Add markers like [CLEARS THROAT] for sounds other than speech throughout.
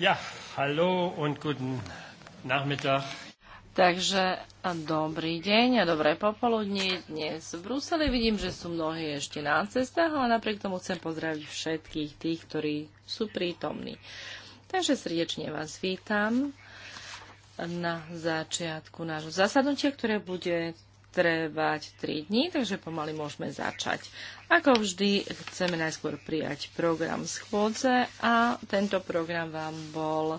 Ja, hallo und guten Nachmittag. Takže dobrý deň a dobré popoludnie dnes v Bruseli. Vidím, že sú mnohí ešte na cestách, ale napriek tomu chcem pozdraviť všetkých tých, ktorí sú prítomní. Takže srdečne vás vítam na začiatku nášho zasadnutia, ktoré bude trvať 3 dní, takže pomaly môžeme začať. Ako vždy, chceme najskôr prijať program schôdze a tento program vám bol e,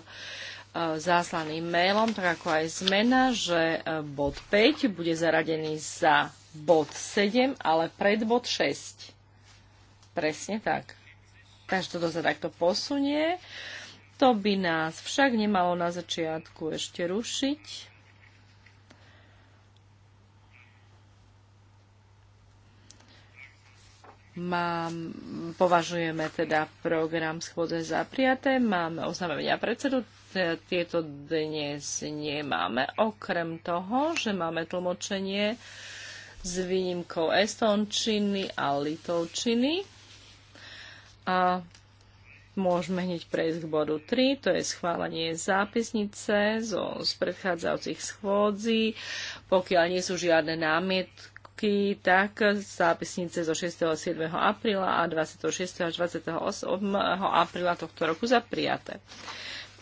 záslaný mailom, tak ako aj zmena, že e, bod 5 bude zaradený za bod 7, ale pred bod 6. Presne tak. Takže toto sa takto posunie. To by nás však nemalo na začiatku ešte rušiť Mám, považujeme teda program schôdze za prijaté, máme oznámenia predsedu, tieto dnes nemáme, okrem toho, že máme tlmočenie s výnimkou estončiny a litovčiny. A môžeme hneď prejsť k bodu 3, to je schválenie zápisnice zo, z predchádzajúcich schôdzí. Pokiaľ nie sú žiadne námietky, roky, tak zápisnice zo 6. a 7. apríla a 26. až 28. apríla tohto roku za prijaté.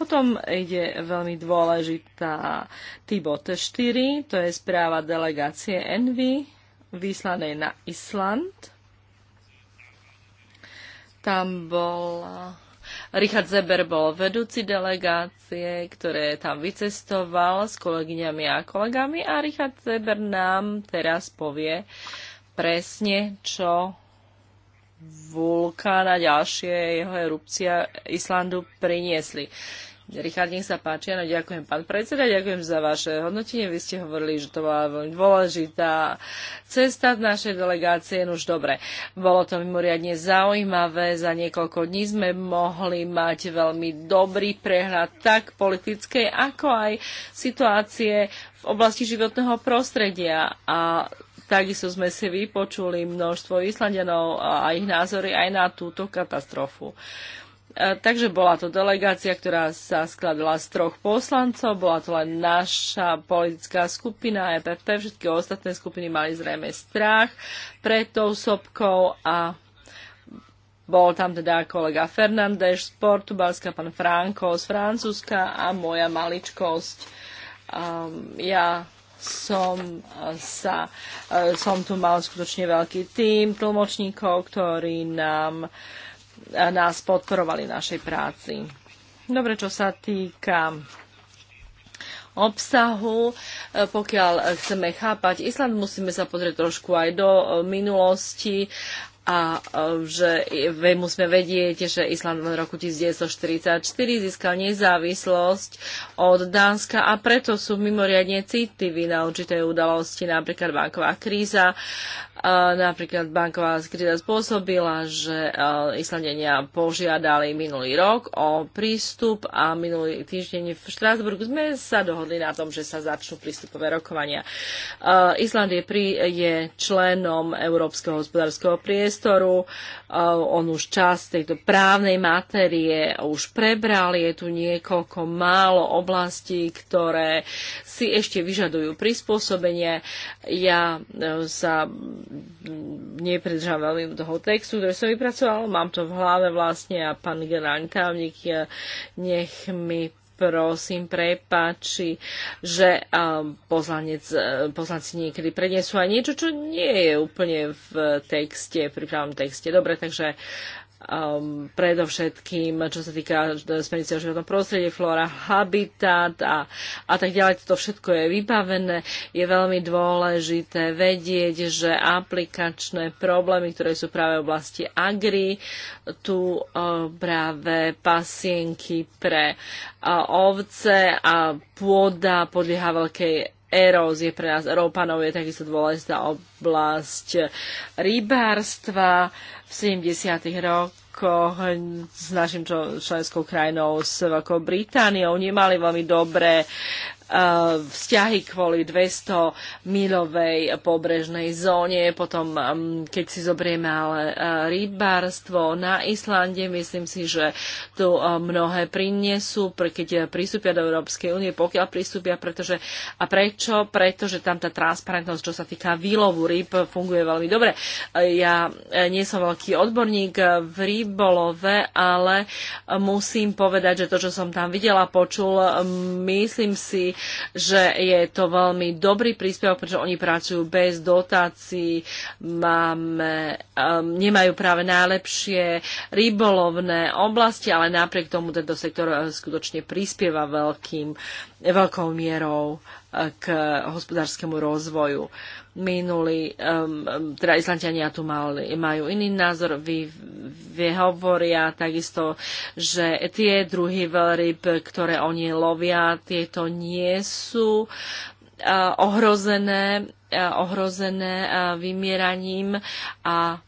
Potom ide veľmi dôležitá Tibot 4, to je správa delegácie Envy, vyslanej na Island. Tam bola Richard Zeber bol vedúci delegácie, ktoré tam vycestoval s kolegyňami a kolegami a Richard Zeber nám teraz povie presne, čo vulkána ďalšie jeho erupcia Islandu priniesli. Richard, nech sa páči. Áno, ďakujem pán predseda, ďakujem za vaše hodnotenie. Vy ste hovorili, že to bola veľmi dôležitá cesta našej delegácie. No už dobre, bolo to mimoriadne zaujímavé. Za niekoľko dní sme mohli mať veľmi dobrý prehľad tak politickej, ako aj situácie v oblasti životného prostredia. A takisto sme si vypočuli množstvo Islandianov a ich názory aj na túto katastrofu. E, takže bola to delegácia, ktorá sa skladala z troch poslancov, bola to len naša politická skupina EPP, všetky ostatné skupiny mali zrejme strach pred tou sopkou a bol tam teda kolega Fernández z Portugalska, pán Franco z Francúzska a moja maličkosť. Um, ja som sa, e, som tu mal skutočne veľký tým tlmočníkov, ktorí nám uh, nás podporovali v našej práci. Dobre, čo sa týka obsahu. E, pokiaľ chceme chápať Island, musíme sa pozrieť trošku aj do minulosti a že musíme vedieť, že Island v roku 1944 získal nezávislosť od Dánska a preto sú mimoriadne citliví na určité udalosti, napríklad banková kríza. Napríklad banková kríza spôsobila, že Islandenia požiadali minulý rok o prístup a minulý týždeň v Štrásburgu sme sa dohodli na tom, že sa začnú prístupové rokovania. Island je, pri, je členom Európskeho hospodárskeho priestoru priestoru. E, on už čas tejto právnej materie už prebral. Je tu niekoľko málo oblastí, ktoré si ešte vyžadujú prispôsobenie. Ja e, sa nepredržám veľmi toho textu, ktorý som vypracoval. Mám to v hlave vlastne a pán generálny tajomník e, nech mi prosím, prepáči, že poslanec, e, poslanci niekedy prednesú aj niečo, čo nie je úplne v texte, v prípravnom texte. Dobre, takže um, predovšetkým, čo sa týka e, smernice o životnom prostredí, flora, habitat a, a tak ďalej. Toto všetko je vybavené. Je veľmi dôležité vedieť, že aplikačné problémy, ktoré sú práve v oblasti agri, tu uh, práve pasienky pre uh, ovce a pôda podlieha veľkej eróz je pre nás Európanov, je takisto dôležitá oblasť rybárstva. V 70. rokoch s našim členskou krajinou, s Veľkou Britániou, nemali veľmi dobré Eh, vzťahy kvôli 200 milovej pobrežnej zóne. Potom, mm, keď si zobrieme ale eh, rybárstvo na Islande, myslím si, že tu eh, mnohé prinesú, keď prístupia do Európskej únie, pokiaľ prístupia, pretože a prečo? Pretože tam tá transparentnosť, čo sa týka výlovu rýb, funguje veľmi dobre. Ja nie som veľký odborník v rybolove, ale musím povedať, že to, čo som tam videla, počul, myslím si, že je to veľmi dobrý príspevok, pretože oni pracujú bez dotácií, máme, um, nemajú práve najlepšie rybolovné oblasti, ale napriek tomu tento sektor uh, skutočne prispieva veľkým, veľkou mierou k hospodárskému rozvoju. Minuli, um, um teda Islantiania tu mali, majú iný názor, vy, vy hovoria takisto, že tie druhy veľryb, ktoré oni lovia, tieto nie sú uh, ohrozené, uh, ohrozené uh, vymieraním a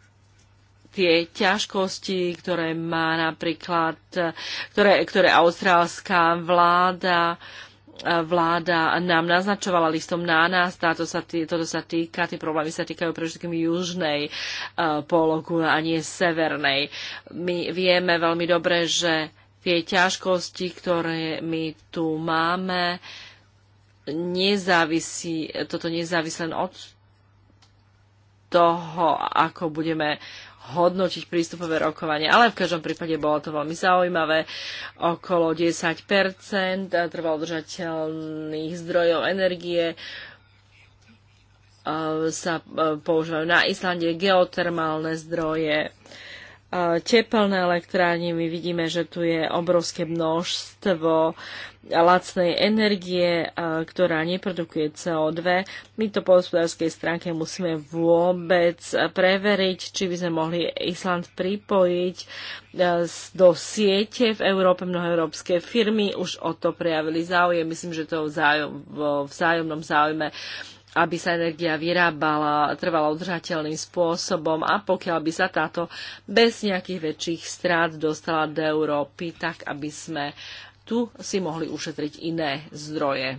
tie ťažkosti, ktoré má napríklad, uh, ktoré, ktoré austrálska vláda uh, vláda nám naznačovala listom na nás, táto sa tý, toto sa týka, tie problémy sa týkajú pre všetkým južnej uh, e, pologu a nie severnej. My vieme veľmi dobre, že tie ťažkosti, ktoré my tu máme, nezávisí, toto nezávisí len od toho, ako budeme hodnotiť prístupové rokovanie. Ale v každom prípade bolo to veľmi zaujímavé. Okolo 10 trvalo držateľných zdrojov energie e, sa e, používajú na Islande geotermálne zdroje, e, tepelné elektrárne. My vidíme, že tu je obrovské množstvo lacnej energie, ktorá neprodukuje CO2. My to po hospodárskej stránke musíme vôbec preveriť, či by sme mohli Island pripojiť do siete v Európe. Mnohé európske firmy už o to prejavili záujem. Myslím, že to v vzájomnom záujme aby sa energia vyrábala trvala udržateľným spôsobom a pokiaľ by sa táto bez nejakých väčších strát dostala do Európy, tak aby sme tu si mohli ušetriť iné zdroje.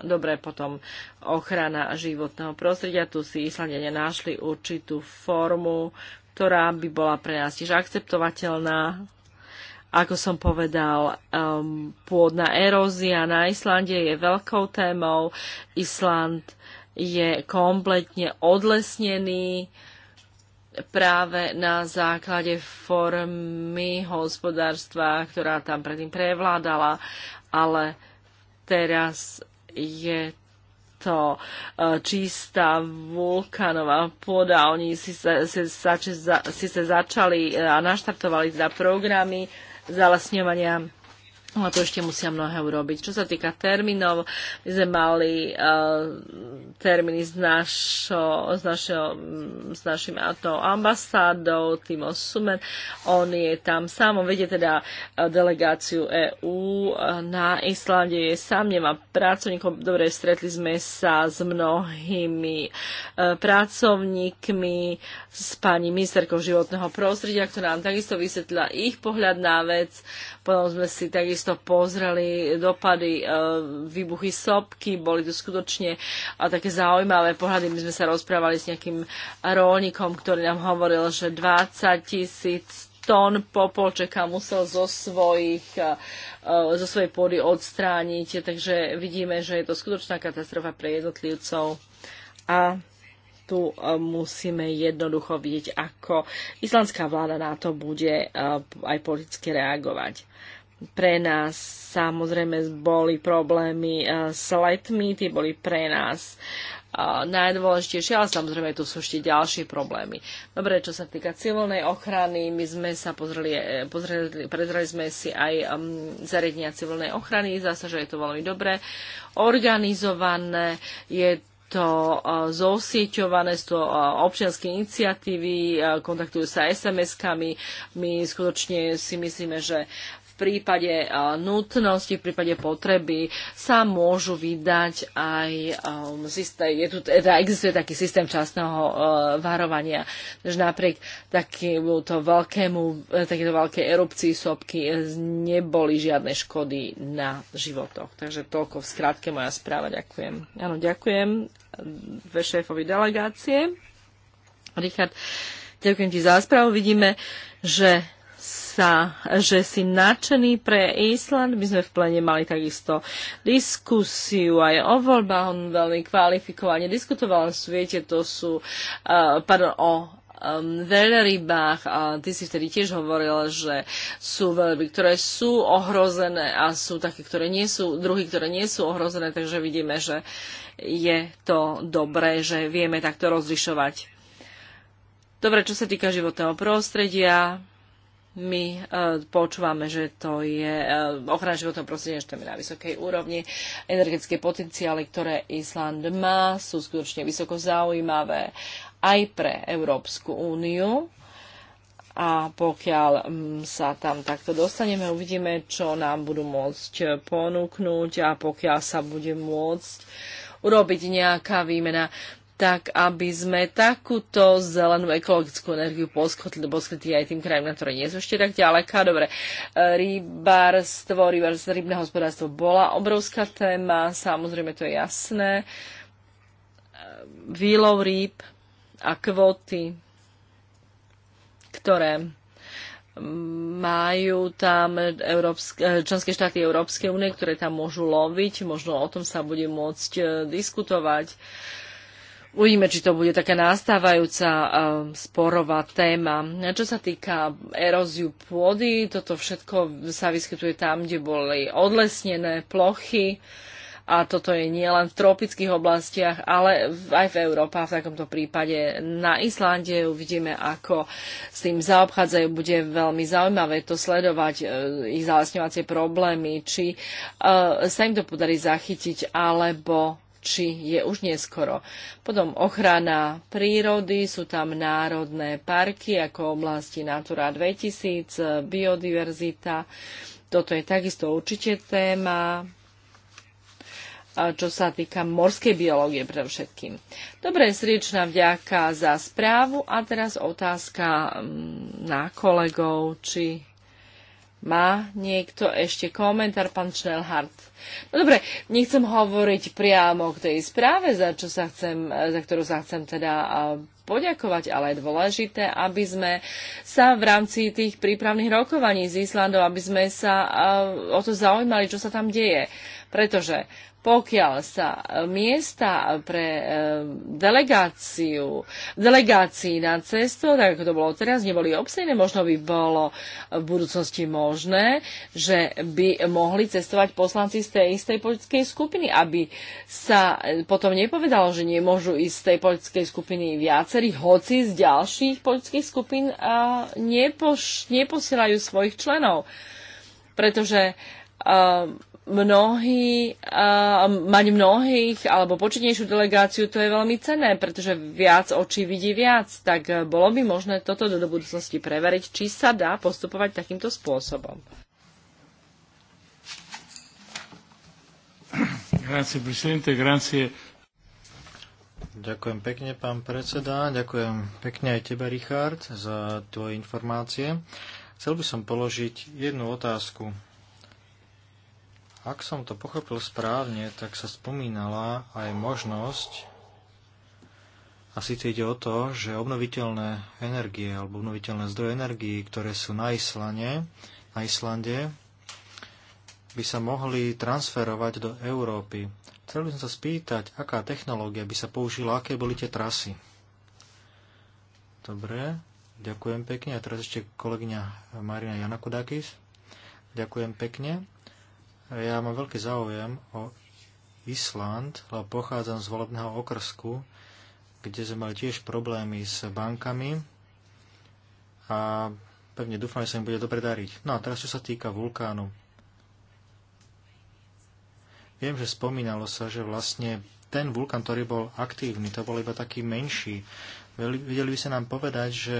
Dobre, potom ochrana životného prostredia. Tu si Islandia našli určitú formu, ktorá by bola pre nás tiež akceptovateľná. Ako som povedal, um, pôdna erózia na Islande je veľkou témou. Island je kompletne odlesnený. Uh, práve na základe formy hospodárstva, ktorá tam predtým prevládala, ale teraz je to e, čistá vulkanová pôda. Oni si sa, si, sa, si sa začali e, a naštartovali za teda programy zalesňovania ale to ešte musia mnohé urobiť. Čo sa týka termínov, my sme mali uh, termíny s, našo, s, našo, s našim atnou ambasádou, Timo Sumer. On je tam sám, on vedie teda eh, delegáciu EÚ eh, na Islande, je sám, nemá pracovníkov. Dobre, stretli sme sa s mnohými uh, pracovníkmi, s pani ministerkou životného prostredia, ktorá nám takisto vysvetlila ich pohľad na vec. Potom sme si takisto takisto pozreli dopady e, výbuchy sopky, boli to skutočne e, také zaujímavé pohľady. My sme sa rozprávali s nejakým rolníkom, ktorý nám hovoril, že 20 tisíc tón popolčeka musel zo, svojich, e, zo svojej pôdy odstrániť. Takže vidíme, že je to skutočná katastrofa pre jednotlivcov. A tu musíme jednoducho vidieť, ako islandská vláda na to bude aj politicky reagovať. Pre nás samozrejme boli problémy e, s letmi, tie boli pre nás e, najdôležitejšie, ale samozrejme tu sú ešte ďalšie problémy. Dobre, čo sa týka civilnej ochrany, my sme sa pozreli, e, pozreli prezreli sme si aj um, zariadenia civilnej ochrany, zase, že je to veľmi dobre organizované, je to uh, zosieťované z toho uh, občianské iniciatívy, uh, kontaktujú sa SMS-kami. My skutočne si myslíme, že prípade nutnosti, v prípade potreby sa môžu vydať aj um, systém, je tu, teda existuje taký systém časného uh, varovania, že napriek takémuto veľkému, e, takéto veľké erupcii sopky e, neboli žiadne škody na životoch. Takže toľko v skratke moja správa. Ďakujem. Áno, ďakujem ve šéfovi delegácie. Richard, ďakujem ti za správu. Vidíme, že sa, že si nadšený pre Island. My sme v plene mali takisto diskusiu aj o voľbách. On veľmi kvalifikovane diskutoval. Viete, to sú, uh, pardon, o um, veľrybách a ty si vtedy tiež hovoril, že sú veľby, ktoré sú ohrozené a sú také, ktoré nie sú, druhy, ktoré nie sú ohrozené, takže vidíme, že je to dobré, že vieme takto rozlišovať. Dobre, čo sa týka životného prostredia, my uh, počúvame, že to je uh, ochrana životného prostredia, že tam je na vysokej úrovni. Energetické potenciály, ktoré Island má, sú skutočne vysoko zaujímavé aj pre Európsku úniu. A pokiaľ um, sa tam takto dostaneme, uvidíme, čo nám budú môcť ponúknuť a pokiaľ sa bude môcť urobiť nejaká výmena tak aby sme takúto zelenú ekologickú energiu poskytli, poskytli aj tým krajom, na ktoré nie sú ešte tak ďaleká. Dobre, e, rybárstvo, rybárstvo, rybné hospodárstvo bola obrovská téma, samozrejme to je jasné. E, výlov rýb a kvóty, ktoré majú tam Európske, e, členské štáty Európskej únie, ktoré tam môžu loviť. Možno o tom sa bude môcť diskutovať Uvidíme, či to bude taká nastávajúca um, sporová téma. Čo sa týka eróziu pôdy, toto všetko sa vyskytuje tam, kde boli odlesnené plochy a toto je nielen v tropických oblastiach, ale aj v Európe. V takomto prípade na Islande uvidíme, ako s tým zaobchádzajú. Bude veľmi zaujímavé to sledovať, e, ich zalesňovacie problémy, či uh, sa im to podarí zachytiť, alebo či je už neskoro. Potom ochrana prírody, sú tam národné parky ako oblasti Natura 2000, biodiverzita. Toto je takisto určite téma, čo sa týka morskej biológie všetkým. Dobre, srdečná vďaka za správu a teraz otázka mm, na kolegov, či má niekto ešte komentár, pán Schnellhardt? No dobre, nechcem hovoriť priamo k tej správe, za, čo sa chcem, za ktorú sa chcem teda poďakovať, ale je dôležité, aby sme sa v rámci tých prípravných rokovaní s Islandov, aby sme sa o to zaujímali, čo sa tam deje. Pretože pokiaľ sa e, miesta pre e, delegáciu, delegácií na cestu, tak ako to bolo teraz, neboli obsejné, možno by bolo v budúcnosti možné, že by mohli cestovať poslanci z tej istej politickej skupiny, aby sa e, potom nepovedalo, že nemôžu ísť z tej politickej skupiny viacerí, hoci z ďalších politických skupín nepoš, neposielajú svojich členov. Pretože mnohí, uh, mať mnohých alebo početnejšiu delegáciu, to je veľmi cenné, pretože viac očí vidí viac. Tak e, bolo by možné toto do budúcnosti preveriť, či sa dá postupovať takýmto spôsobom. Ďakujem pekne, pán predseda. Ďakujem pekne aj teba, Richard, za tvoje informácie. Chcel by som položiť jednu otázku. Ak som to pochopil správne, tak sa spomínala aj možnosť, a síce ide o to, že obnoviteľné energie alebo obnoviteľné zdroje energii, ktoré sú na Islande, na Islande, by sa mohli transferovať do Európy. Chcel by som sa spýtať, aká technológia by sa použila, aké boli tie trasy. Dobre, ďakujem pekne. A teraz ešte kolegyňa Marina Janakudakis. Ďakujem pekne. Ja mám veľký záujem o Island, lebo pochádzam z volebného okrsku, kde sme mali tiež problémy s bankami a pevne dúfam, že sa im bude dobre dariť. No a teraz, čo sa týka vulkánu. Viem, že spomínalo sa, že vlastne ten vulkán, ktorý bol aktívny, to bol iba taký menší vedeli by sa nám povedať, že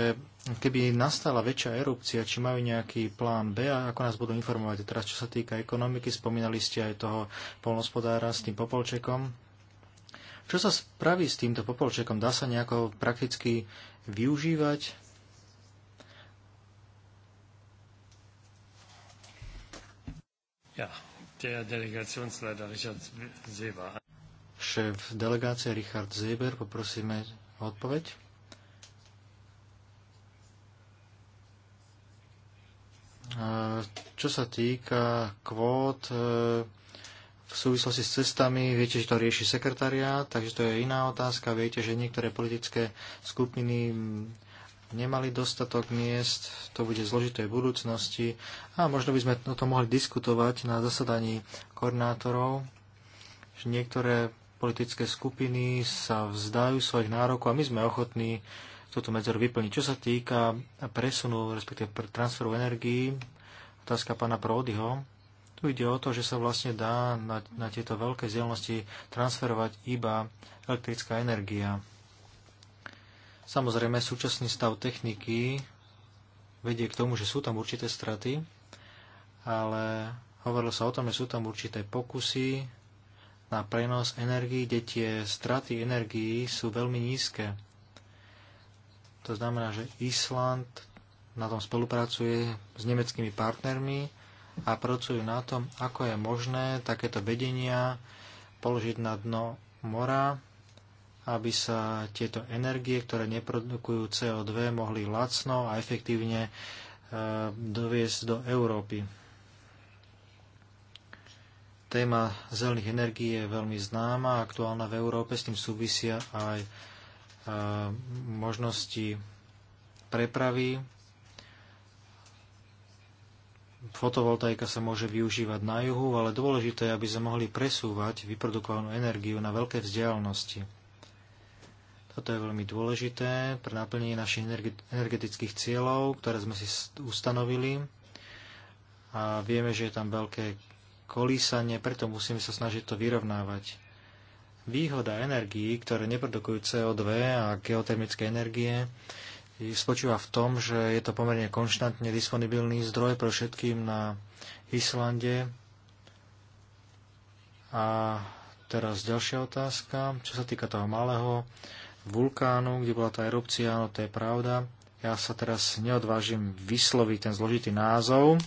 keby nastala väčšia erupcia, či majú nejaký plán B a ako nás budú informovať. Teraz, čo sa týka ekonomiky, spomínali ste aj toho polnospodára s tým popolčekom. Čo sa spraví s týmto popolčekom? Dá sa nejako prakticky využívať? Ja, der Delegationsleiter Richard Zeber, Šéf delegácie Richard Zeber, poprosíme odpoveď. Čo sa týka kvót e, v súvislosti s cestami, viete, že to rieši sekretariát, takže to je iná otázka. Viete, že niektoré politické skupiny nemali dostatok miest, to bude zložité v budúcnosti a možno by sme o tom mohli diskutovať na zasadaní koordinátorov, že niektoré politické skupiny sa vzdajú svojich nárokov a my sme ochotní toto medzeru vyplniť. Čo sa týka presunu, respektíve transferu energií, otázka pána Prodyho, tu ide o to, že sa vlastne dá na, na tieto veľké vzdialenosti transferovať iba elektrická energia. Samozrejme, súčasný stav techniky vedie k tomu, že sú tam určité straty, ale hovorilo sa o tom, že sú tam určité pokusy na prenos energií, kde tie straty energií sú veľmi nízke. To znamená, že Island na tom spolupracuje s nemeckými partnermi a pracujú na tom, ako je možné takéto vedenia položiť na dno mora, aby sa tieto energie, ktoré neprodukujú CO2, mohli lacno a efektívne eh, doviesť do Európy téma zelených energií je veľmi známa, aktuálna v Európe, s tým súvisia aj e, možnosti prepravy. Fotovoltaika sa môže využívať na juhu, ale dôležité je, aby sme mohli presúvať vyprodukovanú energiu na veľké vzdialenosti. Toto je veľmi dôležité pre naplnenie našich energetických cieľov, ktoré sme si ustanovili. A vieme, že je tam veľké kolísanie, preto musíme sa snažiť to vyrovnávať. Výhoda energií, ktoré neprodukujú CO2 a geotermické energie, spočíva v tom, že je to pomerne konštantne disponibilný zdroj pre všetkým na Islande. A teraz ďalšia otázka, čo sa týka toho malého vulkánu, kde bola tá erupcia, no to je pravda. Ja sa teraz neodvážim vysloviť ten zložitý názov,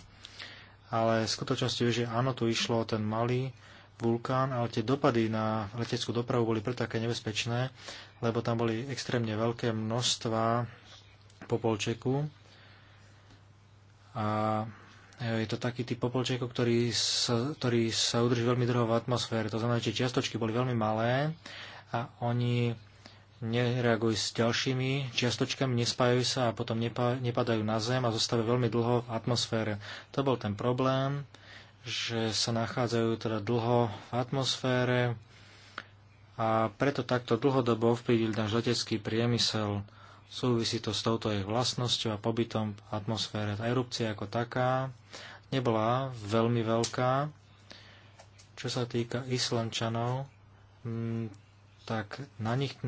ale v skutočnosti že áno, tu išlo o ten malý vulkán, ale tie dopady na leteckú dopravu boli preto také nebezpečné, lebo tam boli extrémne veľké množstva popolčeku. A e, je to taký typ popolčeku, ktorý sa, ktorý sa udrží veľmi dlho v atmosfére. To znamená, že čiastočky boli veľmi malé a oni nereagujú s ďalšími čiastočkami, nespájajú sa a potom nepadajú na zem a zostávajú veľmi dlho v atmosfére. To bol ten problém, že sa nachádzajú teda dlho v atmosfére a preto takto dlhodobo vplyvil náš letecký priemysel. Súvisí to s touto ich vlastnosťou a pobytom v atmosfére. Tá erupcia ako taká nebola veľmi veľká. Čo sa týka Islandčanov, tak na nich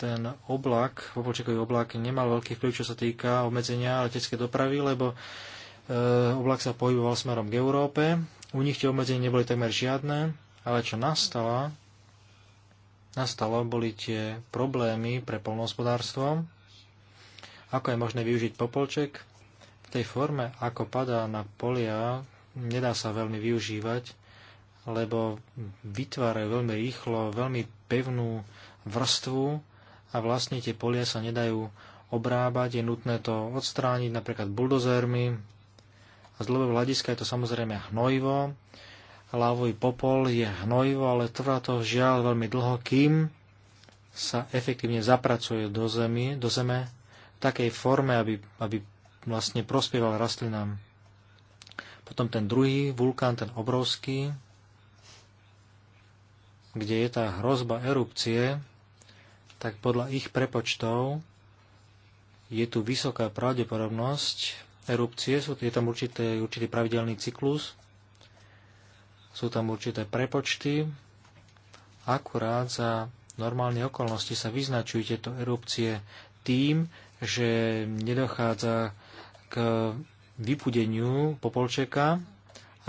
ten oblak, popolčekový oblak nemal veľký vplyv, čo sa týka obmedzenia leteckej dopravy, lebo e, oblak sa pohyboval smerom k Európe. U nich tie obmedzenia neboli takmer žiadne, ale čo nastala, nastalo boli tie problémy pre polnohospodárstvo, ako je možné využiť popolček. V tej forme, ako padá na polia, nedá sa veľmi využívať, lebo vytvárajú veľmi rýchlo, veľmi pevnú vrstvu a vlastne tie polia sa nedajú obrábať, je nutné to odstrániť napríklad buldozermi. A z dlhého hľadiska je to samozrejme hnojivo. Lávový popol je hnojivo, ale trvá to žiaľ veľmi dlho, kým sa efektívne zapracuje do, zemi, do zeme v takej forme, aby, aby vlastne prospieval rastlinám. Potom ten druhý vulkán, ten obrovský, kde je tá hrozba erupcie, tak podľa ich prepočtov je tu vysoká pravdepodobnosť erupcie, sú, je tam určité, určitý pravidelný cyklus, sú tam určité prepočty, akurát za normálne okolnosti sa vyznačujú tieto erupcie tým, že nedochádza k vypudeniu popolčeka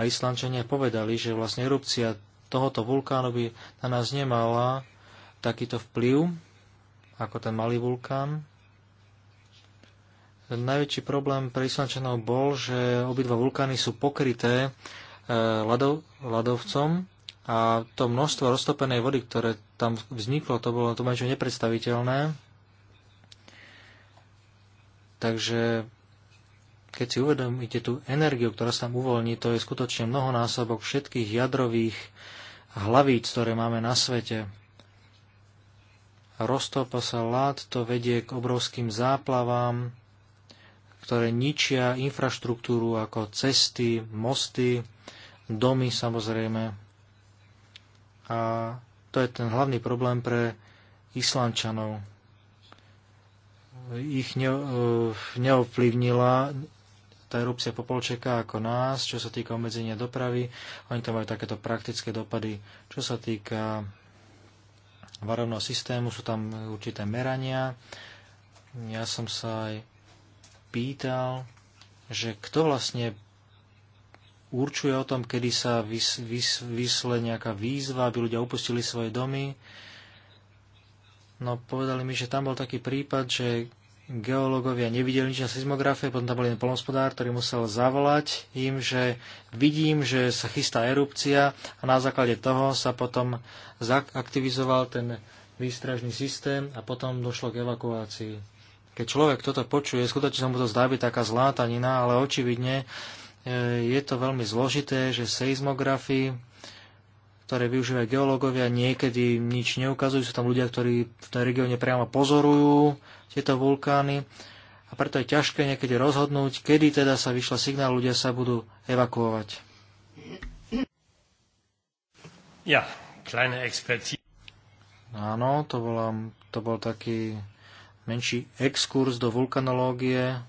a Islančania povedali, že vlastne erupcia tohoto vulkánu by na nás nemala takýto vplyv, ako ten malý vulkán. Najväčší problém pre Islančanov bol, že obidva vulkány sú pokryté ľadov, e, ľadovcom a to množstvo roztopenej vody, ktoré tam vzniklo, to bolo to niečo nepredstaviteľné. Takže keď si uvedomíte tú energiu, ktorá sa tam uvoľní, to je skutočne mnohonásobok všetkých jadrových hlavíc, ktoré máme na svete roztopa sa lát, to vedie k obrovským záplavám, ktoré ničia infraštruktúru ako cesty, mosty, domy samozrejme. A to je ten hlavný problém pre Islančanov. Ich e, neovplyvnila tá erupcia Popolčeka ako nás, čo sa týka obmedzenia dopravy. Oni tam majú takéto praktické dopady, čo sa týka varovného systému, sú tam určité merania. Ja som sa aj pýtal, že kto vlastne určuje o tom, kedy sa vys, vys, vysle nejaká výzva, aby ľudia opustili svoje domy. No povedali mi, že tam bol taký prípad, že geológovia nevideli nič na seismografie, potom tam bol jeden polnospodár, ktorý musel zavolať im, že vidím, že sa chystá erupcia a na základe toho sa potom zaktivizoval ten výstražný systém a potom došlo k evakuácii. Keď človek toto počuje, skutočne sa mu to zdá byť taká zlátanina, ale očividne e, je to veľmi zložité, že seizmografy ktoré využívajú geológovia, niekedy nič neukazujú, sú tam ľudia, ktorí v tej regióne priamo pozorujú tieto vulkány a preto je ťažké niekedy rozhodnúť, kedy teda sa vyšla signál, ľudia sa budú evakuovať. Ja, kleine expertí. Áno, to, bola, to bol taký menší exkurs do vulkanológie.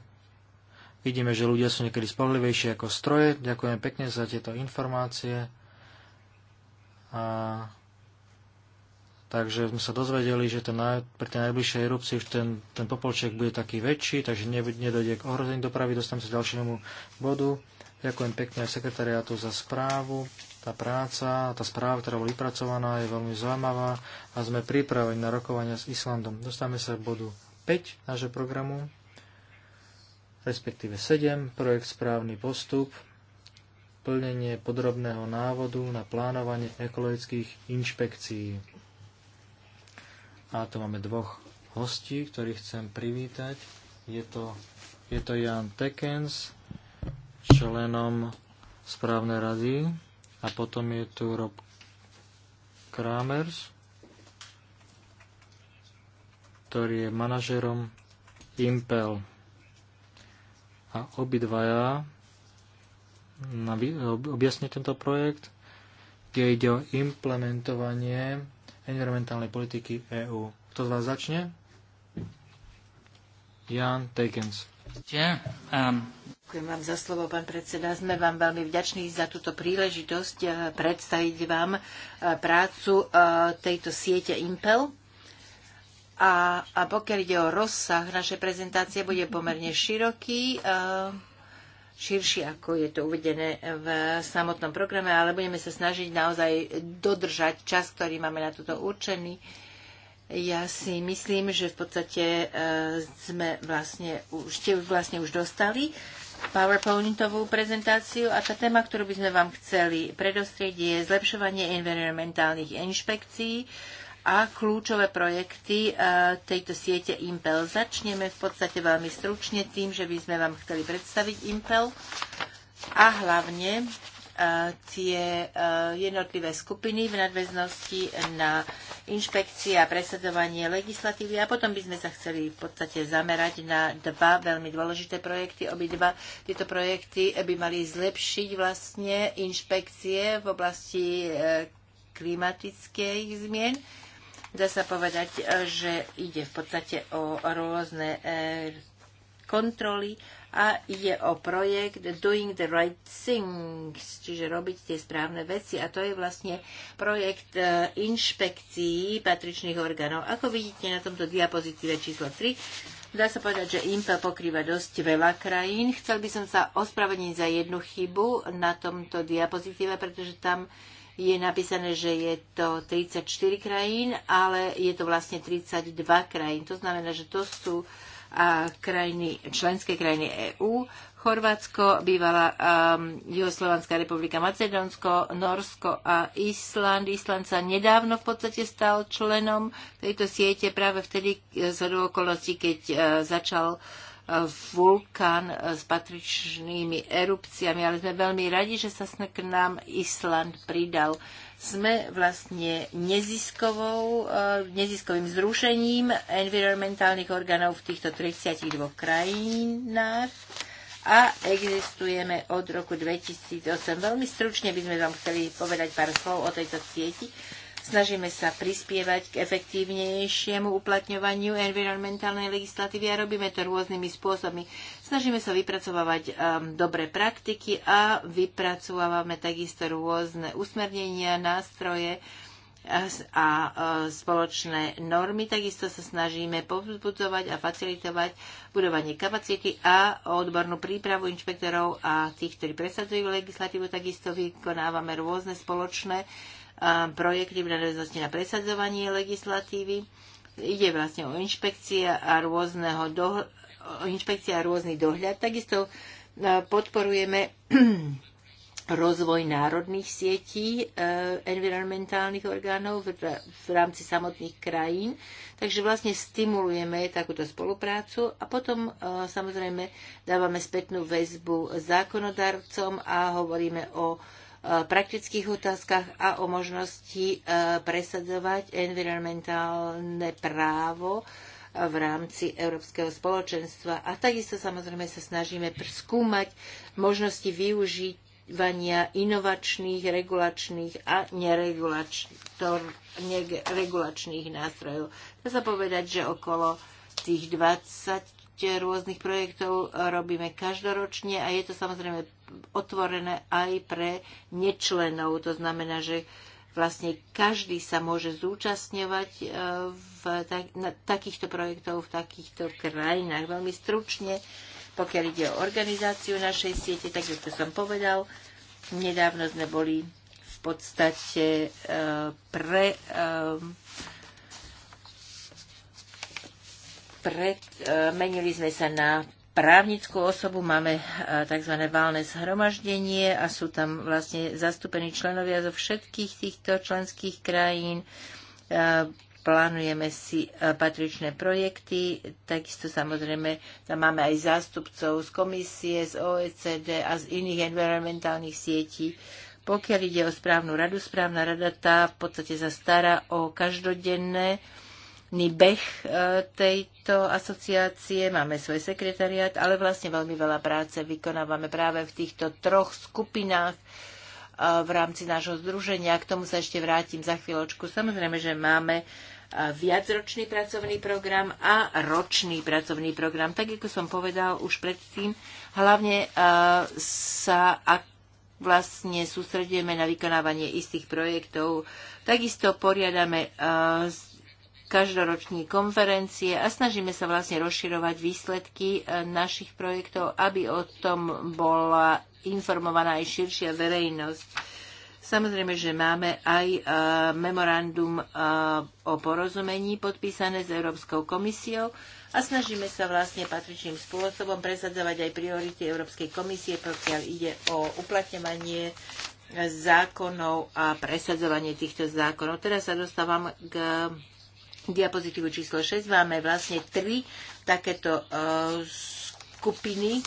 Vidíme, že ľudia sú niekedy spolivejšie ako stroje. Ďakujem pekne za tieto informácie. A takže sme sa dozvedeli, že ten naj, pri tej najbližšej erupcii už ten, ten popolček bude taký väčší, takže nedojde k ohrození dopravy, dostaneme sa k ďalšiemu bodu. Ďakujem pekne aj sekretariátu za správu. Tá práca, tá správa, ktorá bola vypracovaná, je veľmi zaujímavá a sme pripravení na rokovania s Islandom. Dostávame sa k bodu 5 nášho programu, respektíve 7, projekt správny postup plnenie podrobného návodu na plánovanie ekologických inšpekcií. A tu máme dvoch hostí, ktorých chcem privítať. Je to, je to Jan Tekens, členom správnej rady a potom je tu Rob Kramers, ktorý je manažerom Impel. A obidvaja objasniť tento projekt, kde ide o implementovanie environmentálnej politiky EÚ. Kto z vás začne? Jan Tekens. Um, Ďakujem vám za slovo, pán predseda. Sme vám veľmi vďační za túto príležitosť eh, predstaviť vám eh, prácu eh, tejto siete Impel. A, pokiaľ ide o rozsah, naše prezentácie bude pomerne široký širšie, ako je to uvedené v samotnom programe, ale budeme sa snažiť naozaj dodržať čas, ktorý máme na toto určený. Ja si myslím, že v podstate e, sme vlastne, ste vlastne už dostali PowerPointovú prezentáciu a tá téma, ktorú by sme vám chceli predostrieť, je zlepšovanie environmentálnych inšpekcií. Uh, a kľúčové projekty e, tejto siete Impel. Začneme v podstate veľmi stručne tým, že by sme vám chceli predstaviť Impel a hlavne e, tie e, jednotlivé skupiny v nadväznosti na inšpekcie a presadovanie legislatívy a potom by sme sa chceli v podstate zamerať na dva veľmi dôležité projekty. Obidva tieto projekty by mali zlepšiť vlastne inšpekcie v oblasti klimatických zmien Dá sa povedať, e, že ide v podstate o rôzne e, kontroly a ide o projekt Doing the Right Things, čiže robiť tie správne veci a to je vlastne projekt e, inšpekcií patričných orgánov. Ako vidíte na tomto diapozitíve číslo 3, dá sa povedať, že IMPA pokrýva dosť veľa krajín. Chcel by som sa ospravedlniť za jednu chybu na tomto diapozitíve, pretože tam je napísané, že je to 34 krajín, ale je to vlastne 32 krajín. To znamená, že to sú krajiny, členské krajiny EÚ, Chorvátsko, bývala um, Juhoslovanská republika Macedónsko, Norsko a Island. Island sa nedávno v podstate stal členom tejto siete práve vtedy eh, z okolností, keď uh, začal uh, vulkán s patričnými erupciami, ale sme veľmi radi, že sa k nám Island pridal. Sme vlastne neziskovou, e, neziskovým zrušením environmentálnych orgánov v týchto 32 krajinách a existujeme od roku 2008. Veľmi stručne by sme vám chceli povedať pár slov o tejto sieti, Snažíme sa prispievať k efektívnejšiemu uplatňovaniu environmentálnej legislatívy a robíme to rôznymi spôsobmi. Snažíme sa vypracovávať um, dobré praktiky a vypracovávame takisto rôzne usmernenia, nástroje, a uh, spoločné normy. Takisto sa snažíme povzbudzovať a facilitovať budovanie kapacity a odbornú prípravu inšpektorov a tých, ktorí presadzujú legislatívu. Takisto vykonávame rôzne spoločné uh, projekty v nadväznosti na presadzovanie legislatívy. Ide vlastne o inšpekcia a rôzneho doh- inšpekcia a rôzny dohľad. Takisto e, podporujeme [CLEARS THROAT] rozvoj národných sietí e, environmentálnych orgánov v rámci samotných krajín. Takže vlastne stimulujeme takúto spoluprácu a potom e, samozrejme dávame spätnú väzbu zákonodarcom a hovoríme o Eh, praktických otázkach a o možnosti eh, presadzovať environmentálne právo eh, v rámci Európskeho spoločenstva. A takisto samozrejme sa snažíme skúmať možnosti využívania inovačných, regulačných a neregulačných nástrojov. Dá sa povedať, že okolo tých 20 rôznych projektov robíme každoročne a je to samozrejme otvorené aj pre nečlenov. To znamená, že vlastne každý sa môže zúčastňovať e, v tak, na takýchto projektov v takýchto krajinách. Veľmi stručne, pokiaľ ide o organizáciu našej siete, tak ako som povedal, nedávno sme boli v podstate e, pre e, pred, menili sme sa na právnickú osobu, máme e, tzv. valné zhromaždenie a sú tam vlastne zastúpení členovia zo všetkých týchto členských krajín. E, plánujeme si e, patričné projekty, takisto samozrejme tam máme aj zástupcov z komisie, z OECD a z iných environmentálnych sietí. Pokiaľ ide o správnu radu, správna rada tá v podstate sa stará o každodenné uh, beh e, tejto asociácie, máme svoj sekretariat, ale vlastne veľmi veľa práce vykonávame práve v týchto troch skupinách e, v rámci nášho združenia. K tomu sa ešte vrátim za chvíľočku. Samozrejme, že máme e, viacročný pracovný program a ročný pracovný program. Tak, ako som povedal už predtým, hlavne sa ak vlastne sústredujeme na vykonávanie istých projektov. Takisto poriadame každoroční konferencie a snažíme sa vlastne rozširovať výsledky e, našich projektov, aby o tom bola informovaná aj širšia verejnosť. Samozrejme, že máme aj e, memorandum e, o porozumení podpísané s Európskou komisiou a snažíme sa vlastne patričným spôsobom presadzovať aj priority Európskej komisie, pokiaľ ide o uplatňovanie zákonov a presadzovanie týchto zákonov. Teraz sa dostávam k diapozitívu číslo 6 máme vlastne tri takéto e, skupiny.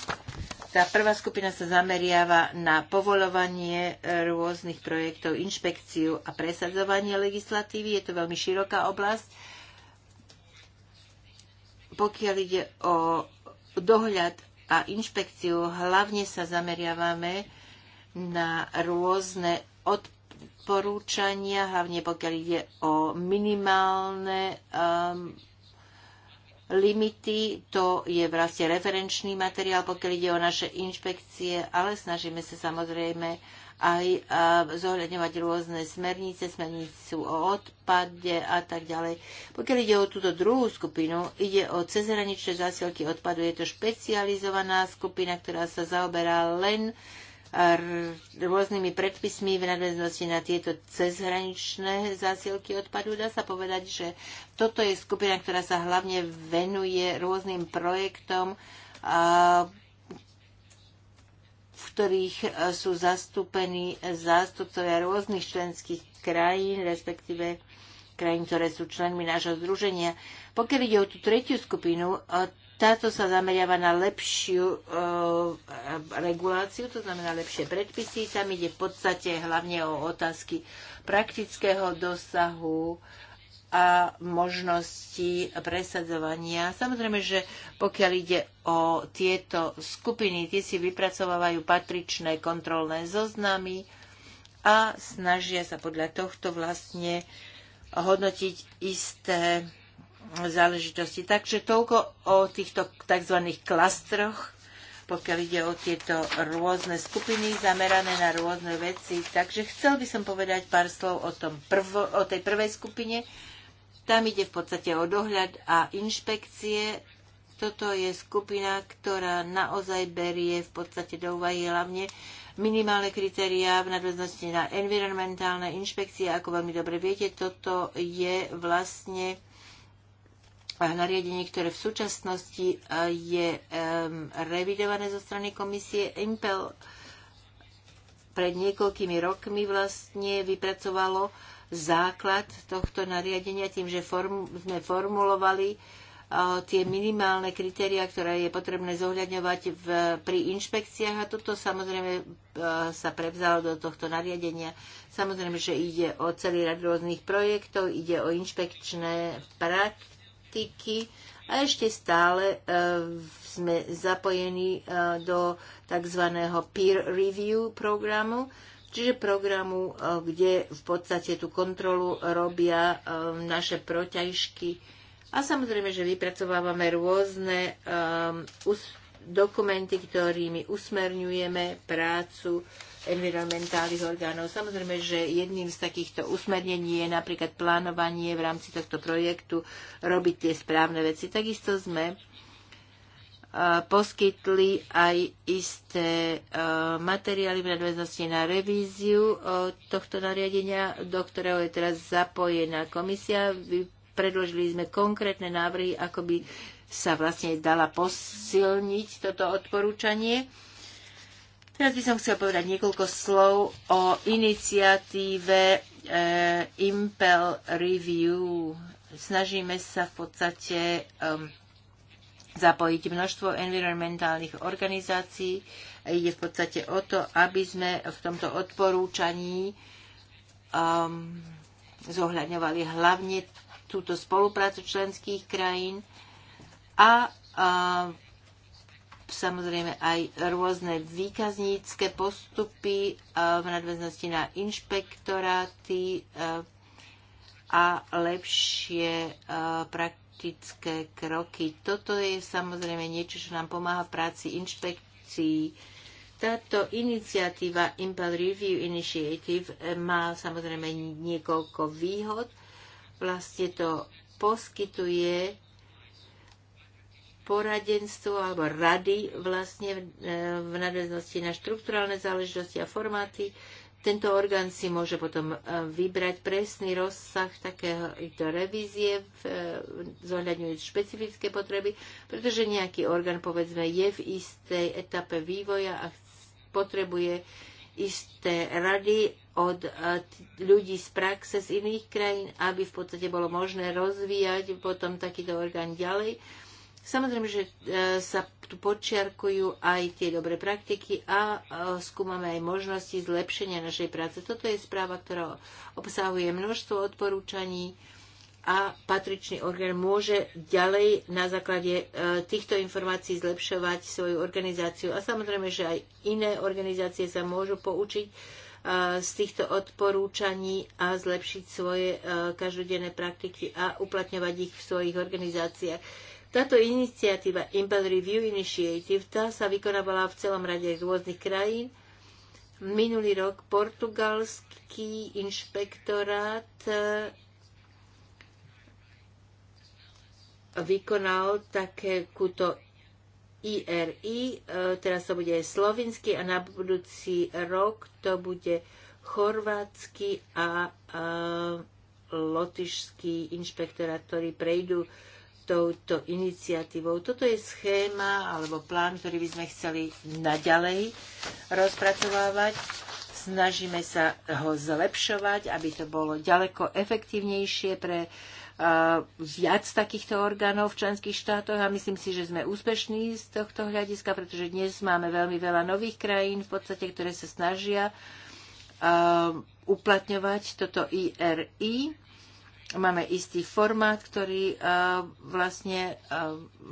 Tá prvá skupina sa zameriava na povolovanie e, rôznych projektov, inšpekciu a presadzovanie legislatívy. Je to veľmi široká oblasť. Pokiaľ ide o dohľad a inšpekciu, hlavne sa zameriavame na rôzne od odporúčania, hlavne pokiaľ ide o minimálne um, limity. To je vlastne referenčný materiál, pokiaľ ide o naše inšpekcie, ale snažíme sa samozrejme aj uh, zohľadňovať rôzne smernice, smernicu o odpade a tak ďalej. Pokiaľ ide o túto druhú skupinu, ide o cezhraničné zásielky odpadu. Je to špecializovaná skupina, ktorá sa zaoberá len uh, rôznymi predpismi v nadväznosti na tieto cezhraničné zásielky odpadu. Dá sa povedať, že toto je skupina, ktorá sa hlavne venuje rôznym projektom, v ktorých e, sú zastúpení zástupcovia rôznych členských krajín, respektíve krajín, ktoré sú členmi nášho združenia. Pokiaľ ide o tú tretiu skupinu, e, táto sa zameriava na lepšiu e, reguláciu, to znamená lepšie predpisy. Tam ide v podstate hlavne o otázky praktického dosahu a možnosti presadzovania. Samozrejme, že pokiaľ ide o tieto skupiny, tie si vypracovávajú patričné kontrolné zoznamy a snažia sa podľa tohto vlastne hodnotiť isté záležitosti. Takže toľko o týchto tzv. klastroch, pokiaľ ide o tieto rôzne skupiny zamerané na rôzne veci. Takže chcel by som povedať pár slov o, tom prvo, o tej prvej skupine. Tam ide v podstate o dohľad a inšpekcie. Toto je skupina, ktorá naozaj berie v podstate do úvahy hlavne minimálne kritériá v nadväznosti na environmentálne inšpekcie. Ako veľmi dobre viete, toto je vlastne nariadení, ktoré v súčasnosti e, je revidované zo strany komisie Impel pred niekoľkými rokmi vlastne vypracovalo základ tohto nariadenia tým, že form, sme formulovali e, tie minimálne kritéria, ktoré je potrebné zohľadňovať v, pri inšpekciách a toto samozrejme e, sa prevzalo do tohto nariadenia. Samozrejme, že ide o celý rad rôznych projektov, ide o inšpekčné praktiky, politiky a ešte stále e, sme zapojení e, do tzv. peer review programu, čiže programu, e, kde v podstate tú kontrolu robia naše proťažky. A samozrejme, že vypracovávame rôzne dokumenty, ktorými usmerňujeme prácu environmentálnych orgánov. Samozrejme, že jedným z takýchto usmernení je napríklad plánovanie v rámci tohto projektu robiť tie správne veci. Takisto sme e, poskytli aj isté e, materiály v nadväznosti na revíziu e, tohto nariadenia, do ktorého je teraz zapojená komisia. Predložili sme konkrétne návrhy, ako by sa vlastne dala posilniť toto odporúčanie Teraz by som chcel povedať niekoľko slov o iniciatíve e, Impel Review. Snažíme sa v podstate um, zapojiť množstvo environmentálnych organizácií. Ide v podstate o to, aby sme v tomto odporúčaní um, zohľadňovali hlavne túto spoluprácu členských krajín a, a samozrejme aj rôzne výkaznícke postupy e, v nadväznosti na inšpektoráty e, a lepšie e, praktické kroky. Toto je samozrejme niečo, čo nám pomáha v práci inšpekcií. Táto iniciatíva Impel Review Initiative má samozrejme niekoľko výhod. Vlastne to poskytuje poradenstvo alebo rady vlastne e, v nadväznosti na štruktúralne záležitosti a formáty. Tento orgán si môže potom e, vybrať presný rozsah takéto revízie, e, zohľadňujúc špecifické potreby, pretože nejaký orgán, povedzme, je v istej etape vývoja a potrebuje isté rady od ľudí z praxe z iných krajín, aby v podstate bolo možné rozvíjať potom takýto orgán ďalej Samozrejme, že e, sa tu počiarkujú aj tie dobré praktiky a e, skúmame aj možnosti zlepšenia našej práce. Toto je správa, ktorá obsahuje množstvo odporúčaní a patričný orgán môže ďalej na základe e, týchto informácií zlepšovať svoju organizáciu. A samozrejme, že aj iné organizácie sa môžu poučiť z týchto odporúčaní a zlepšiť svoje každodenné praktiky a uplatňovať ich v svojich organizáciách. Táto iniciatíva Impel Review Initiative tá sa vykonávala v celom rade rôznych krajín. Minulý rok portugalský inšpektorát eh, vykonal takéto IRI, eh, teraz to bude slovinský a na budúci rok to bude chorvátsky a, a eh, lotišský inšpektorát, ktorí prejdú touto iniciatívou. Toto je schéma alebo plán, ktorý by sme chceli naďalej rozpracovávať. Snažíme sa ho zlepšovať, aby to bolo ďaleko efektívnejšie pre viac takýchto orgánov v členských štátoch a myslím si, že sme úspešní z tohto hľadiska, pretože dnes máme veľmi veľa nových krajín v podstate, ktoré sa snažia uplatňovať toto IRI Máme istý formát, ktorý e, vlastne e,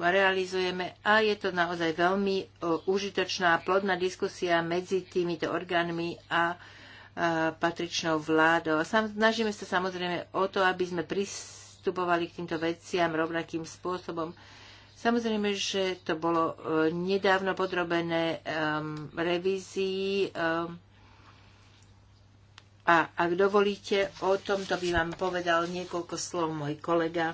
realizujeme a je to naozaj veľmi e, užitočná a plodná diskusia medzi týmito orgánmi a patričnou vládou. Snažíme sa samozrejme o to, aby sme pristupovali k týmto veciam rovnakým spôsobom. Samozrejme, že to bolo nedávno podrobené um, revízii um, a ak dovolíte, o tomto by vám povedal niekoľko slov môj kolega.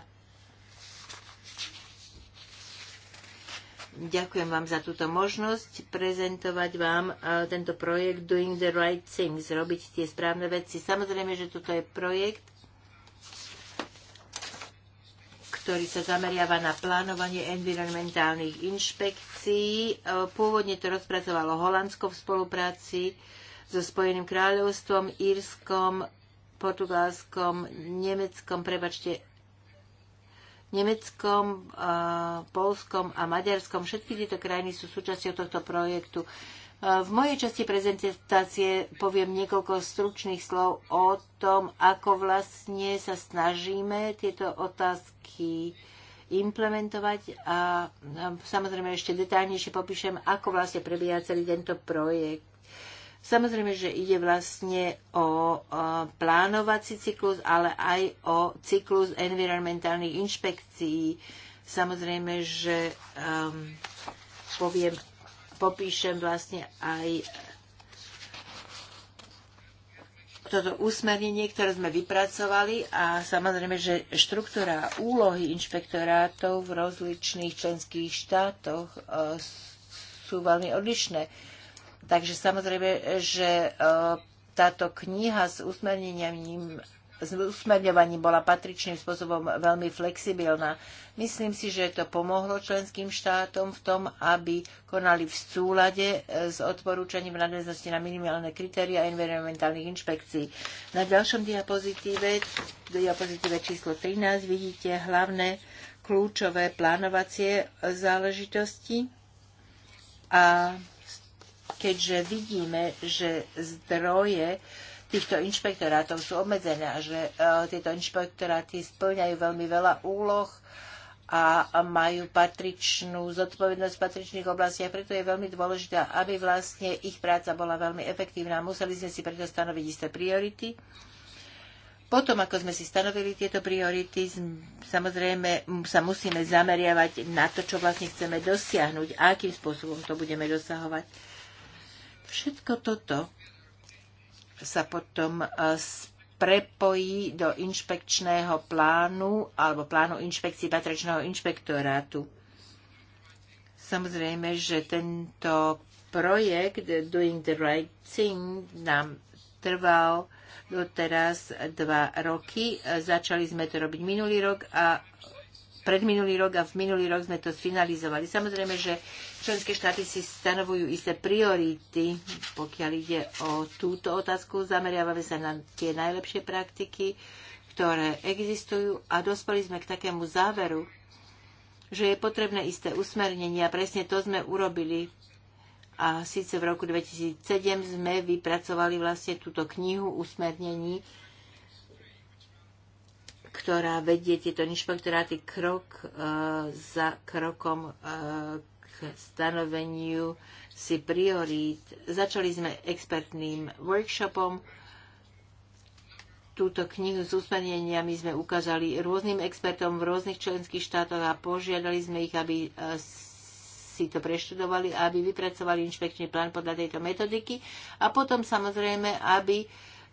Ďakujem vám za túto možnosť prezentovať vám e, tento projekt Doing the Right Things, robiť tie správne veci. Samozrejme, že toto je projekt, ktorý sa zameriava na plánovanie environmentálnych inšpekcií. E, pôvodne to rozpracovalo Holandsko v spolupráci so Spojeným kráľovstvom, Írskom, Portugalskom, Nemeckom, prebačte, Nemeckom, Polskom a Maďarskom. Všetky tieto krajiny sú súčasťou tohto projektu. V mojej časti prezentácie poviem niekoľko stručných slov o tom, ako vlastne sa snažíme tieto otázky implementovať a samozrejme ešte detaľnejšie popíšem, ako vlastne prebieha celý tento projekt. Samozrejme, že ide vlastne o plánovací cyklus, ale aj o cyklus environmentálnych inšpekcií. Samozrejme, že um, poviem, popíšem vlastne aj toto usmernenie, ktoré sme vypracovali a samozrejme, že štruktúra úlohy inšpektorátov v rozličných členských štátoch uh, sú veľmi odlišné Takže samozrejme, že e, táto kniha s usmernením s usmerňovaním bola patričným spôsobom veľmi flexibilná. Myslím si, že to pomohlo členským štátom v tom, aby konali v súlade e, s odporúčaním v nadväznosti na minimálne kritéria environmentálnych inšpekcií. Na ďalšom diapozitíve, diapozitíve číslo 13, vidíte hlavné kľúčové plánovacie záležitosti a keďže vidíme, že zdroje týchto inšpektorátov sú obmedzené a že e, tieto inšpektoráty splňajú veľmi veľa úloh a majú patričnú zodpovednosť v patričných oblastiach. Preto je veľmi dôležité, aby vlastne ich práca bola veľmi efektívna. Museli sme si preto stanoviť isté priority. Potom, ako sme si stanovili tieto priority, samozrejme sa musíme zameriavať na to, čo vlastne chceme dosiahnuť a akým spôsobom to budeme dosahovať. Všetko toto sa potom e, prepojí do inšpekčného plánu alebo plánu inšpekcie patričného inšpektorátu. Samozrejme, že tento projekt Doing the Right Thing nám trval doteraz dva roky. Začali sme to robiť minulý rok a predminulý rok a v minulý rok sme to sfinalizovali. Samozrejme, že členské štáty si stanovujú isté priority, pokiaľ ide o túto otázku. Zameriavame sa na tie najlepšie praktiky, ktoré existujú a dospeli sme k takému záveru, že je potrebné isté usmernenie a presne to sme urobili. A síce v roku 2007 sme vypracovali vlastne túto knihu usmernení ktorá vedie tieto inšpektoráty krok e, za krokom e, k stanoveniu si priorít. Začali sme expertným workshopom. Túto knihu s usmerneniami sme ukázali rôznym expertom v rôznych členských štátoch a požiadali sme ich, aby e, si to preštudovali, aby vypracovali inšpekčný plán podľa tejto metodiky a potom samozrejme, aby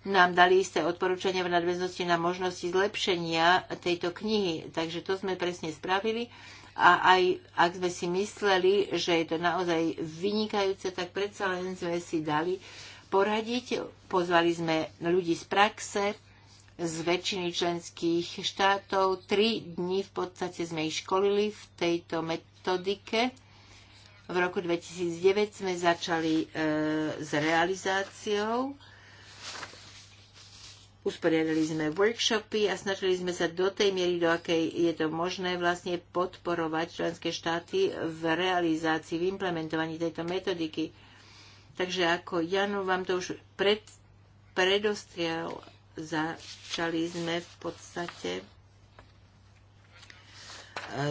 nám dali isté odporúčania v nadväznosti na možnosti zlepšenia tejto knihy. Takže to sme presne spravili a aj ak sme si mysleli, že je to naozaj vynikajúce, tak predsa len sme si dali poradiť. Pozvali sme ľudí z praxe, z väčšiny členských štátov. Tri dni v podstate sme ich školili v tejto metodike. V roku 2009 sme začali e, s realizáciou Usporiadali sme workshopy a snažili sme sa do tej miery, do akej je to možné, vlastne podporovať členské štáty v realizácii, v implementovaní tejto metodiky. Takže ako Janu vám to už pred, predostrial, začali sme v podstate e,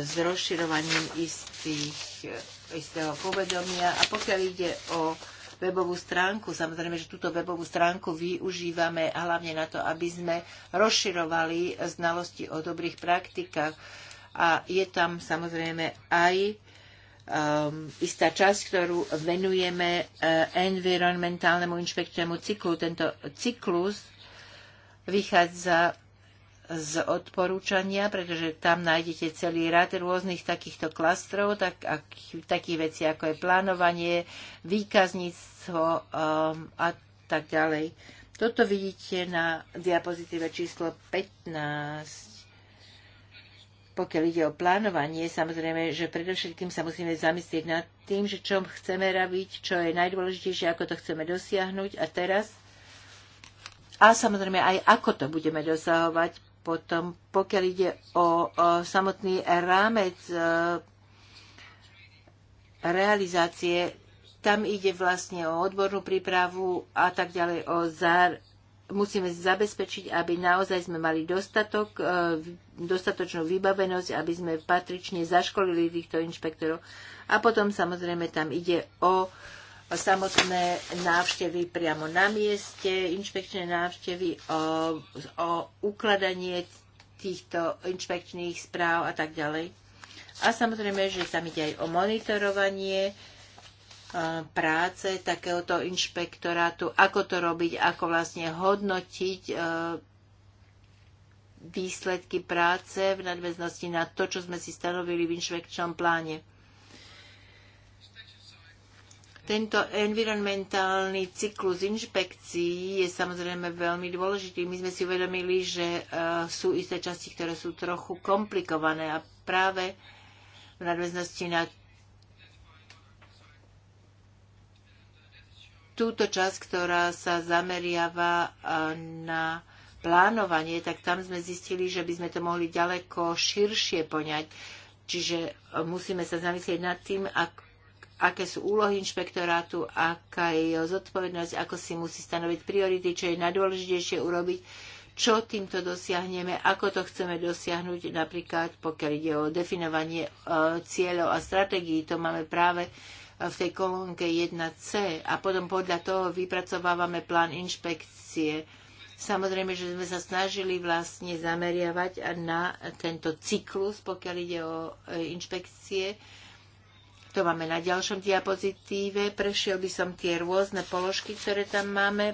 s rozširovaním istých, e, istého povedomia. A pokiaľ ide o webovú stránku. Samozrejme, že túto webovú stránku využívame hlavne na to, aby sme rozširovali znalosti o dobrých praktikách. A je tam samozrejme aj um, istá časť, ktorú venujeme uh, environmentálnemu inšpekčnému cyklu. Tento cyklus vychádza z odporúčania, pretože tam nájdete celý rad rôznych takýchto klastrov, tak, ak, takých vecí ako je plánovanie, výkazníctvo um, a tak ďalej. Toto vidíte na diapozitíve číslo 15. Pokiaľ ide o plánovanie, samozrejme, že predovšetkým sa musíme zamyslieť nad tým, že čo chceme robiť, čo je najdôležitejšie, ako to chceme dosiahnuť a teraz a samozrejme aj ako to budeme dosahovať, potom, pokiaľ ide o, samotný rámec e, realizácie, tam ide vlastne o odbornú prípravu a tak ďalej. O zár... Musíme zabezpečiť, aby naozaj sme mali dostatok, e, dostatočnú vybavenosť, aby sme patrične zaškolili týchto inšpektorov. A potom samozrejme tam ide o samotné návštevy priamo na mieste, inšpekčné návštevy, o, o ukladanie týchto inšpekčných správ a tak ďalej. A samozrejme, že tam ide aj o monitorovanie e, práce takéhoto inšpektorátu, ako to robiť, ako vlastne hodnotiť e, výsledky práce v nadväznosti na to, čo sme si stanovili v inšpekčnom pláne. Tento environmentálny cyklus inšpekcií je samozrejme veľmi dôležitý. My sme si uvedomili, že e, sú isté časti, ktoré sú trochu komplikované a práve v nadväznosti na túto časť, ktorá sa zameriava e, na plánovanie, tak tam sme zistili, že by sme to mohli ďaleko širšie poňať. Čiže e, musíme sa zamyslieť nad tým, ako aké sú úlohy inšpektorátu, aká je jeho zodpovednosť, ako si musí stanoviť priority, čo je najdôležitejšie urobiť, čo týmto dosiahneme, ako to chceme dosiahnuť, napríklad pokiaľ ide o definovanie e, cieľov a stratégií, to máme práve e, v tej kolónke 1C a potom podľa toho vypracovávame plán inšpekcie. Samozrejme, že sme sa snažili vlastne zameriavať na tento cyklus, pokiaľ ide o e, inšpekcie to máme na ďalšom diapozitíve. Prešiel by som tie rôzne položky, ktoré tam máme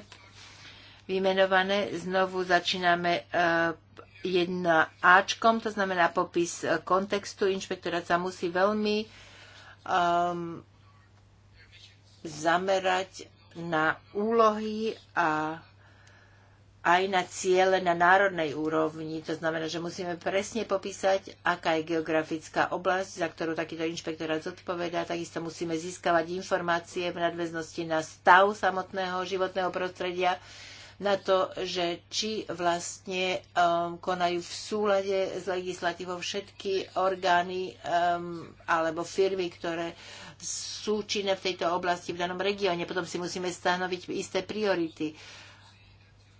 vymenované. Znovu začíname eh, jedna Ačkom, to znamená popis eh, kontextu. Inšpektorát sa musí veľmi um, zamerať na úlohy a aj na ciele na národnej úrovni. To znamená, že musíme presne popísať, aká je geografická oblasť, za ktorú takýto inšpektorát zodpovedá. Takisto musíme získavať informácie v nadväznosti na stav samotného životného prostredia, na to, že či vlastne um, konajú v súlade s legislatívou všetky orgány um, alebo firmy, ktoré sú činné v tejto oblasti v danom regióne. Potom si musíme stanoviť isté priority. Uh,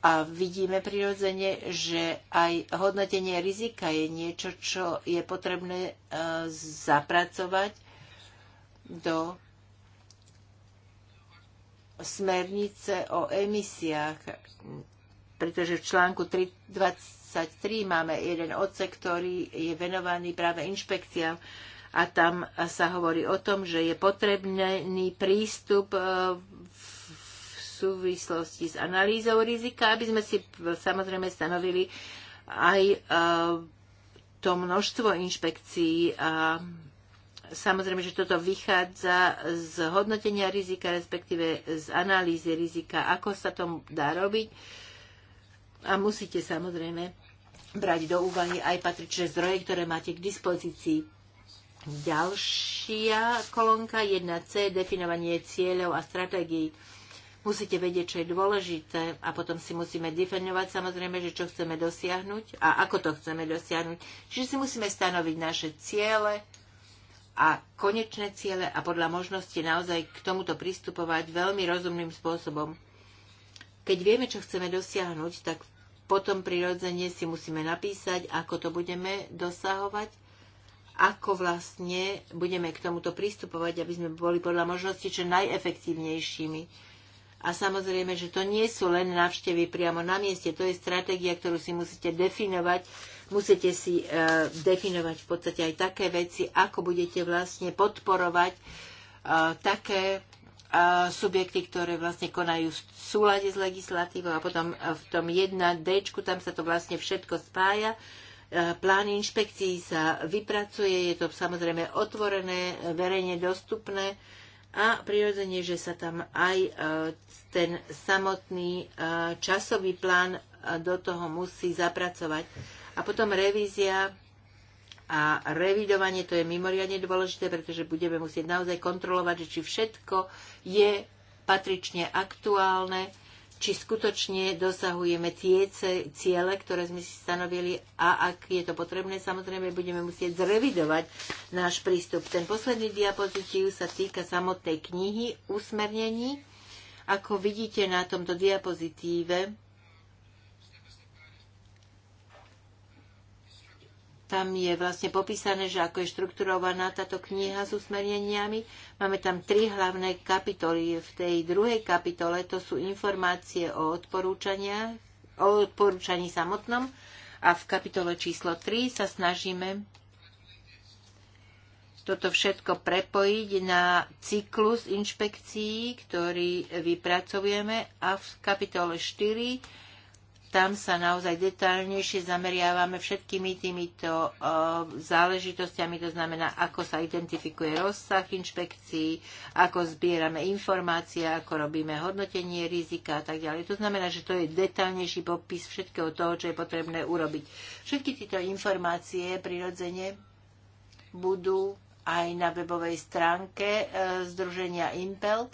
a vidíme prirodzene, že aj hodnotenie rizika je niečo, čo je potrebné e, zapracovať do smernice o emisiách, pretože v článku 23 máme jeden odsek, ktorý je venovaný práve inšpekciám a tam sa hovorí o tom, že je potrebný prístup e, súvislosti s analýzou rizika, aby sme si samozrejme stanovili aj eh, to množstvo inšpekcií a samozrejme, že toto vychádza z hodnotenia rizika, respektíve z analýzy rizika, ako sa to dá robiť. A musíte samozrejme brať do úvahy aj patričné zdroje, ktoré máte k dispozícii. Ďalšia kolónka 1C, definovanie cieľov a stratégií musíte vedieť, čo je dôležité a potom si musíme definovať samozrejme, že čo chceme dosiahnuť a ako to chceme dosiahnuť. Čiže si musíme stanoviť naše ciele a konečné ciele a podľa možnosti naozaj k tomuto pristupovať veľmi rozumným spôsobom. Keď vieme, čo chceme dosiahnuť, tak potom prirodzene si musíme napísať, ako to budeme dosahovať ako vlastne budeme k tomuto pristupovať, aby sme boli podľa možnosti čo najefektívnejšími. A samozrejme, že to nie sú len návštevy priamo na mieste, to je stratégia, ktorú si musíte definovať. Musíte si e, definovať v podstate aj také veci, ako budete vlastne podporovať e, také e, subjekty, ktoré vlastne konajú v súlade s legislatívou a potom e, v tom 1D, tam sa to vlastne všetko spája. E, plán inšpekcií sa vypracuje, je to samozrejme otvorené, verejne dostupné a prirodzene, že sa tam aj e, ten samotný e, časový plán e, do toho musí zapracovať. A potom revízia a revidovanie, to je mimoriadne dôležité, pretože budeme musieť naozaj kontrolovať, či všetko je patrične aktuálne či skutočne dosahujeme tie ciele, ktoré sme si stanovili a ak je to potrebné, samozrejme budeme musieť zrevidovať náš prístup. Ten posledný diapozitív sa týka samotnej knihy usmernení. Ako vidíte na tomto diapozitíve, Tam je vlastne popísané, že ako je štrukturovaná táto kniha s usmerneniami. Máme tam tri hlavné kapitoly. V tej druhej kapitole to sú informácie o odporúčaniach, o odporúčaní samotnom a v kapitole číslo 3 sa snažíme toto všetko prepojiť na cyklus inšpekcií, ktorý vypracujeme a v kapitole 4 tam sa naozaj detaľnejšie zameriavame všetkými týmito e, záležitostiami, to znamená, ako sa identifikuje rozsah inšpekcií, ako zbierame informácie, ako robíme hodnotenie rizika a tak ďalej. To znamená, že to je detaľnejší popis všetkého toho, čo je potrebné urobiť. Všetky tieto informácie prirodzene budú aj na webovej stránke e, Združenia Impel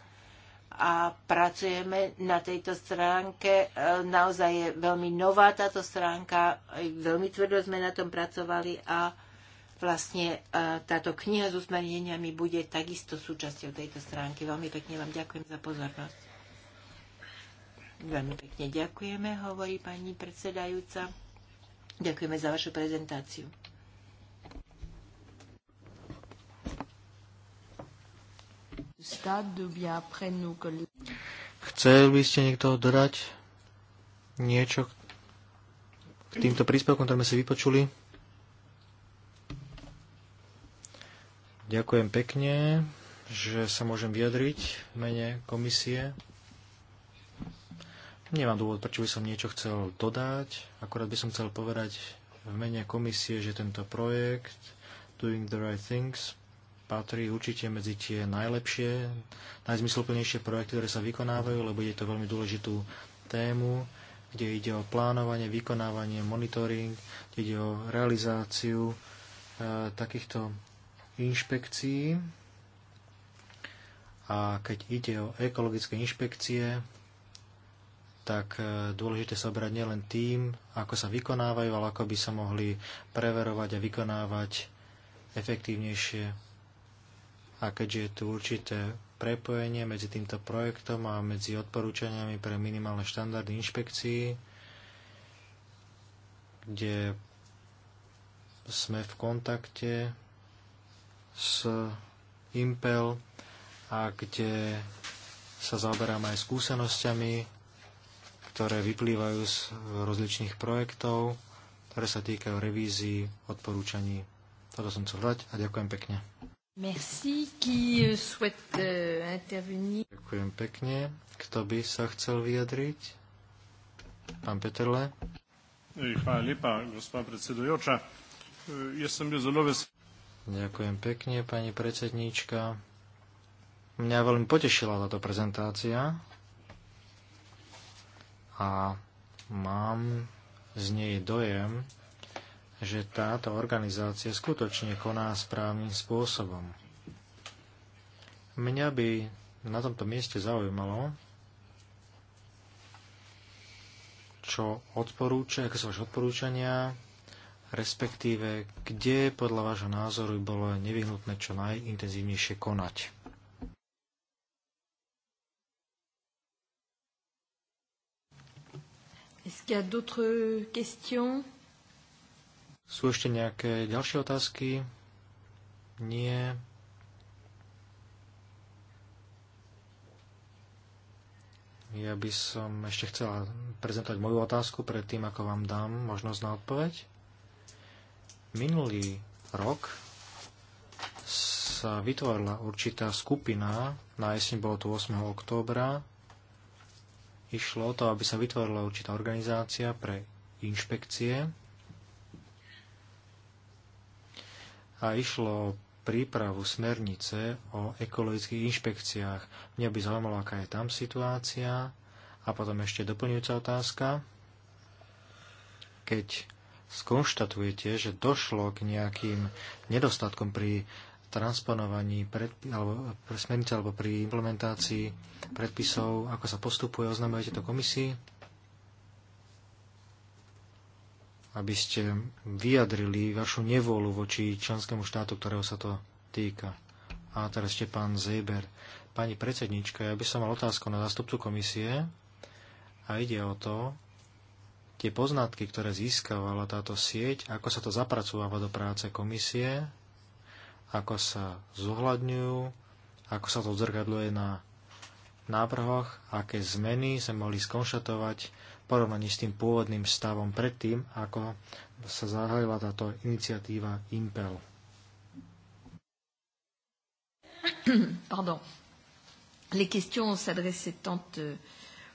a pracujeme na tejto stránke. E, naozaj je veľmi nová táto stránka, e, veľmi tvrdo sme na tom pracovali a vlastne e, táto kniha s usmerneniami bude takisto súčasťou tejto stránky. Veľmi pekne vám ďakujem za pozornosť. Veľmi pekne ďakujeme, hovorí pani predsedajúca. Ďakujeme za vašu prezentáciu. Chcel by ste niekto dodať niečo k týmto príspevkom, ktoré sme si vypočuli? Ďakujem pekne, že sa môžem vyjadriť v mene komisie. Nemám dôvod, prečo by som niečo chcel dodať. Akorát by som chcel povedať v mene komisie, že tento projekt Doing the Right Things patrí určite medzi tie najlepšie, najzmysluplnejšie projekty, ktoré sa vykonávajú, lebo je to veľmi dôležitú tému, kde ide o plánovanie, vykonávanie, monitoring, kde ide o realizáciu e, takýchto inšpekcií. A keď ide o ekologické inšpekcie, tak e, dôležité sa obrať nielen tým, ako sa vykonávajú, ale ako by sa mohli preverovať a vykonávať efektívnejšie a keďže je tu určité prepojenie medzi týmto projektom a medzi odporúčaniami pre minimálne štandardy inšpekcií, kde sme v kontakte s Impel a kde sa zaoberáme aj skúsenosťami, ktoré vyplývajú z rozličných projektov, ktoré sa týkajú revízií, odporúčaní. Toto som chcel a ďakujem pekne. Merci, qui euh, souhaite euh, intervenir. Ďakujem pekne. Kto by sa chcel vyjadriť? Pán Peterle. Hvala lepa, gospod predsedujoča. E, ja som bil zelo Ďakujem pekne, pani predsedníčka. Mňa veľmi potešila táto prezentácia a mám z nej dojem, že táto organizácia skutočne koná správnym spôsobom. Mňa by na tomto mieste zaujímalo, čo odporúča, aké sú vaše odporúčania, respektíve kde podľa vášho názoru bolo nevyhnutné čo najintenzívnejšie konať. Est-ce qu'il y a d'autres questions sú ešte nejaké ďalšie otázky? Nie. Ja by som ešte chcela prezentovať moju otázku pred tým, ako vám dám možnosť na odpoveď. Minulý rok sa vytvorila určitá skupina, na jeseň bolo to 8. októbra, išlo o to, aby sa vytvorila určitá organizácia pre inšpekcie a išlo o prípravu smernice o ekologických inšpekciách. Mňa by zaujímalo, aká je tam situácia. A potom ešte doplňujúca otázka. Keď skonštatujete, že došlo k nejakým nedostatkom pri transponovaní predpi- alebo smernice alebo pri implementácii predpisov, ako sa postupuje, oznamujete to komisii? aby ste vyjadrili vašu nevolu voči členskému štátu, ktorého sa to týka. A teraz ste pán Zeber. Pani predsednička, ja by som mal otázku na zástupcu komisie a ide o to, tie poznatky, ktoré získavala táto sieť, ako sa to zapracováva do práce komisie, ako sa zohľadňujú, ako sa to odzrkadľuje na návrhoch, aké zmeny sme mohli skonštatovať porovnaní s tým pôvodným stavom predtým, ako sa zahájila táto iniciatíva Impel. [COUGHS] Pardon. Les questions s'adressaient tant euh,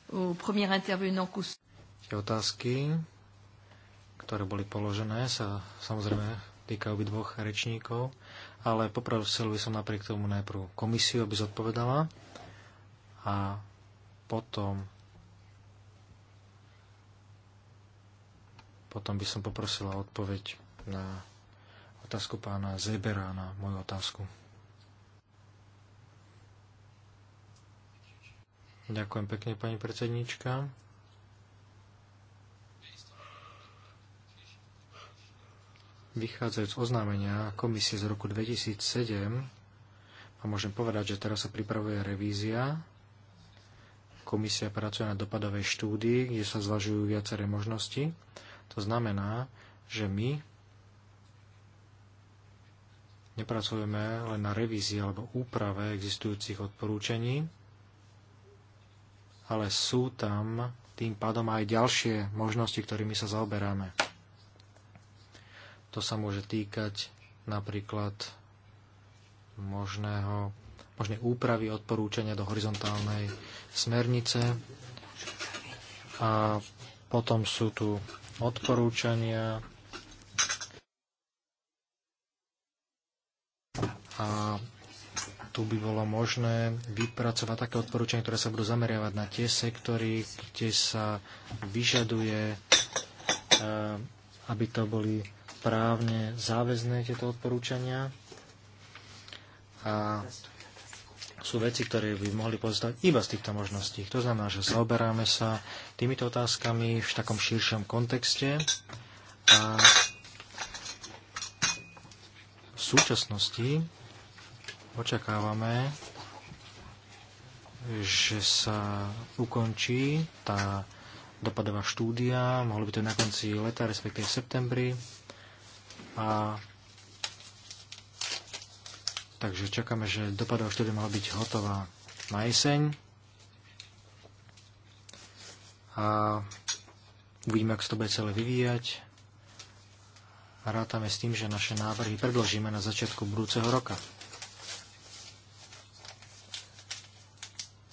au premier intervenant Tie otázky, ktoré boli položené, sa samozrejme týkajú by dvoch rečníkov, ale poprosil by som napriek tomu najprv komisiu, aby zodpovedala a potom Potom by som poprosila odpoveď na otázku pána Zebera, na moju otázku. Ďakujem pekne, pani predsednička. Vychádzajúc z oznámenia komisie z roku 2007, a môžem povedať, že teraz sa pripravuje revízia. Komisia pracuje na dopadovej štúdii, kde sa zvažujú viaceré možnosti. To znamená, že my nepracujeme len na revízii alebo úprave existujúcich odporúčaní, ale sú tam tým pádom aj ďalšie možnosti, ktorými sa zaoberáme. To sa môže týkať napríklad možného, možnej úpravy odporúčania do horizontálnej smernice a potom sú tu odporúčania a tu by bolo možné vypracovať také odporúčania, ktoré sa budú zameriavať na tie sektory, kde sa vyžaduje, e, aby to boli právne záväzné tieto odporúčania. A sú veci, ktoré by mohli pozostať iba z týchto možností. To znamená, že zaoberáme sa týmito otázkami v takom širšom kontexte a v súčasnosti očakávame, že sa ukončí tá dopadová štúdia, mohlo by to na konci leta, respektíve v septembri a Takže čakáme, že dopadová štúdia mala byť hotová na jeseň. A uvidíme, ako sa to bude celé vyvíjať. Rátame s tým, že naše návrhy predložíme na začiatku budúceho roka.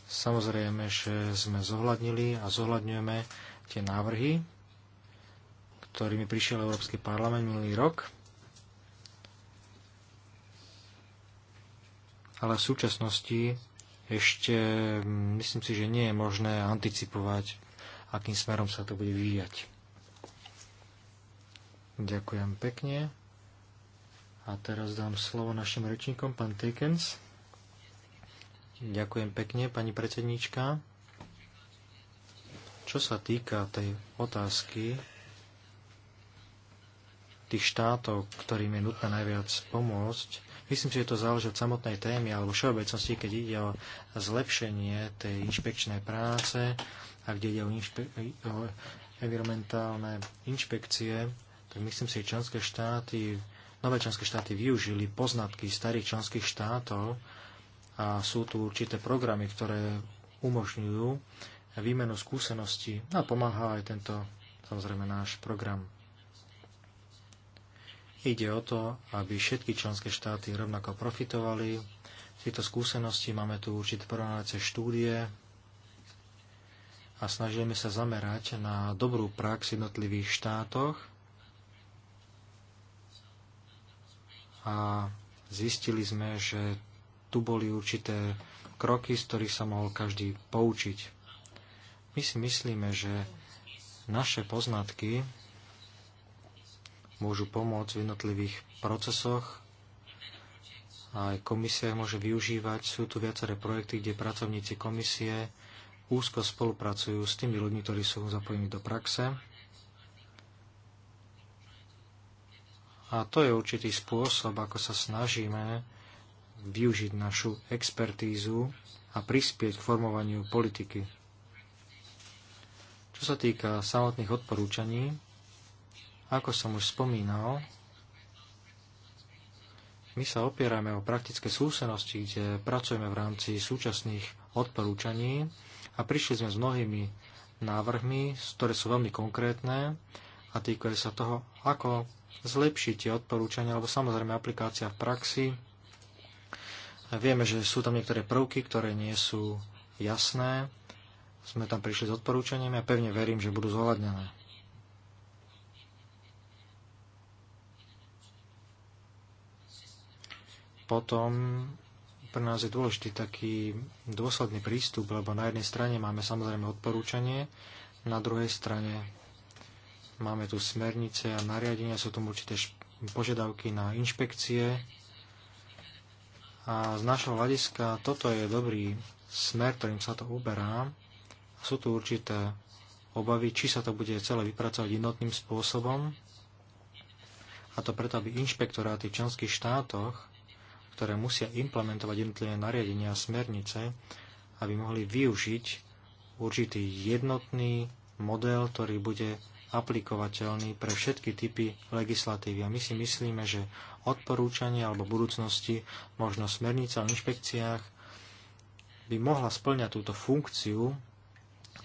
Samozrejme, že sme zohľadnili a zohľadňujeme tie návrhy, ktorými prišiel Európsky parlament minulý rok ale v súčasnosti ešte mm, myslím si, že nie je možné anticipovať, akým smerom sa to bude vyvíjať. Ďakujem pekne. A teraz dám slovo našim rečníkom, pán Tekens. Ďakujem pekne, pani predsedníčka. Čo sa týka tej otázky tých štátov, ktorým je nutné najviac pomôcť, Myslím si, že to záleží od samotnej témy alebo všeobecnosti, keď ide o zlepšenie tej inšpekčnej práce a kde ide o, inšpe- o environmentálne inšpekcie, tak myslím si, že členské štáty, nové členské štáty využili poznatky starých členských štátov a sú tu určité programy, ktoré umožňujú výmenu skúseností a pomáha aj tento samozrejme náš program Ide o to, aby všetky členské štáty rovnako profitovali. Tieto skúsenosti máme tu určité porovnávacie štúdie a snažíme sa zamerať na dobrú prax v jednotlivých štátoch a zistili sme, že tu boli určité kroky, z ktorých sa mohol každý poučiť. My si myslíme, že naše poznatky môžu pomôcť v jednotlivých procesoch. Aj komisia môže využívať. Sú tu viaceré projekty, kde pracovníci komisie úzko spolupracujú s tými ľuďmi, ktorí sú zapojení do praxe. A to je určitý spôsob, ako sa snažíme využiť našu expertízu a prispieť k formovaniu politiky. Čo sa týka samotných odporúčaní, ako som už spomínal, my sa opierame o praktické skúsenosti, kde pracujeme v rámci súčasných odporúčaní a prišli sme s mnohými návrhmi, ktoré sú veľmi konkrétne a týkajú sa toho, ako zlepšiť tie odporúčania, alebo samozrejme aplikácia v praxi. Vieme, že sú tam niektoré prvky, ktoré nie sú jasné. Sme tam prišli s odporúčaniami a pevne verím, že budú zohľadnené. potom pre nás je dôležitý taký dôsledný prístup, lebo na jednej strane máme samozrejme odporúčanie, na druhej strane máme tu smernice a nariadenia, sú tam určité požiadavky na inšpekcie. A z našho hľadiska toto je dobrý smer, ktorým sa to uberá. Sú tu určité obavy, či sa to bude celé vypracovať jednotným spôsobom. A to preto, aby inšpektoráty v členských štátoch ktoré musia implementovať jednotlivé nariadenia a smernice, aby mohli využiť určitý jednotný model, ktorý bude aplikovateľný pre všetky typy legislatívy. A my si myslíme, že odporúčanie alebo budúcnosti, možno smernica o inšpekciách, by mohla splňať túto funkciu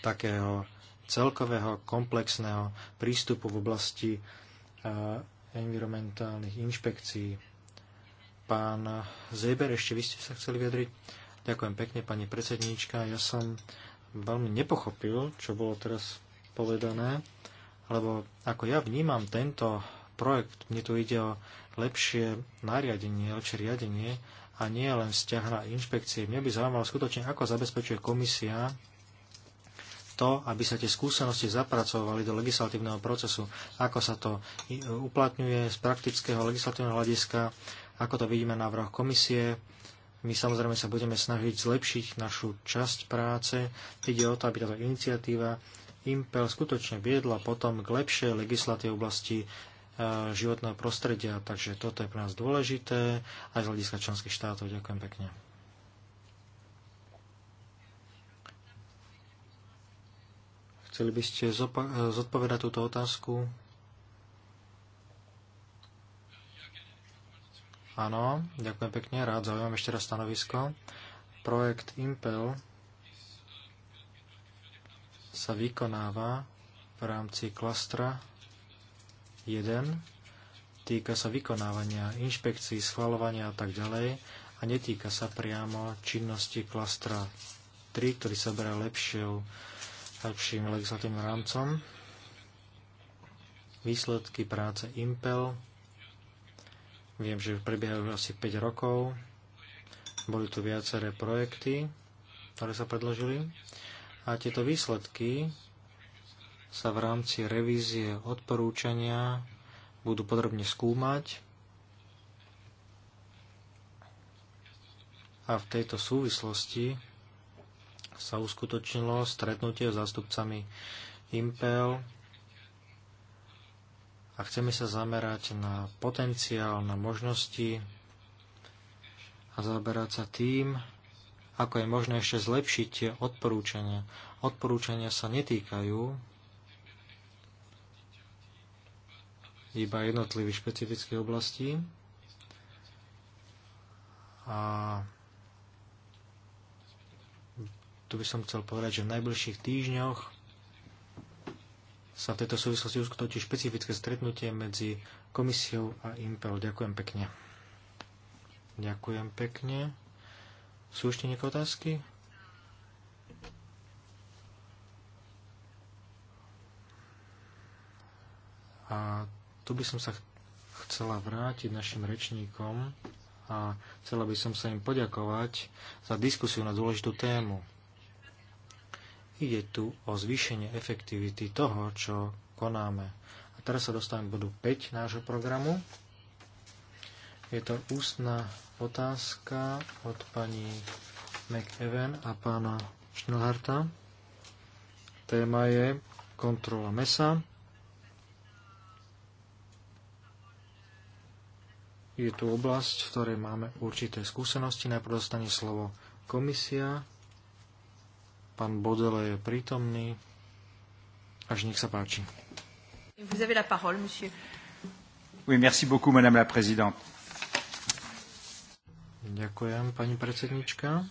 takého celkového komplexného prístupu v oblasti eh, environmentálnych inšpekcií Pán Zeber, ešte vy ste sa chceli vyjadriť. Ďakujem pekne, pani predsedníčka. Ja som veľmi nepochopil, čo bolo teraz povedané, lebo ako ja vnímam tento projekt, mne tu ide o lepšie nariadenie, lepšie riadenie a nie len vzťah na inšpekcie. Mňa by zaujímalo skutočne, ako zabezpečuje komisia to, aby sa tie skúsenosti zapracovali do legislatívneho procesu, ako sa to uplatňuje z praktického legislatívneho hľadiska, ako to vidíme na vrch komisie. My samozrejme sa budeme snažiť zlepšiť našu časť práce. Ide o to, aby táto iniciatíva Impel skutočne viedla potom k lepšej legislatíve v oblasti e, životného prostredia. Takže toto je pre nás dôležité aj z hľadiska členských štátov. Ďakujem pekne. Chceli by ste e, zodpovedať túto otázku? Áno, ďakujem pekne, rád zaujímam ešte raz stanovisko. Projekt Impel sa vykonáva v rámci klastra 1. Týka sa vykonávania inšpekcií, schvalovania a tak ďalej a netýka sa priamo činnosti klastra 3, ktorý sa berá lepšou, lepším legislatívnym rámcom. Výsledky práce Impel Viem, že prebiehajú asi 5 rokov. Boli tu viaceré projekty, ktoré sa predložili. A tieto výsledky sa v rámci revízie odporúčania budú podrobne skúmať. A v tejto súvislosti sa uskutočnilo stretnutie s zástupcami Impel a chceme sa zamerať na potenciál, na možnosti a zaberať sa tým, ako je možné ešte zlepšiť tie odporúčania. Odporúčania sa netýkajú iba jednotlivých špecifických oblastí a tu by som chcel povedať, že v najbližších týždňoch sa v tejto súvislosti uskutočí špecifické stretnutie medzi komisiou a Impel. Ďakujem pekne. Ďakujem pekne. Sú ešte nejaké otázky? A tu by som sa chcela vrátiť našim rečníkom a chcela by som sa im poďakovať za diskusiu na dôležitú tému. Ide tu o zvýšenie efektivity toho, čo konáme. A teraz sa dostávame k bodu 5 nášho programu. Je to ústna otázka od pani McEwen a pána Schnellharta. Téma je kontrola mesa. Je tu oblasť, v ktorej máme určité skúsenosti. Najprv dostane slovo komisia, Pán Bodele je prítomný. Až nech sa páči. Vous avez la parole, monsieur. Oui, merci beaucoup, madame la présidente. Ďakujem, pani predsednička.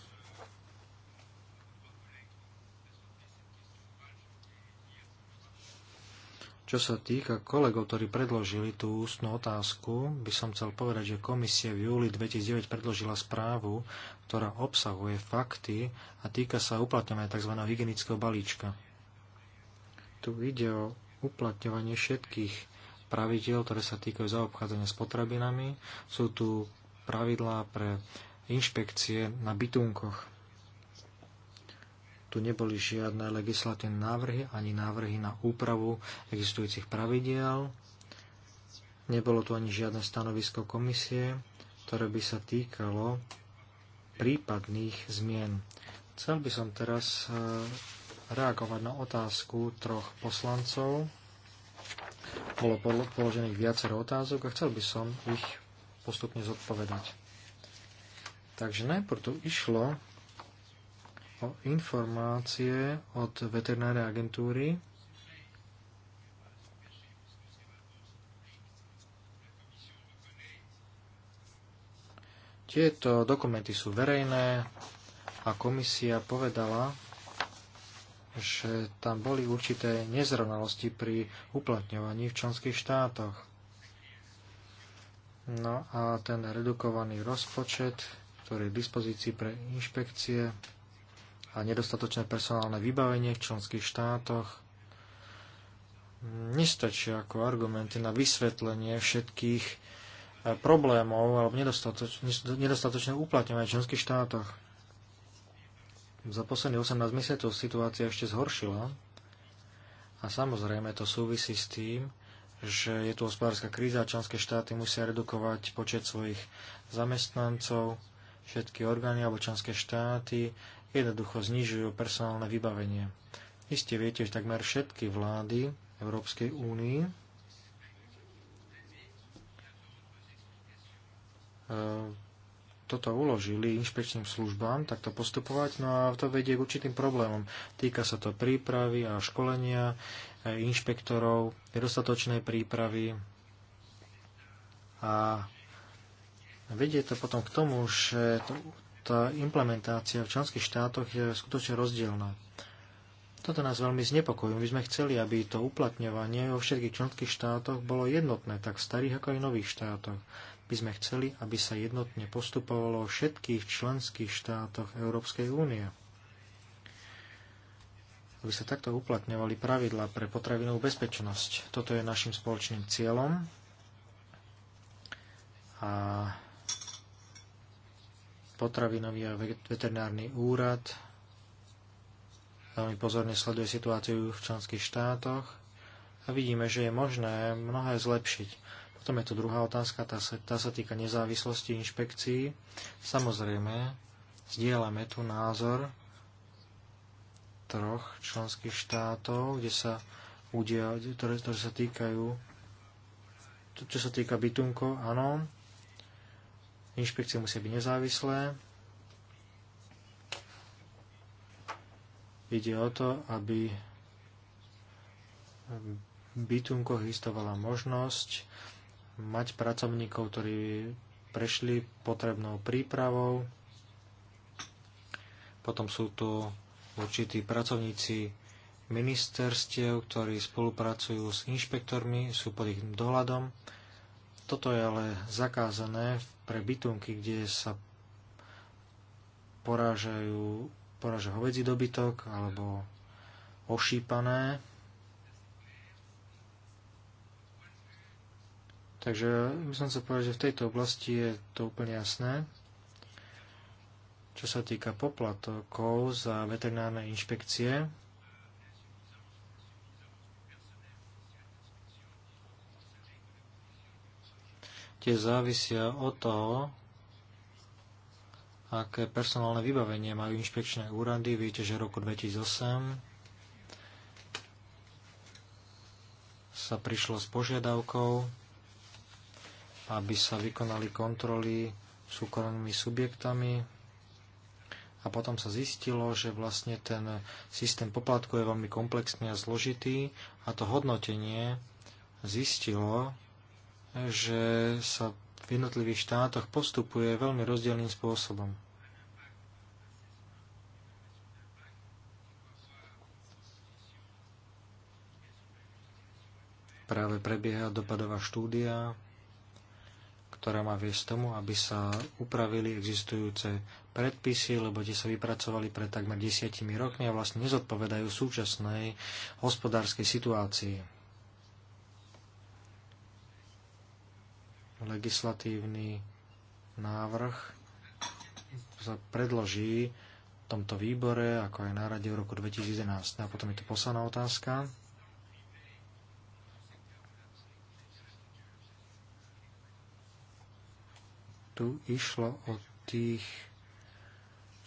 Čo sa týka kolegov, ktorí predložili tú ústnu otázku, by som chcel povedať, že komisia v júli 2009 predložila správu, ktorá obsahuje fakty a týka sa uplatňovania tzv. hygienického balíčka. Tu ide o uplatňovanie všetkých pravidel, ktoré sa týkajú zaobchádzania s potrebinami, Sú tu pravidlá pre inšpekcie na bytunkoch tu neboli žiadne legislatívne návrhy ani návrhy na úpravu existujúcich pravidiel. Nebolo tu ani žiadne stanovisko komisie, ktoré by sa týkalo prípadných zmien. Chcel by som teraz e, reagovať na otázku troch poslancov. Bolo položených viacero otázok a chcel by som ich postupne zodpovedať. Takže najprv tu išlo o informácie od veterinárnej agentúry. Tieto dokumenty sú verejné a komisia povedala, že tam boli určité nezrovnalosti pri uplatňovaní v členských štátoch. No a ten redukovaný rozpočet, ktorý je v dispozícii pre inšpekcie, a nedostatočné personálne vybavenie v členských štátoch nestačia ako argumenty na vysvetlenie všetkých eh, problémov alebo nedostatočné, nedostatočné uplatňovanie v členských štátoch. Za posledných 18 mesiacov situácia ešte zhoršila a samozrejme to súvisí s tým, že je tu hospodárska kríza a členské štáty musia redukovať počet svojich zamestnancov, všetky orgány alebo členské štáty jednoducho znižujú personálne vybavenie. Iste viete, že takmer všetky vlády Európskej únii e, toto uložili inšpečným službám takto postupovať, no a to vedie k určitým problémom. Týka sa to prípravy a školenia e, inšpektorov, nedostatočnej prípravy a vedie to potom k tomu, že to, tá implementácia v členských štátoch je skutočne rozdielna. Toto nás veľmi znepokojuje. My sme chceli, aby to uplatňovanie vo všetkých členských štátoch bolo jednotné, tak v starých ako aj nových štátoch. By sme chceli, aby sa jednotne postupovalo vo všetkých členských štátoch Európskej únie. Aby sa takto uplatňovali pravidla pre potravinovú bezpečnosť. Toto je našim spoločným cieľom. A potravinový a veterinárny úrad veľmi pozorne sleduje situáciu v členských štátoch a vidíme, že je možné mnohé zlepšiť. Potom je tu druhá otázka, tá sa, tá sa týka nezávislosti inšpekcií. Samozrejme, zdieľame tu názor troch členských štátov, kde sa udia, ktoré, ktoré sa týkajú čo sa týka bytunko, áno, Inšpekcie musia byť nezávislé. Ide o to, aby v bytunkoch existovala možnosť mať pracovníkov, ktorí prešli potrebnou prípravou. Potom sú tu určití pracovníci ministerstiev, ktorí spolupracujú s inšpektormi, sú pod ich dohľadom. Toto je ale zakázané v pre bytunky, kde sa porážajú, poráža hovedzí dobytok alebo ošípané. Takže by som sa povedať, že v tejto oblasti je to úplne jasné. Čo sa týka poplatokov za veterinárne inšpekcie, tie závisia od toho, aké personálne vybavenie majú inšpekčné úrady. Viete, že v roku 2008 sa prišlo s požiadavkou, aby sa vykonali kontroly súkromnými subjektami a potom sa zistilo, že vlastne ten systém poplatku je veľmi komplexný a zložitý a to hodnotenie zistilo, že sa v jednotlivých štátoch postupuje veľmi rozdielným spôsobom. Práve prebieha dopadová štúdia, ktorá má viesť tomu, aby sa upravili existujúce predpisy, lebo tie sa vypracovali pred takmer desiatimi rokmi a vlastne nezodpovedajú súčasnej hospodárskej situácii. legislatívny návrh sa predloží v tomto výbore, ako aj na rade v roku 2011. No a potom je tu poslaná otázka. Tu išlo o tých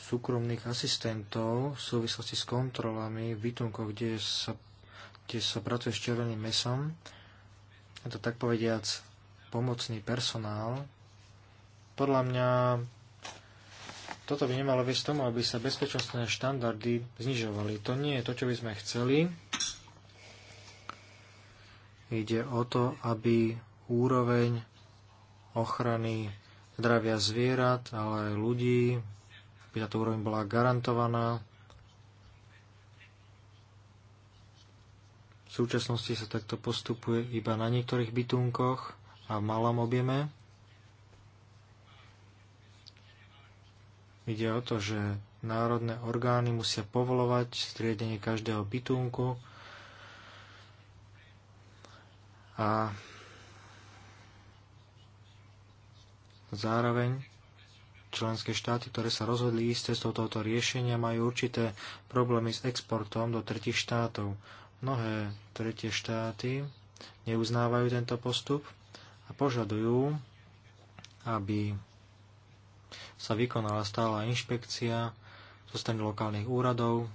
súkromných asistentov v súvislosti s kontrolami v bytunkoch, kde sa, kde sa pracuje s červeným mesom. Je to tak povediac pomocný personál. Podľa mňa toto by nemalo viesť tomu, aby sa bezpečnostné štandardy znižovali. To nie je to, čo by sme chceli. Ide o to, aby úroveň ochrany zdravia zvierat, ale aj ľudí, aby táto úroveň bola garantovaná. V súčasnosti sa takto postupuje iba na niektorých bytunkoch a v malom objeme. Ide o to, že národné orgány musia povolovať striedenie každého bytunku a zároveň členské štáty, ktoré sa rozhodli ísť cestou tohoto riešenia, majú určité problémy s exportom do tretich štátov. Mnohé tretie štáty neuznávajú tento postup a požadujú, aby sa vykonala stála inšpekcia zo strany lokálnych úradov.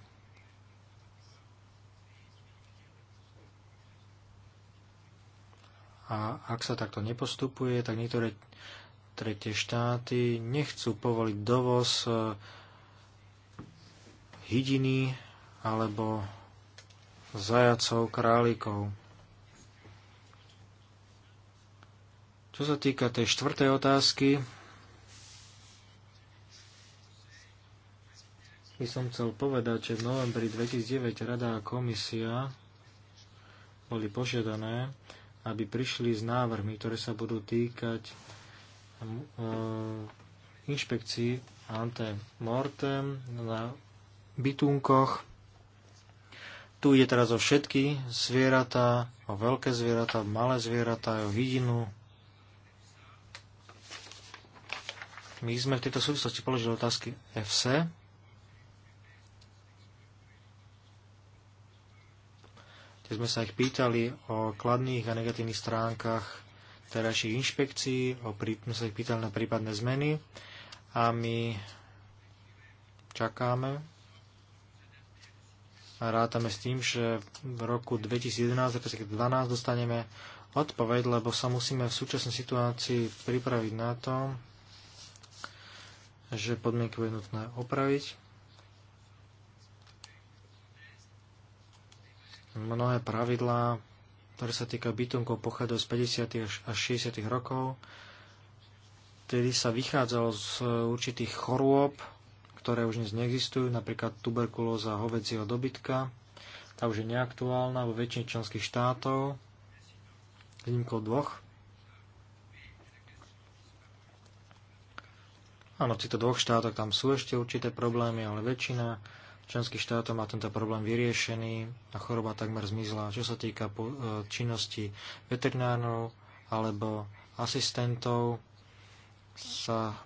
A ak sa takto nepostupuje, tak niektoré tretie štáty nechcú povoliť dovoz e, hydiny alebo zajacov, králikov. Čo sa týka tej štvrtej otázky, by som chcel povedať, že v novembri 2009 Rada a komisia boli požiadané, aby prišli s návrhmi, ktoré sa budú týkať e, inšpekcií ante mortem na bytunkoch. Tu ide teraz o všetky zvieratá, o veľké zvieratá, malé zvieratá, o vidinu, My sme v tejto súvislosti položili otázky FC. Kde sme sa ich pýtali o kladných a negatívnych stránkach terajších inšpekcií, o prí... sme sa ich pýtali na prípadné zmeny a my čakáme a rátame s tým, že v roku 2011, 2012 dostaneme odpoveď, lebo sa musíme v súčasnej situácii pripraviť na to, že podmienky bude nutné opraviť. Mnohé pravidlá, ktoré sa týka bytunkov, pochádzajú z 50. až 60. rokov. Vtedy sa vychádzalo z určitých chorôb, ktoré už dnes neexistujú, napríklad tuberkulóza hovedzieho dobytka, tá už je neaktuálna vo väčšine členských štátov, výnimkou dvoch. Áno, v týchto dvoch štátoch tam sú ešte určité problémy, ale väčšina členských štátov má tento problém vyriešený a choroba takmer zmizla. Čo sa týka e, činnosti veterinárov alebo asistentov, sa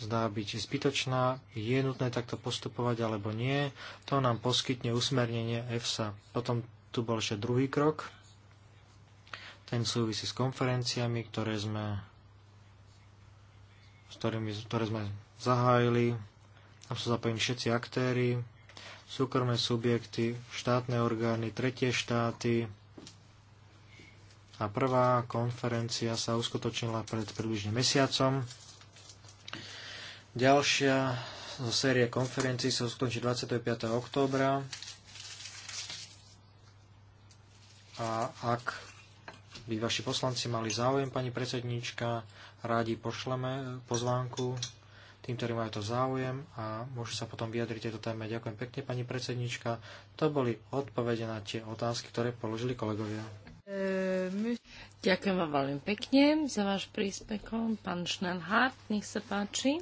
zdá byť zbytočná, je nutné takto postupovať alebo nie, to nám poskytne usmernenie EFSA. Potom tu bol ešte druhý krok, ten súvisí s konferenciami, ktoré sme s ktorými, ktoré sme zahájili. Tam sú zapojení všetci aktéry, súkromné subjekty, štátne orgány, tretie štáty. A prvá konferencia sa uskutočnila pred približne mesiacom. Ďalšia zo série konferencií sa uskutoční 25. októbra. A ak by vaši poslanci mali záujem, pani predsedníčka, rádi pošleme pozvánku tým, ktorí majú to záujem a môžu sa potom vyjadriť tejto téme. Ďakujem pekne, pani predsednička. To boli odpovede na tie otázky, ktoré položili kolegovia. Ďakujem vám veľmi pekne za váš príspevok. Pán Schnellhardt, nech sa páči.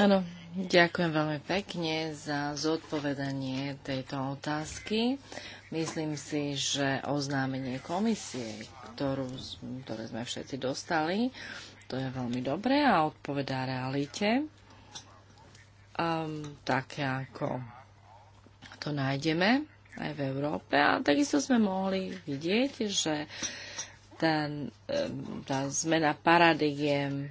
Áno, ďakujem veľmi pekne za zodpovedanie tejto otázky. Myslím si, že oznámenie komisie, ktorú, ktoré sme všetci dostali. To je veľmi dobré a odpovedá realite. Um, ehm, také ako to nájdeme aj v Európe. A takisto sme mohli vidieť, že ten, ehm, tá zmena paradigiem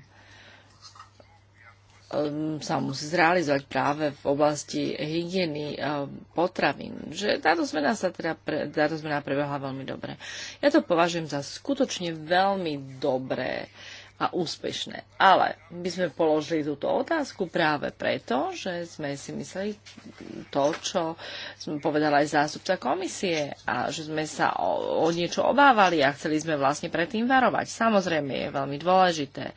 Um, sa musí zrealizovať práve v oblasti hygieny um, potravín. Že táto zmena sa teda pre, táto zmena prebehla veľmi dobre. Ja to považujem za skutočne veľmi dobré. Uh, a úspešné. Ale my sme položili túto otázku práve preto, že sme si mysleli to, čo sme povedali aj zástupca komisie a že sme sa o, o niečo obávali a chceli sme vlastne predtým varovať. Samozrejme je veľmi dôležité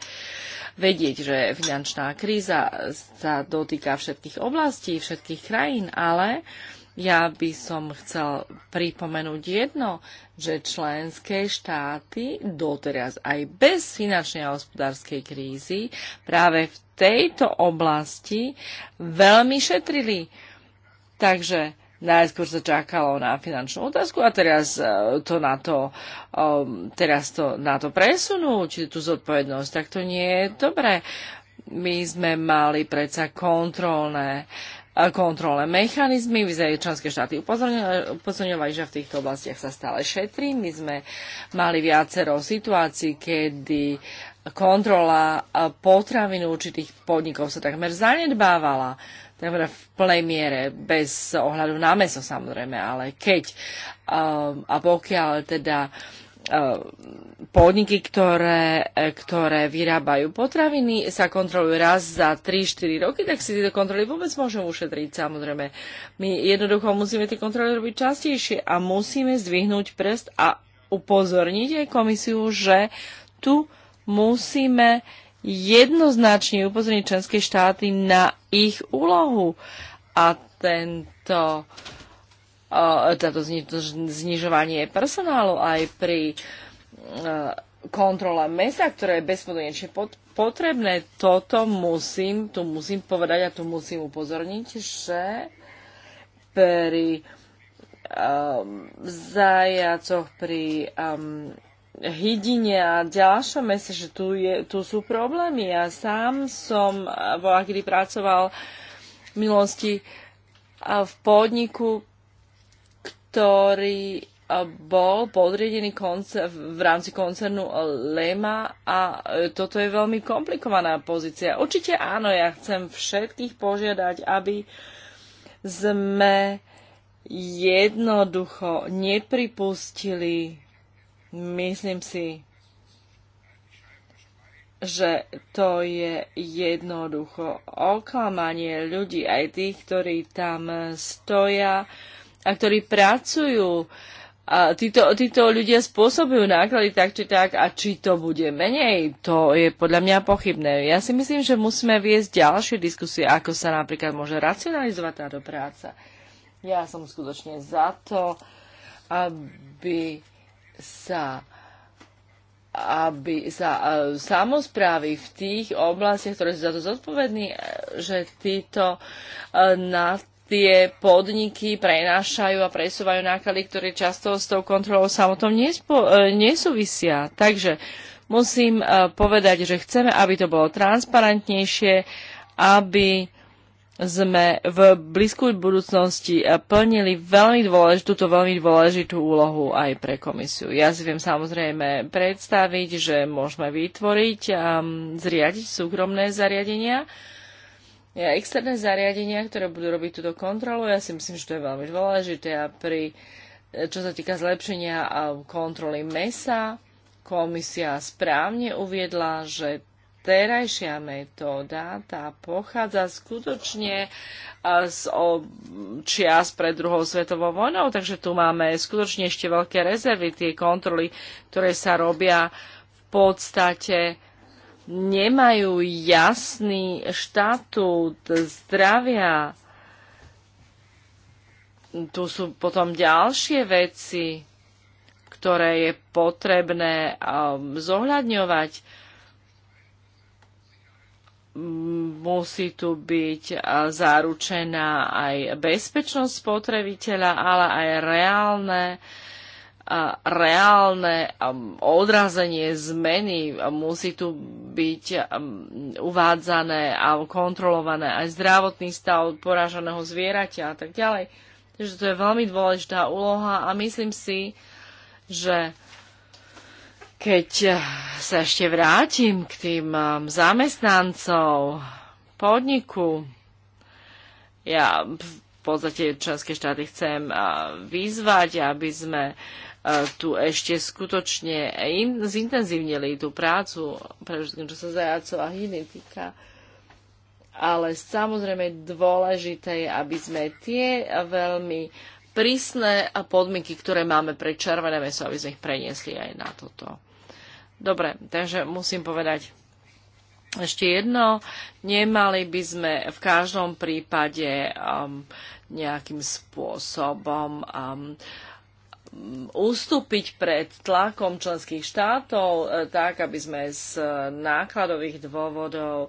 vedieť, že finančná kríza sa dotýka všetkých oblastí, všetkých krajín, ale uh, ja by som chcel pripomenúť jedno, že členské štáty doteraz aj bez finančnej a hospodárskej krízy práve v tejto oblasti veľmi šetrili. Takže najskôr sa čakalo na finančnú otázku a teraz e, to na to, e, teraz to na to presunú, či tú zodpovednosť, tak to nie je dobré my sme mali predsa kontrolné kontrole mechanizmy. Vyzerajú členské štáty upozorňovali, že v týchto oblastiach sa stále šetrí. My sme mali viacero situácií, kedy kontrola potravín určitých podnikov sa takmer zanedbávala v plnej miere, bez ohľadu na meso samozrejme, ale keď a pokiaľ teda E, podniky, ktoré, e, ktoré vyrábajú potraviny, sa kontrolujú raz za 3-4 roky, tak si tieto kontroly vôbec môžeme ušetriť, samozrejme. My jednoducho musíme tie kontroly robiť častejšie a musíme zdvihnúť prst a upozorniť aj komisiu, že tu musíme jednoznačne upozorniť členské štáty na ich úlohu. A tento uh, Eh, toto teda znižovanie personálu aj pri eh, kontrole mesa, ktoré je bezpodmienečne potrebné. Toto musím, tu musím povedať a tu musím upozorniť, že pri um, zajacoch, pri um, hydine a ďalšom mese, že tu, je, tu sú problémy. Ja sám som bola, kedy pracoval v minulosti v podniku, ktorý eh, bol podriedený v rámci koncernu eh, Lema a eh, toto je veľmi komplikovaná pozícia. Určite áno, ja chcem všetkých požiadať, aby sme jednoducho nepripustili, myslím si, že to je jednoducho oklamanie ľudí, aj tých, ktorí tam stoja, a ktorí pracujú. A títo, títo ľudia spôsobujú náklady tak či tak a či to bude menej, to je podľa mňa pochybné. Ja si myslím, že musíme viesť ďalšie diskusie, ako sa napríklad môže racionalizovať táto práca. Ja som skutočne za to, aby sa aby sa uh, samozprávy v tých oblastiach, ktoré sú za to zodpovední, e, že títo uh, na tie podniky prenášajú a presúvajú náklady, ktoré často s tou kontrolou samotnou nespo, e, nesúvisia. Takže musím e, povedať, že chceme, aby to bolo transparentnejšie, aby sme v blízkej budúcnosti e, plnili veľmi dôležitú, túto veľmi dôležitú úlohu aj pre komisiu. Ja si viem samozrejme predstaviť, že môžeme vytvoriť a zriadiť súkromné zariadenia, externé zariadenia, ktoré budú robiť túto kontrolu. Ja si myslím, že to je veľmi dôležité a pri, e, čo sa týka zlepšenia kontroly mesa, komisia správne uviedla, že terajšia metóda, tá pochádza skutočne e, z čias pred druhou svetovou vojnou, takže tu máme skutočne ešte veľké rezervy, tie kontroly, ktoré sa robia v podstate nemajú jasný štatút zdravia. Tu sú potom ďalšie veci, ktoré je potrebné um, zohľadňovať musí tu byť uh, zaručená aj bezpečnosť spotrebiteľa, ale aj reálne reálne odrazenie zmeny musí tu byť um, uvádzané a kontrolované aj zdravotný stav poraženého zvieraťa a tak ďalej. Takže to je veľmi dôležitá úloha a myslím si, že keď sa ešte vrátim k tým um, zamestnancov podniku, ja v podstate členské štáty chcem uh, vyzvať, aby sme tu ešte skutočne im zintenzívnili tú prácu, predovšetkým čo sa zajacov a hyny Ale samozrejme dôležité je, aby sme tie veľmi prísne podmienky, ktoré máme pre červené meso, aby sme ich preniesli aj na toto. Dobre, takže musím povedať, ešte jedno, nemali by sme v každom prípade um, nejakým spôsobom um, uh, ustúpiť pred tlakom členských štátov, e, tak aby sme z e, nákladových dôvodov e,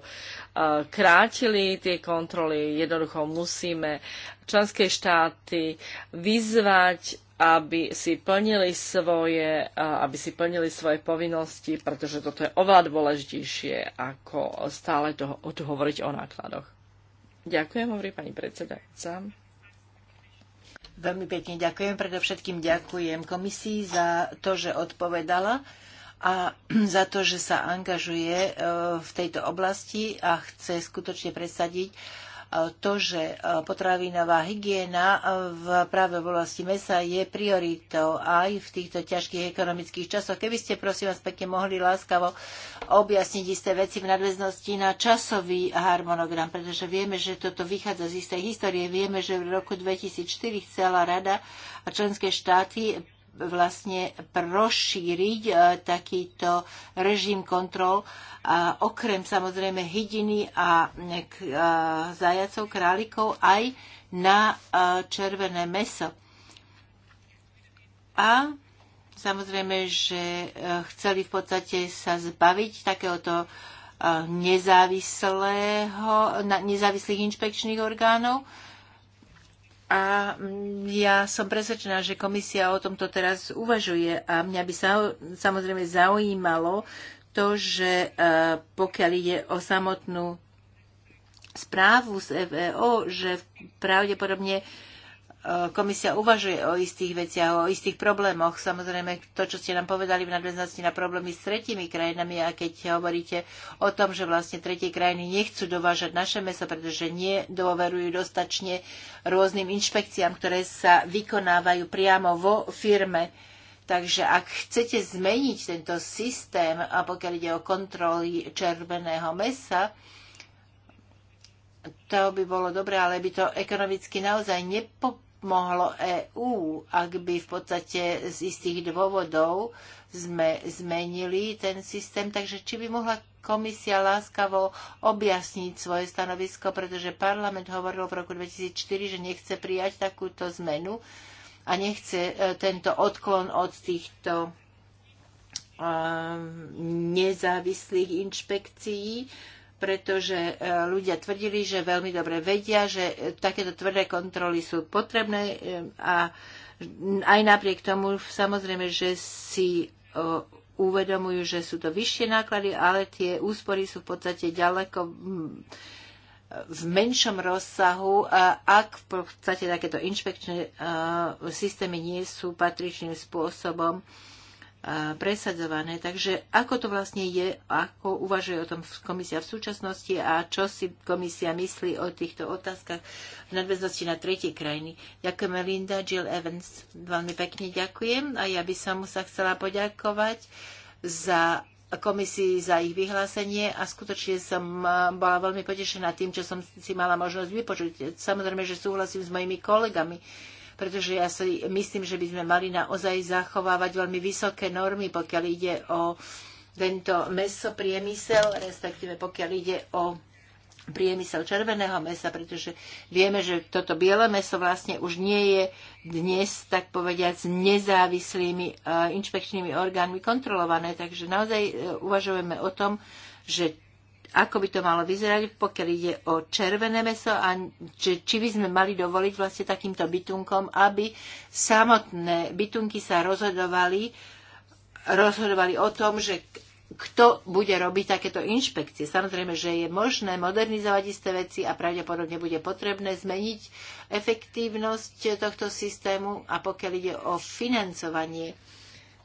krátili tie kontroly. Jednoducho musíme členské štáty vyzvať aby si plnili svoje, aby si plnili svoje povinnosti, pretože toto je oveľa dôležitejšie, ako stále toho, hovoriť o nákladoch. Ďakujem, hovorí pani predsedajúca. Veľmi pekne ďakujem. Predovšetkým ďakujem komisii za to, že odpovedala a [CLEARS THROAT] za to, že sa angažuje e, v tejto oblasti a chce skutočne presadiť to, že e, potravinová hygiena e, v práve v oblasti mesa je prioritou aj v týchto ťažkých ekonomických časoch. Keby ste, prosím vás, pekne mohli láskavo objasniť isté veci v nadväznosti na časový harmonogram, pretože vieme, že toto vychádza z istej histórie. Vieme, že v roku 2004 chcela rada a členské štáty vlastne rozšíriť e, takýto režim kontrol, a okrem samozrejme hydiny a e, e, zajacov, králikov, aj na červené meso. A samozrejme, že chceli v podstate sa zbaviť takéhoto nezávislého, nezávislých inšpekčných orgánov, a ja som presvedčená, že komisia o tomto teraz uvažuje a mňa by sa samozrejme zaujímalo to, že e, pokiaľ ide o samotnú správu z FEO, že pravdepodobne uh, komisia uvažuje o istých veciach, o istých problémoch. Samozrejme, to, čo ste nám povedali v nadväznosti na problémy s tretími krajinami a keď hovoríte o tom, že vlastne tretie krajiny nechcú dovážať naše meso, pretože nedôverujú dostačne rôznym inšpekciám, ktoré sa vykonávajú priamo vo firme. Takže ak chcete zmeniť tento systém, a pokiaľ ide o kontroly červeného mesa, to by bolo dobré, ale by to ekonomicky naozaj nepo, mohlo EÚ, ak by v podstate z istých dôvodov sme zmenili ten systém. Takže či by mohla komisia láskavo objasniť svoje stanovisko, pretože parlament hovoril v roku 2004, že nechce prijať takúto zmenu a nechce e, tento odklon od týchto e, nezávislých inšpekcií pretože e, ľudia tvrdili, že veľmi dobre vedia, že e, takéto tvrdé kontroly sú potrebné e, a aj napriek tomu samozrejme, že si uvedomujú, že sú to vyššie náklady, ale tie úspory sú v podstate ďaleko v menšom rozsahu, ak v podstate takéto inšpekčné systémy nie sú patričným spôsobom presadzované. Takže ako to vlastne je, ako uvažuje o tom komisia v súčasnosti a čo si komisia myslí o týchto otázkach v nadväznosti na tretie krajiny. Ďakujeme Linda, Jill Evans, veľmi pekne ďakujem a ja by som sa chcela poďakovať za komisii za ich vyhlásenie a skutočne som bola veľmi potešená tým, čo som si mala možnosť vypočuť. Samozrejme, že súhlasím s mojimi kolegami, pretože ja si myslím, že by sme mali naozaj zachovávať veľmi vysoké normy, pokiaľ ide o tento mesopriemysel, respektíve pokiaľ ide o priemysel červeného mesa, pretože vieme, že toto biele meso vlastne už nie je dnes, tak povediať, s nezávislými eh, inšpekčnými orgánmi kontrolované. Takže naozaj eh, uvažujeme o tom, že ako by to malo vyzerať, pokiaľ ide o červené meso a či, či by sme mali dovoliť vlastne takýmto bytunkom, aby samotné bytunky sa rozhodovali, rozhodovali o tom, že kto bude robiť takéto inšpekcie. Samozrejme, že je možné modernizovať isté veci a pravdepodobne bude potrebné zmeniť efektívnosť tohto systému a pokiaľ ide o financovanie,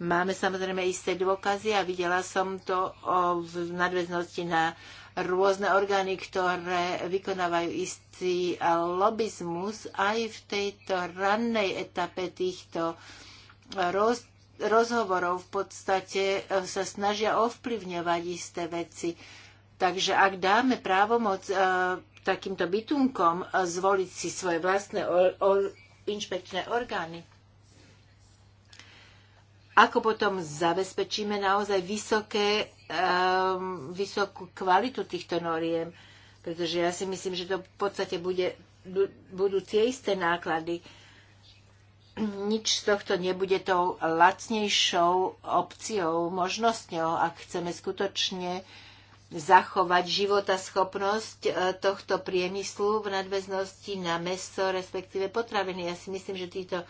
máme samozrejme isté dôkazy a videla som to o, v nadväznosti na rôzne orgány, ktoré vykonávajú istý lobizmus aj v tejto rannej etape týchto roz, rozhovorov v podstate e, sa snažia ovplyvňovať isté veci. Takže ak dáme právomoc e, takýmto bytunkom e, zvoliť si svoje vlastné o, o, inšpekčné orgány, ako potom zabezpečíme naozaj vysoké um, vysokú kvalitu týchto noriem, pretože ja si myslím, že to v podstate bude, budú tie isté náklady. Nič z tohto nebude tou lacnejšou opciou, možnosťou, ak chceme skutočne zachovať životaschopnosť eh, tohto priemyslu v nadväznosti na meso, respektíve potraviny. Ja si myslím, že títo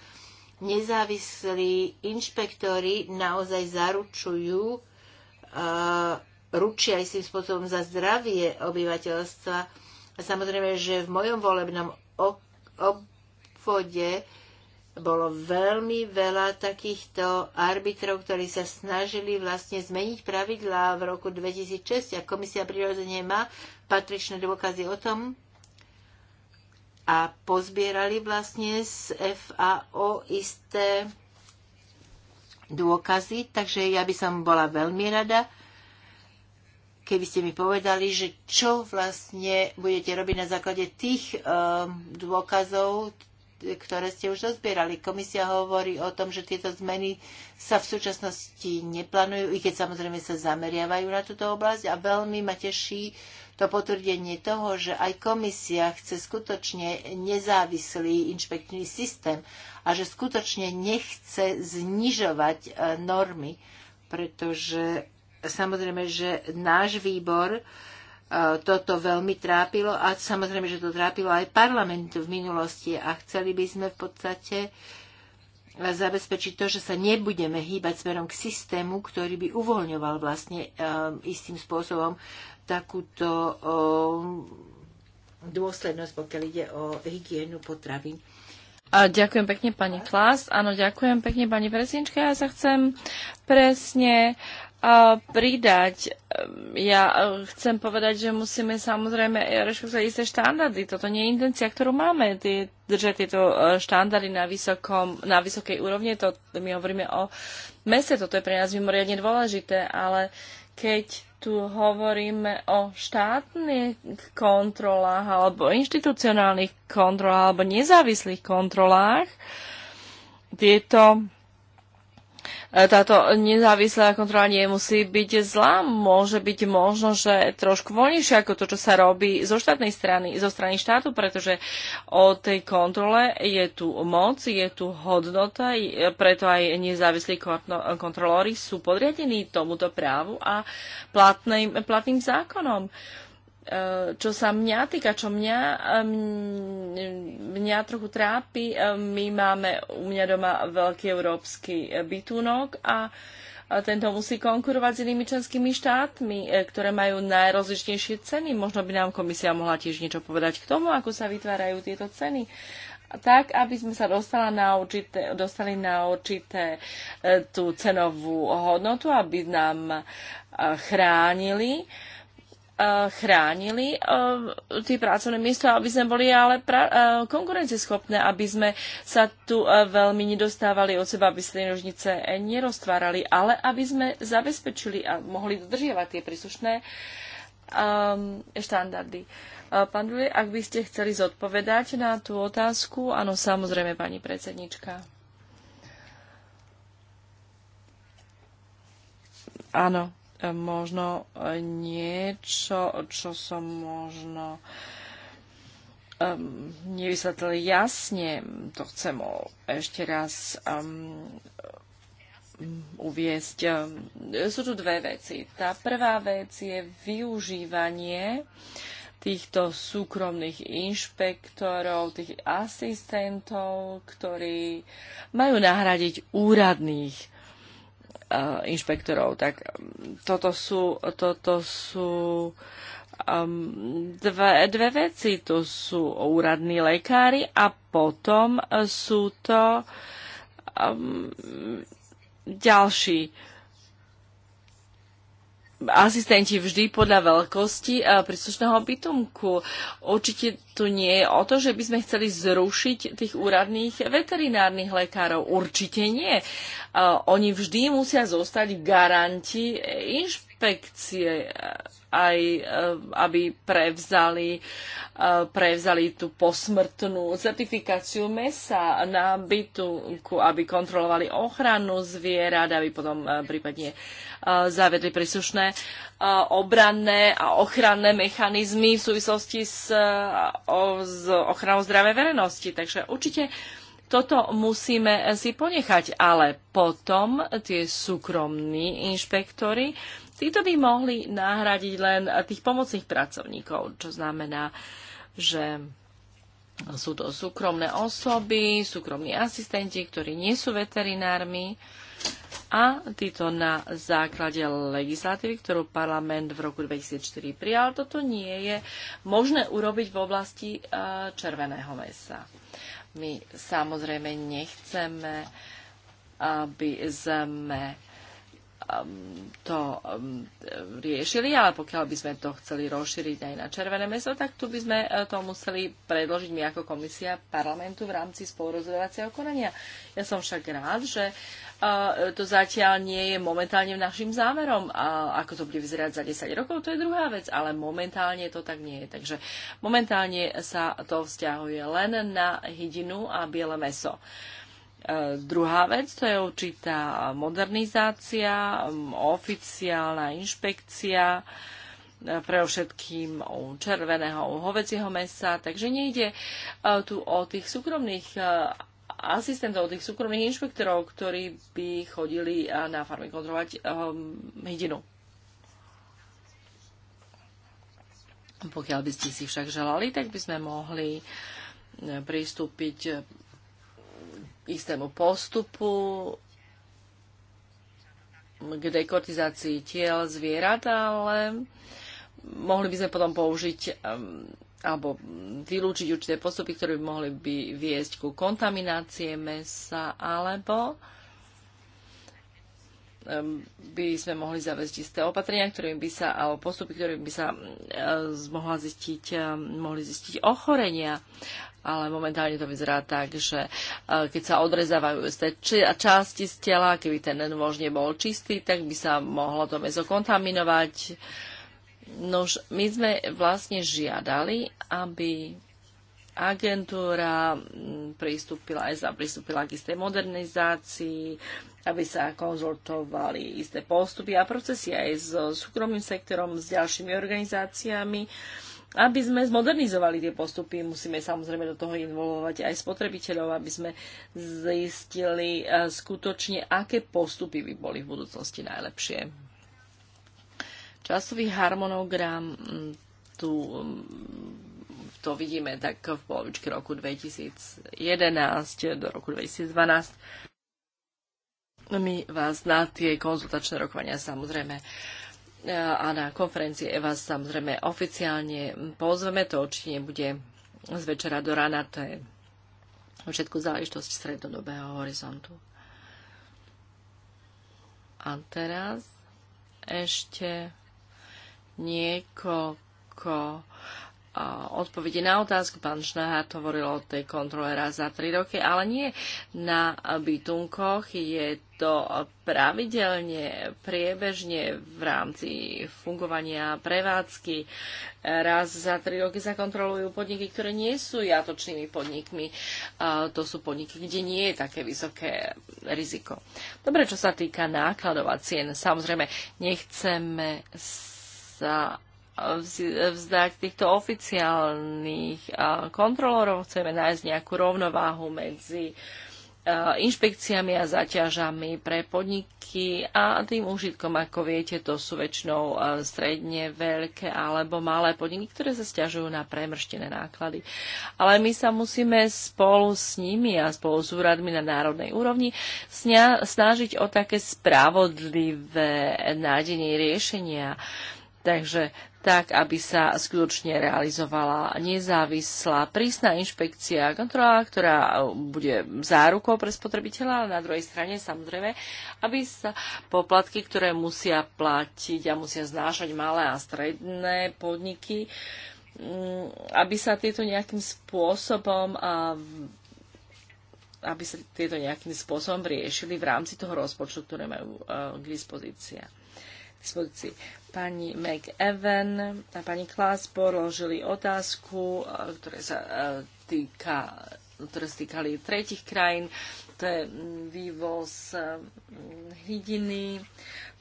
nezávislí inšpektori naozaj zaručujú ručia tým spôsobom za zdravie obyvateľstva. A samozrejme, že v mojom volebnom obvode bolo veľmi veľa takýchto arbitrov, ktorí sa snažili vlastne zmeniť pravidlá v roku 2006 a komisia prirodzene má patričné dôkazy o tom, a pozbierali vlastne z FAO isté dôkazy, takže ja by som bola veľmi rada, keby ste mi povedali, že čo vlastne budete robiť na základe tých um, dôkazov, ktoré ste už zozbierali. Komisia hovorí o tom, že tieto zmeny sa v súčasnosti neplánujú, i keď samozrejme sa zameriavajú na túto oblasť a veľmi ma teší to potvrdenie toho, že aj komisia chce skutočne nezávislý inšpekčný systém a že skutočne nechce znižovať e, normy, pretože samozrejme, že náš výbor uh, toto veľmi trápilo a samozrejme, že to trápilo aj parlament v minulosti a chceli by sme v podstate zabezpečiť to, že sa nebudeme hýbať smerom k systému, ktorý by uvoľňoval vlastne e, istým spôsobom takúto dôslednosť, pokiaľ ide o hygienu potravín. A ďakujem pekne, pani Klas. Áno, ďakujem pekne, pani Presinčka. Ja sa chcem presne pridať. Ehm, ja e, chcem povedať, že musíme samozrejme e, rešpektovať isté štandardy. Toto nie je intencia, ktorú máme. Tie, držať tieto e, štandardy na, vysokom, na vysokej úrovni. To my hovoríme o mese. Toto je pre nás mimoriadne dôležité. Ale keď tu hovoríme o štátnych kontrolách alebo inštitucionálnych kontrolách alebo nezávislých kontrolách, tieto E, táto nezávislá kontrola nemusí byť zlá. Môže byť možno, že trošku voľnejšia ako to, čo sa robí zo štátnej strany, zo strany štátu, pretože o tej kontrole je tu moc, je tu hodnota, preto aj nezávislí kontrolóri sú podriadení tomuto právu a platným, platným zákonom. Uh, Eh, čo sa mňa týka, čo mňa, mňa trochu trápi, my máme u mňa doma veľký európsky eh, bytúnok a tento musí konkurovať s inými členskými štátmi, eh, ktoré majú najrozličnejšie ceny. Možno by nám komisia mohla tiež niečo povedať k tomu, ako sa vytvárajú tieto ceny tak, aby sme sa dostali na určité, dostali na určité tú cenovú hodnotu, aby nám chránili uh, Eh, chránili eh, tie pracovné miesta, aby sme boli ale pra- eh, konkurencieschopné, aby sme sa tu veľmi nedostávali od seba, aby sa nožnice neroztvárali, ale aby sme zabezpečili a mohli dodržiavať tie príslušné um, štandardy. Pán Duje, ak by ste chceli zodpovedať na tú otázku, áno, samozrejme, pani predsednička. Áno, možno eh, niečo, čo som možno um, nevysvetlil jasne, to chcem ešte raz um, uviesť. Sú tu dve veci. Tá prvá vec je využívanie týchto súkromných inšpektorov, tých asistentov, ktorí majú nahradiť úradných Eh, inšpektorov. Tak mm, toto sú, toto sú um, dve, dve veci. To sú úradní lekári a potom sú to um, ďalší asistenti vždy podľa veľkosti eh, príslušného bytomku. Určite tu nie je o to, že by sme chceli zrušiť tých úradných veterinárnych lekárov. Určite nie. Eh, oni vždy musia zostať v garanti inšpekcie aj, e, aby prevzali, e, prevzali tú posmrtnú certifikáciu mesa na bytunku, aby kontrolovali ochranu zvierat, aby potom e, prípadne zavedli príslušné obranné a ochranné mechanizmy v súvislosti s, s ochranou zdravej verejnosti. Takže určite toto musíme si ponechať, ale potom tie súkromní inšpektory Títo by mohli nahradiť len tých pomocných pracovníkov, čo znamená, že sú to súkromné osoby, súkromní asistenti, ktorí nie sú veterinármi a títo na základe legislatívy, ktorú parlament v roku 2004 prijal, toto nie je možné urobiť v oblasti e, červeného mesa. My samozrejme nechceme, aby sme Um, to um, riešili, ale pokiaľ by sme to chceli rozšíriť aj na červené meso, tak tu by sme e, to museli predložiť my ako komisia parlamentu v rámci spolurozhodovacieho konania. Ja som však rád, že e, to zatiaľ nie je momentálne našim zámerom. A ako to bude vyzerať za 10 rokov, to je druhá vec, ale momentálne to tak nie je. Takže momentálne sa to vzťahuje len na hydinu a biele meso. Uh, E, druhá vec to je určitá modernizácia, oficiálna inšpekcia, e, pre všetkým u červeného, u hovedzieho mesa, takže nejde e, tu o tých súkromných asistentov, tých súkromných inšpektorov, ktorí by chodili na farmy kontrolovať hydinu. Pokiaľ by ste si však želali, tak by sme mohli pristúpiť istému postupu k dekortizácii tiel zvierat, ale mohli by sme potom použiť alebo vylúčiť určité postupy, ktoré by mohli by viesť ku kontaminácie mesa, alebo by sme mohli zavesť isté opatrenia, ktorými by sa, alebo postupy, ktorými by sa mohla zistiť, mohli zistiť ochorenia ale momentálne to vyzerá tak, že e, keď sa odrezávajú tej časti z tela, keby ten nôž nebol čistý, tak by sa mohlo to meso kontaminovať. Nož, my sme vlastne žiadali, aby agentúra pristúpila, ESA pristúpila k istej modernizácii, aby sa konzultovali isté postupy a procesy aj so súkromným sektorom, s ďalšími organizáciami aby sme zmodernizovali tie postupy. Musíme samozrejme do toho involvovať aj spotrebiteľov, aby sme zistili e, skutočne, aké postupy by boli v budúcnosti najlepšie. Časový harmonogram mm, tu mm, to vidíme tak v polovičke roku 2011 do roku 2012. My vás na tie konzultačné rokovania samozrejme E, a na konferencii vás samozrejme oficiálne pozveme. To určite nebude z večera do rána, to je všetko záležitosť stredodobého horizontu. A teraz ešte niekoľko odpovede na otázku. Pán Šnahár hovoril o tej kontrole raz za tri roky, ale nie na bytunkoch. Je to pravidelne, priebežne v rámci fungovania prevádzky. Raz za tri roky sa kontrolujú podniky, ktoré nie sú jatočnými podnikmi. To sú podniky, kde nie je také vysoké riziko. Dobre, čo sa týka nákladov a cien. Samozrejme, nechceme sa vzdať týchto oficiálnych kontrolorov, chceme nájsť nejakú rovnováhu medzi inšpekciami a zaťažami pre podniky a tým užitkom, ako viete, to sú väčšinou stredne veľké alebo malé podniky, ktoré sa stiažujú na premrštené náklady. Ale my sa musíme spolu s nimi a spolu s úradmi na národnej úrovni snažiť o také spravodlivé nádenie riešenia. Takže tak aby sa skutočne realizovala nezávislá prísna inšpekcia a kontrola, ktorá e, bude zárukou pre spotrebiteľa, ale na druhej strane samozrejme, aby sa poplatky, ktoré musia platiť a musia znášať malé a stredné podniky, mm, aby sa tieto nejakým spôsobom aby sa tieto nejakým spôsobom riešili v rámci toho rozpočtu, ktoré majú e, k dispozícii dispozícii. Pani McEwen a pani Klaas položili otázku, e, ktoré sa e, týka ktoré sa týkali tretich krajín, to je mm, vývoz e, mm, hydiny,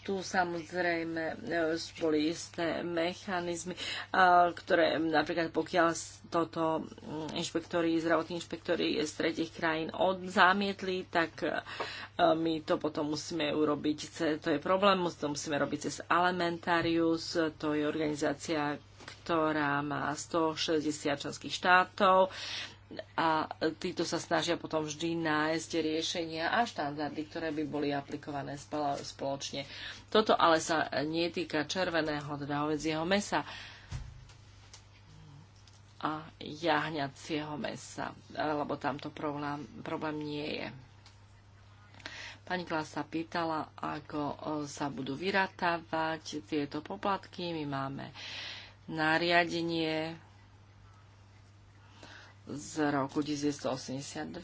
tu samozrejme e, boli isté mechanizmy, e, ktoré napríklad pokiaľ toto mm, inšpektori, zdravotní inšpektori z tretich krajín zamietli, tak e, my to potom musíme urobiť, to je problém, to musíme robiť cez Alimentarius, to je organizácia, ktorá má 160 členských štátov a títo sa snažia potom vždy nájsť riešenia a štandardy, ktoré by boli aplikované spoločne. Toto ale sa netýka červeného, teda jeho mesa a jahňacieho mesa, lebo tamto problém, problém nie je. Pani Klas sa pýtala, ako sa budú vyratávať tieto poplatky. My máme nariadenie z roku 1982,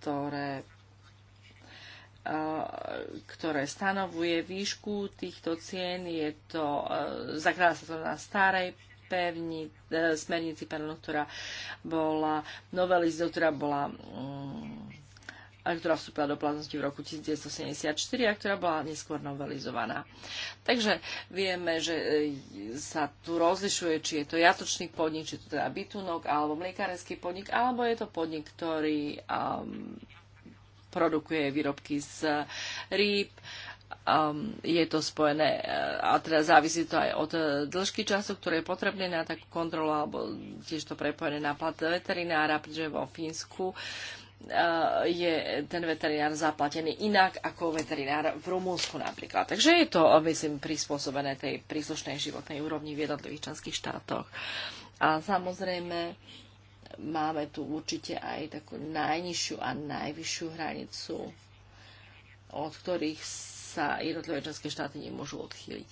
ktoré e, ktoré stanovuje výšku týchto cien. Je to, e, zakladá sa to na starej pevni, e, smernici, pardon, ktorá bola noveliz, ktorá bola mm, a ktorá vstúpila do platnosti v roku 1974 a ktorá bola neskôr novelizovaná. Takže vieme, že e, sa tu rozlišuje, či je to jatočný podnik, či je to teda bytunok alebo mliekarenský podnik, alebo je to podnik, ktorý um, produkuje výrobky z rýb, um, je to spojené a teda závisí to aj od e, dĺžky času, ktoré je potrebné na takú kontrolu alebo tiež to prepojené na plat veterinára, pretože vo Fínsku um, Eh, je ten veterinár zaplatený inak ako veterinár v Rumunsku napríklad. Takže je to, myslím, prispôsobené tej príslušnej životnej úrovni v jednotlivých členských štátoch. A samozrejme, máme tu určite aj takú najnižšiu a najvyššiu hranicu, od ktorých sa jednotlivé členské štáty nemôžu odchýliť.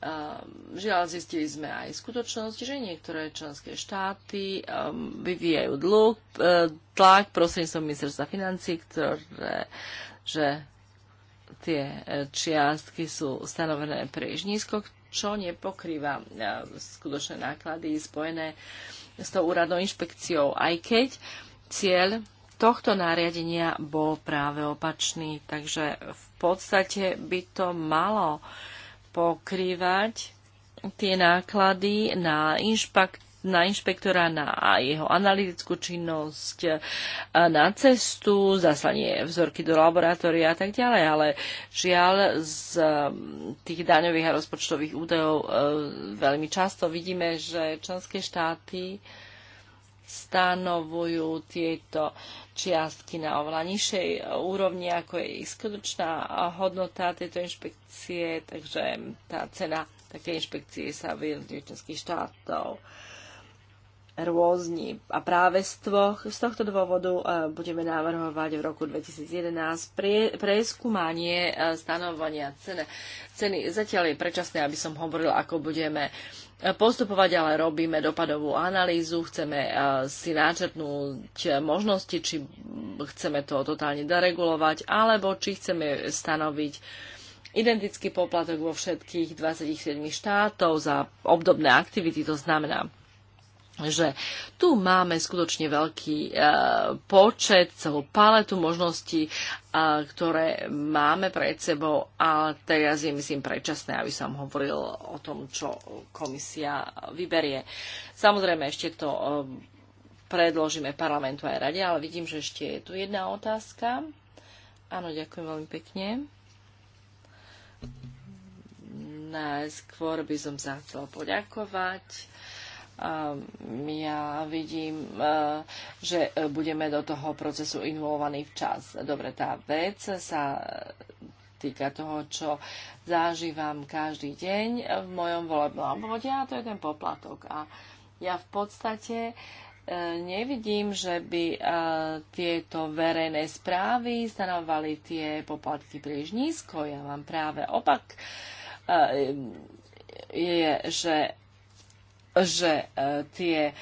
Ehm, žiaľ, zistili sme aj skutočnosť, že niektoré členské štáty ehm, vyvíjajú dlh, e, tlak prostredníctvom ministerstva financí, ktoré, že tie e, čiastky sú stanovené príliš nízko, čo nepokrýva e, skutočné náklady spojené s tou úradnou inšpekciou, aj keď cieľ tohto nariadenia bol práve opačný. Takže v podstate by to malo uh, pokrývať tie náklady na inšpakt na inšpektora, na jeho analytickú činnosť, na cestu, zaslanie vzorky do laboratória a tak ďalej. Ale žiaľ, z tých daňových a rozpočtových údajov e, veľmi často vidíme, že členské štáty stanovujú tieto čiastky na oveľa nižšej úrovni, ako je ich skutočná hodnota tejto inšpekcie, takže tá cena také inšpekcie sa v jednotlivých členských štátov rôzni. A práve z, tvoch, z tohto dôvodu e, budeme navrhovať v roku 2011 pre, preskúmanie e, stanovania ceny. ceny. Zatiaľ je predčasné, aby som hovoril, ako budeme postupovať, ale robíme dopadovú analýzu, chceme eh, si náčrtnúť možnosti, či chceme to totálne deregulovať, alebo či chceme stanoviť identický poplatok vo všetkých 27 štátov za obdobné aktivity, to znamená že tu máme skutočne veľký e, počet, celú paletu možností, e, ktoré máme pred sebou a teraz je myslím predčasné, aby som hovoril o tom, čo komisia vyberie. Samozrejme ešte to e, predložíme parlamentu aj rade, ale vidím, že ešte je tu jedna otázka. Áno, ďakujem veľmi pekne. Najskôr by som sa chcela poďakovať ja vidím, e, že budeme do toho procesu involovaní včas. Dobre, tá vec sa týka toho, čo zažívam každý deň v mojom volebnom obvode a to je ten poplatok. A ja v podstate e, nevidím, že by e, tieto verejné správy stanovali tie poplatky príliš nízko. Ja mám práve opak je, že že e, tie e,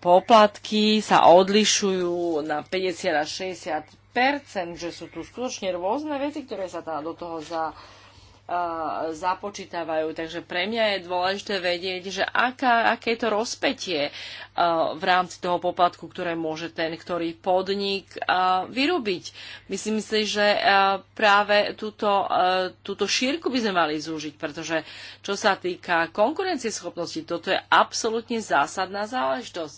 poplatky sa odlišujú na 50 až 60 že sú tu skutočne rôzne veci, ktoré sa tá do toho za, Eh, započítavajú. Takže pre mňa je dôležité vedieť, že aká, aké je to rozpetie eh, v rámci toho poplatku, ktoré môže ten, ktorý podnik eh, vyrobiť. Myslím si, že práve túto, túto šírku by sme mali zúžiť, pretože čo sa týka konkurencieschopnosti, toto je absolútne zásadná záležitosť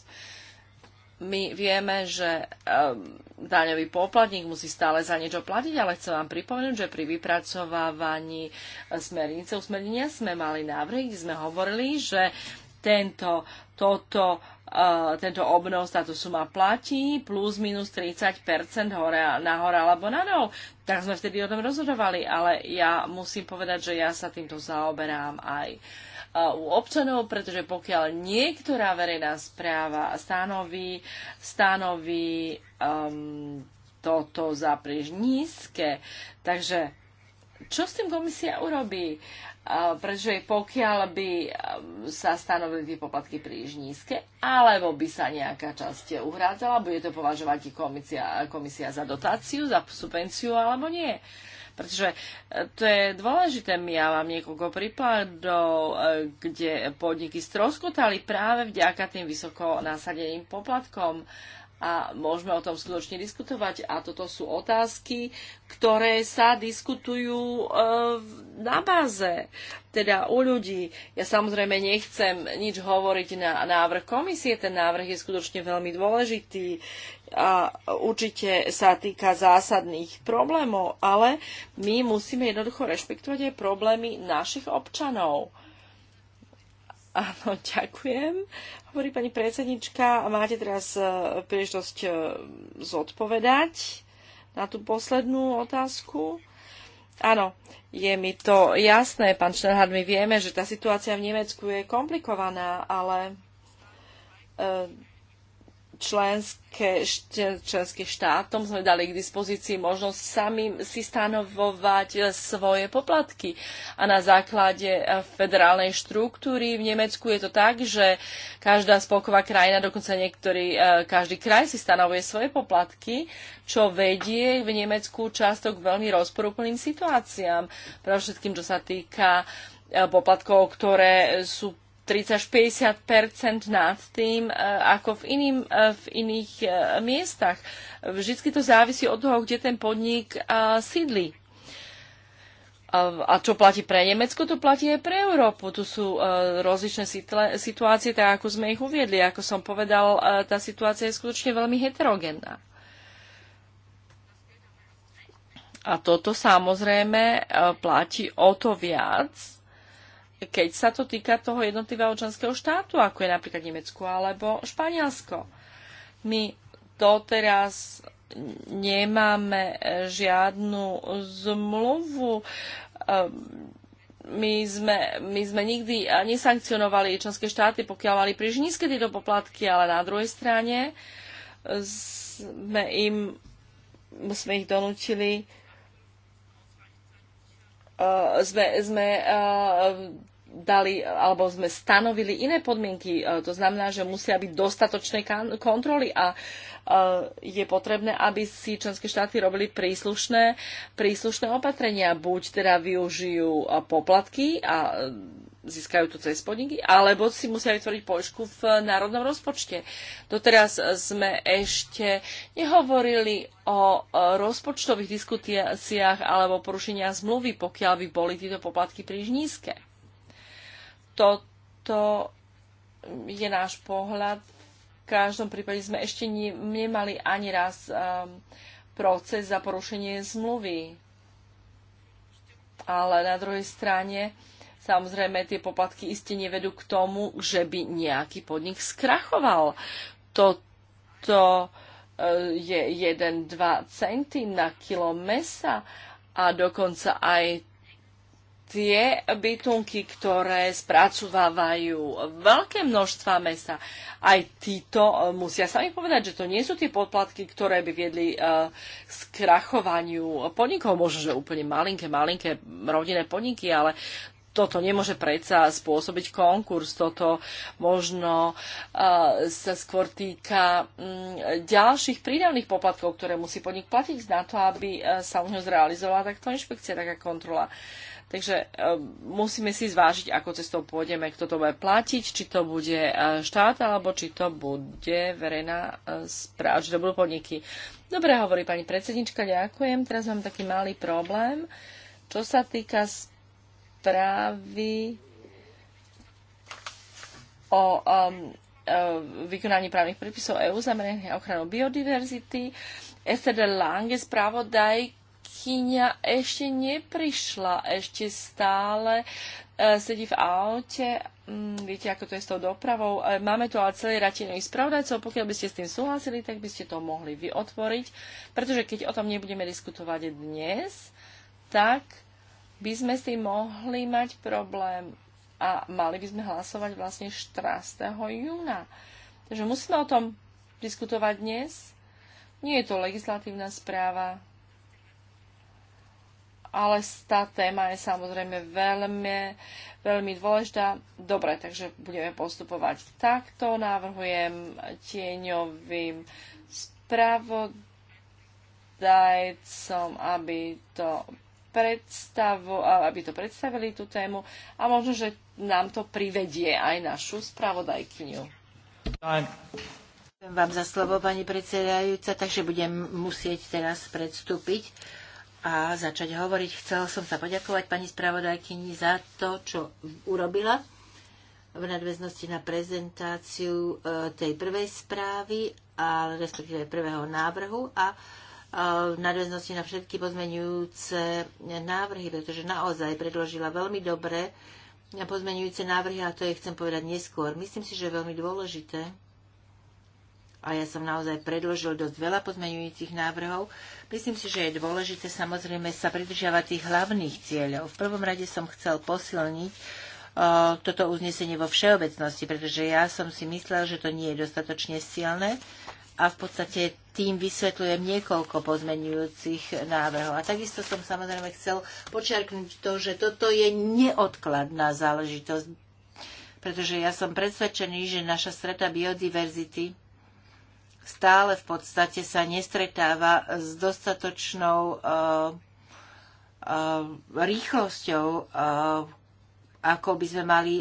my vieme, že ehm, daňový poplatník musí stále za niečo platiť, ale chcem vám pripomenúť, že pri vypracovávaní eh, smernice usmernenia sme mali návrh, kde sme hovorili, že tento, toto Uh, tento obnov táto suma platí plus minus 30% hore, nahor alebo nadol. Tak sme vtedy o tom rozhodovali, ale ja musím povedať, že ja sa týmto zaoberám aj uh, u občanov, pretože pokiaľ niektorá verejná správa stanoví, stanoví um, toto za príliš nízke, takže čo s tým komisia urobí? pretože pokiaľ by um, sa stanovili tie poplatky príliš nízke, alebo by sa nejaká časť uhrádzala, bude to považovať komisia, komisia za dotáciu, za subvenciu alebo nie. Uh, pretože e, to je dôležité. Ja mám niekoľko prípadov, e, kde podniky stroskotali práve vďaka tým vysoko nasadeným poplatkom a môžeme o tom skutočne diskutovať. A toto sú otázky, ktoré sa diskutujú e, na báze, teda u ľudí. Ja samozrejme nechcem nič hovoriť na návrh komisie, ten návrh je skutočne veľmi dôležitý a určite sa týka zásadných problémov, ale my musíme jednoducho rešpektovať aj problémy našich občanov. Áno, [LAUGHS] ďakujem. Hovorí pani predsednička, máte teraz e, príležitosť e, zodpovedať na tú poslednú otázku. Áno, je mi to jasné, pán Šnerhard, my vieme, že tá situácia v Nemecku je komplikovaná, ale e, členské, štátom sme dali k dispozícii možnosť samým si stanovovať e, svoje poplatky. A na základe e, federálnej štruktúry v Nemecku je to tak, že každá spolková krajina, dokonca niektorý, e, každý kraj si stanovuje svoje poplatky, čo vedie v Nemecku často k veľmi rozporúplným situáciám. Pre všetkým, čo sa týka poplatkov, ktoré sú 30-50 nad tým, e, ako v, iným, e, v iných e, miestach. Vždycky to závisí od toho, kde ten podnik sídli. A čo platí pre Nemecko, to platí aj pre Európu. Tu sú rozličné situácie, tak ako sme ich uviedli. Ako som povedal, tá situácia je skutočne veľmi heterogénna. A toto samozrejme platí o to viac, keď sa to týka toho jednotlivého členského štátu, ako je napríklad Nemecko alebo Španielsko. My doteraz nemáme žiadnu zmluvu. Ehm, my sme, my sme nikdy nesankcionovali členské štáty, pokiaľ mali príliš nízke tieto poplatky, ale na druhej strane sme, im, sme ich donútili Eh, sme, sme eh, dali, alebo sme stanovili iné podmienky. Eh, to znamená, že musia byť dostatočné kontroly a E, je potrebné, aby si členské štáty robili príslušné, príslušné opatrenia. Buď teda využijú e, poplatky a e, získajú to cez podniky, alebo si musia vytvoriť poľšku v národnom rozpočte. Doteraz sme ešte nehovorili o rozpočtových diskusiách alebo porušenia zmluvy, pokiaľ by boli tieto poplatky príliš nízke. Toto je náš pohľad každom prípade sme ešte nie, nemali ani raz um, proces za porušenie zmluvy. Ale na druhej strane, samozrejme, tie poplatky iste nevedú k tomu, že by nejaký podnik skrachoval. Toto uh, je 1-2 centy na kilo mesa a dokonca aj tie bytunky, ktoré spracovávajú veľké množstva mesa, aj títo e, musia sami povedať, že to nie sú tie podplatky, ktoré by viedli uh, skrachovaniu podnikov. Možno, že úplne malinké, malinké rodinné podniky, ale toto nemôže predsa spôsobiť konkurs, toto možno uh, sa skôr týka um, ďalších prídavných poplatkov, ktoré musí podnik platiť na to, aby uh, sa u neho zrealizovala takto inšpekcia, taká kontrola. Uh, Takže e, musíme si zvážiť, ako cestou pôjdeme, kto to bude platiť, či to bude e, štát, alebo či to bude verejná e, správa, či to budú podniky. Dobre, hovorí pani predsednička, ďakujem. Teraz mám taký malý problém. Čo sa týka správy o um, vykonaní právnych predpisov EÚ zameraných na ochranu biodiverzity. Esther Lange, spravodaj, kyňa ešte neprišla, ešte stále e, sedí v aute. Mm, viete, ako to je s tou dopravou. E, máme tu ale celý ratinových spravodajcov. Pokiaľ by ste s tým súhlasili, tak by ste to mohli vyotvoriť. Pretože keď o tom nebudeme diskutovať dnes, tak by sme s tým mohli mať problém. A mali by sme hlasovať vlastne 14. júna. Takže musíme o tom diskutovať dnes. Nie je to legislatívna správa, ale tá téma je samozrejme veľmi, veľmi dôležitá. Dobre, takže budeme postupovať takto. Navrhujem tieňovým spravodajcom, aby to predstavu, aby to predstavili tú tému a možno, že nám to privedie aj našu spravodajkyňu. Ďakujem vám za slovo, pani predsedajúca, takže budem musieť teraz predstúpiť a začať hovoriť. Chcela som sa poďakovať pani spravodajkyni za to, čo urobila v nadväznosti na prezentáciu e, tej prvej správy, a respektíve prvého návrhu a e, v nadväznosti na všetky pozmenujúce návrhy, pretože naozaj predložila veľmi dobré pozmenujúce návrhy a to je chcem povedať neskôr. Myslím si, že je veľmi dôležité, a ja som naozaj predložil dosť veľa pozmeňujúcich návrhov. Myslím si, že je dôležité samozrejme sa pridržiavať tých hlavných cieľov. V prvom rade som chcel posilniť uh, toto uznesenie vo všeobecnosti, pretože ja som si myslel, že to nie je dostatočne silné a v podstate tým vysvetľujem niekoľko pozmenujúcich návrhov. A takisto som samozrejme chcel počiarknúť to, že toto je neodkladná záležitosť, pretože ja som presvedčený, že naša streta biodiverzity stále v podstate sa nestretáva s dostatočnou eh, eh, rýchlosťou, eh, ako by sme mali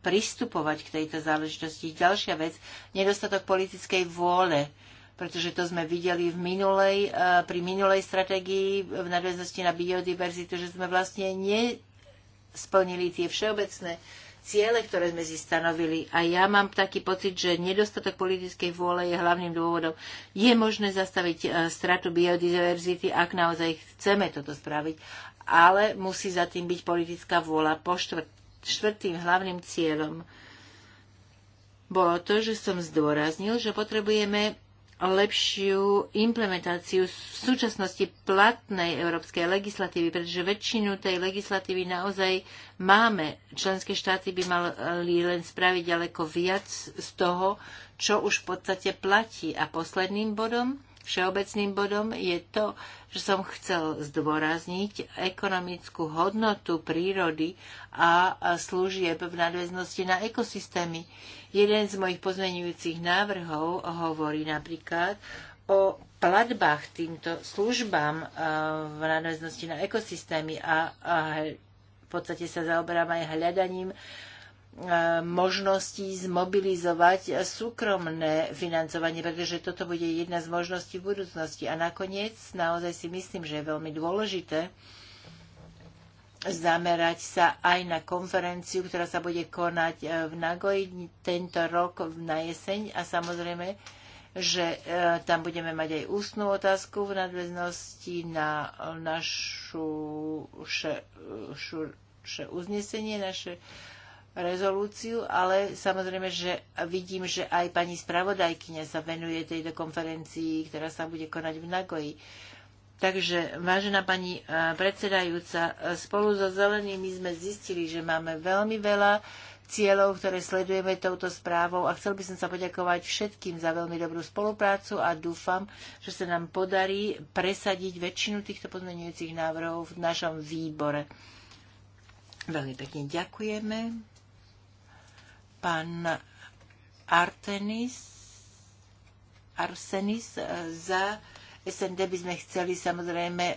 pristupovať k tejto záležitosti. Ďalšia vec, nedostatok politickej vôle, pretože to sme videli v minulej, pri minulej strategii v nadväznosti na biodiverzitu, že sme vlastne nesplnili tie všeobecné uh, ciele, ktoré sme si stanovili. A ja mám taký pocit, že nedostatok politickej vôle je hlavným dôvodom. Je možné zastaviť e, stratu biodiverzity, ak naozaj chceme toto spraviť, ale musí za tým byť politická vôľa. Po štvrt, štvrtým hlavným cieľom bolo to, že som zdôraznil, že potrebujeme lepšiu implementáciu v súčasnosti platnej európskej legislatívy, pretože väčšinu tej legislatívy naozaj máme. Členské štáty by mali len spraviť ďaleko viac z toho, čo už v podstate platí. A posledným bodom všeobecným bodom je to, že som chcel zdôrazniť ekonomickú hodnotu prírody a služieb v nadväznosti na ekosystémy. Jeden z mojich pozmeňujúcich návrhov hovorí napríklad o platbách týmto službám eh, v nadväznosti na ekosystémy a v podstate sa zaoberám aj hľadaním možností zmobilizovať súkromné financovanie, pretože toto bude jedna z možností v budúcnosti. A nakoniec naozaj si myslím, že je veľmi dôležité zamerať sa aj na konferenciu, ktorá sa bude konať e, v Nagoji tento rok na jeseň a samozrejme, že e, tam budeme mať aj ústnú otázku v nadväznosti na našu še, šu, še uznesenie, naše rezolúciu, ale samozrejme, že vidím, že aj pani spravodajkyňa sa venuje tejto konferencii, ktorá sa bude konať v Nagoji. Takže, vážená pani eh, predsedajúca, eh, spolu so zelenými sme zistili, že máme veľmi veľa cieľov, ktoré sledujeme touto správou a chcel by som sa poďakovať všetkým za veľmi dobrú spoluprácu a dúfam, že sa nám podarí presadiť väčšinu týchto pozmeňujúcich návrhov v našom výbore. Veľmi pekne ďakujeme pán Artenis, Arsenis e, za SND by sme chceli samozrejme e,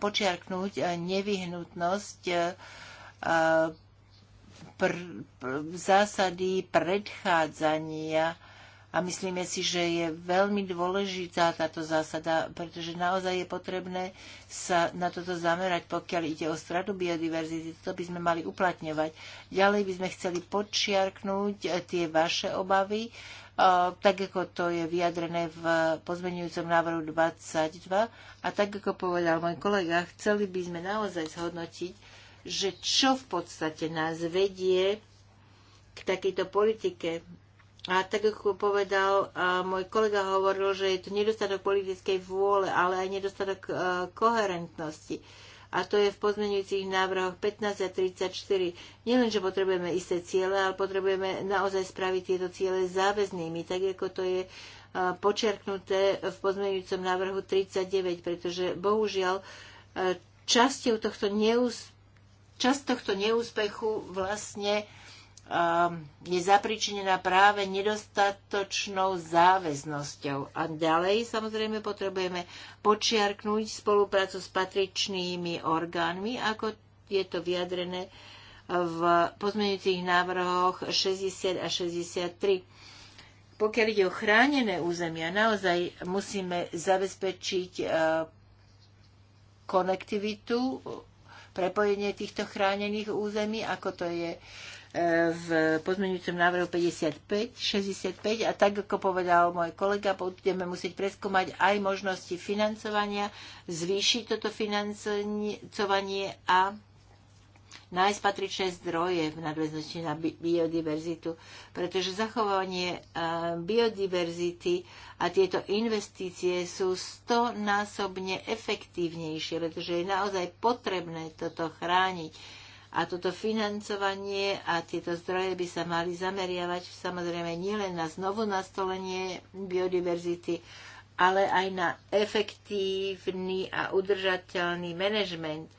počiarknúť e, nevyhnutnosť pr- pr- zásady predchádzania a myslíme si, že je veľmi dôležitá táto zásada, pretože naozaj je potrebné sa na toto zamerať, pokiaľ ide o stradu biodiverzity. To by sme mali uplatňovať. Ďalej by sme chceli podčiarknúť eh, tie vaše obavy, eh, tak ako to je vyjadrené v pozmenujúcom návrhu 22. A tak ako povedal môj kolega, chceli by sme naozaj zhodnotiť, že čo v podstate nás vedie k takejto politike a tak ako povedal môj kolega, hovoril, že je to nedostatok politickej vôle, ale aj nedostatok e, koherentnosti. A to je v pozmeňujúcich návrhoch 15 a 34. Nielen, že potrebujeme isté ciele, ale potrebujeme naozaj spraviť tieto ciele záväznými, tak ako to je e, počerknuté v pozmeňujúcom návrhu 39, pretože bohužiaľ e, časť tohto neús- časť tohto neúspechu vlastne je um, zapričinená práve nedostatočnou záväznosťou. A ďalej samozrejme potrebujeme počiarknúť spoluprácu s patričnými orgánmi, ako je to vyjadrené v pozmeňujúcich návrhoch 60 a 63. Pokiaľ ide o chránené územia, naozaj musíme zabezpečiť uh, konektivitu, prepojenie týchto chránených území, ako to je v pozmeňujúcom návrhu 55, 65 a tak, ako povedal môj kolega, budeme musieť preskúmať aj možnosti financovania, zvýšiť toto financovanie a nájsť patričné zdroje v nadväznosti na biodiverzitu, pretože zachovanie biodiverzity a tieto investície sú stonásobne efektívnejšie, pretože je naozaj potrebné toto chrániť a toto financovanie a tieto zdroje by sa mali zameriavať samozrejme nielen na znovu nastolenie biodiverzity, ale aj na efektívny a udržateľný manažment,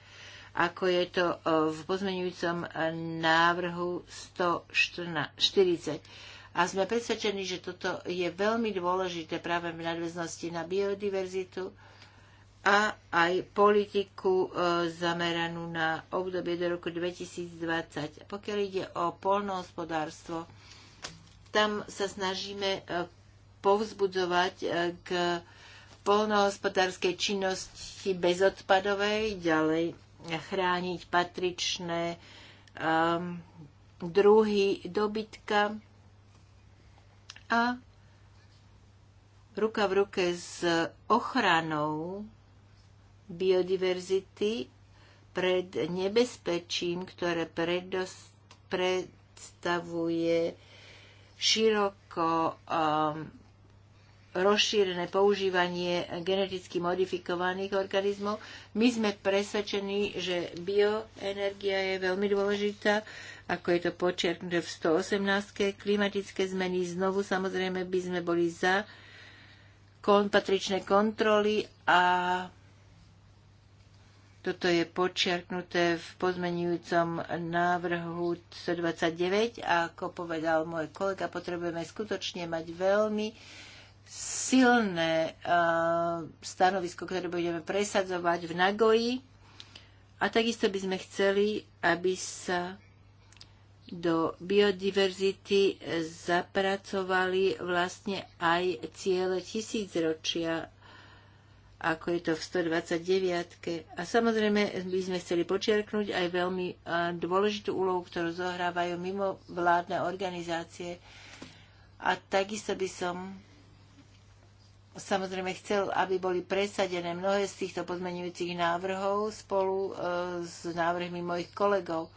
ako je to e, v pozmeňujúcom návrhu 140. A sme presvedčení, že toto je veľmi dôležité práve v nadväznosti na biodiverzitu, a aj politiku e, zameranú na obdobie do roku 2020. Pokiaľ ide o polnohospodárstvo, tam sa snažíme e, povzbudzovať e, k polnohospodárskej činnosti bezodpadovej, ďalej chrániť patričné um, druhy dobytka a ruka v ruke s ochranou biodiverzity pred nebezpečím, ktoré predost, predstavuje široko um, rozšírené používanie geneticky modifikovaných organizmov. My sme presvedčení, že bioenergia je veľmi dôležitá, ako je to počiarknuté v 118. Klimatické zmeny znovu samozrejme by sme boli za kon, patričné kontroly a toto je počiarknuté v pozmenujúcom návrhu 129 a ako povedal môj kolega, potrebujeme skutočne mať veľmi silné uh, stanovisko, ktoré budeme presadzovať v Nagoji. A takisto by sme chceli, aby sa do biodiverzity zapracovali vlastne aj ciele tisícročia ako je to v 129. A samozrejme by sme chceli počiarknúť aj veľmi dôležitú úlohu, ktorú zohrávajú mimo vládne organizácie. A takisto by som samozrejme chcel, aby boli presadené mnohé z týchto pozmenujúcich návrhov spolu e, s návrhmi mojich kolegov.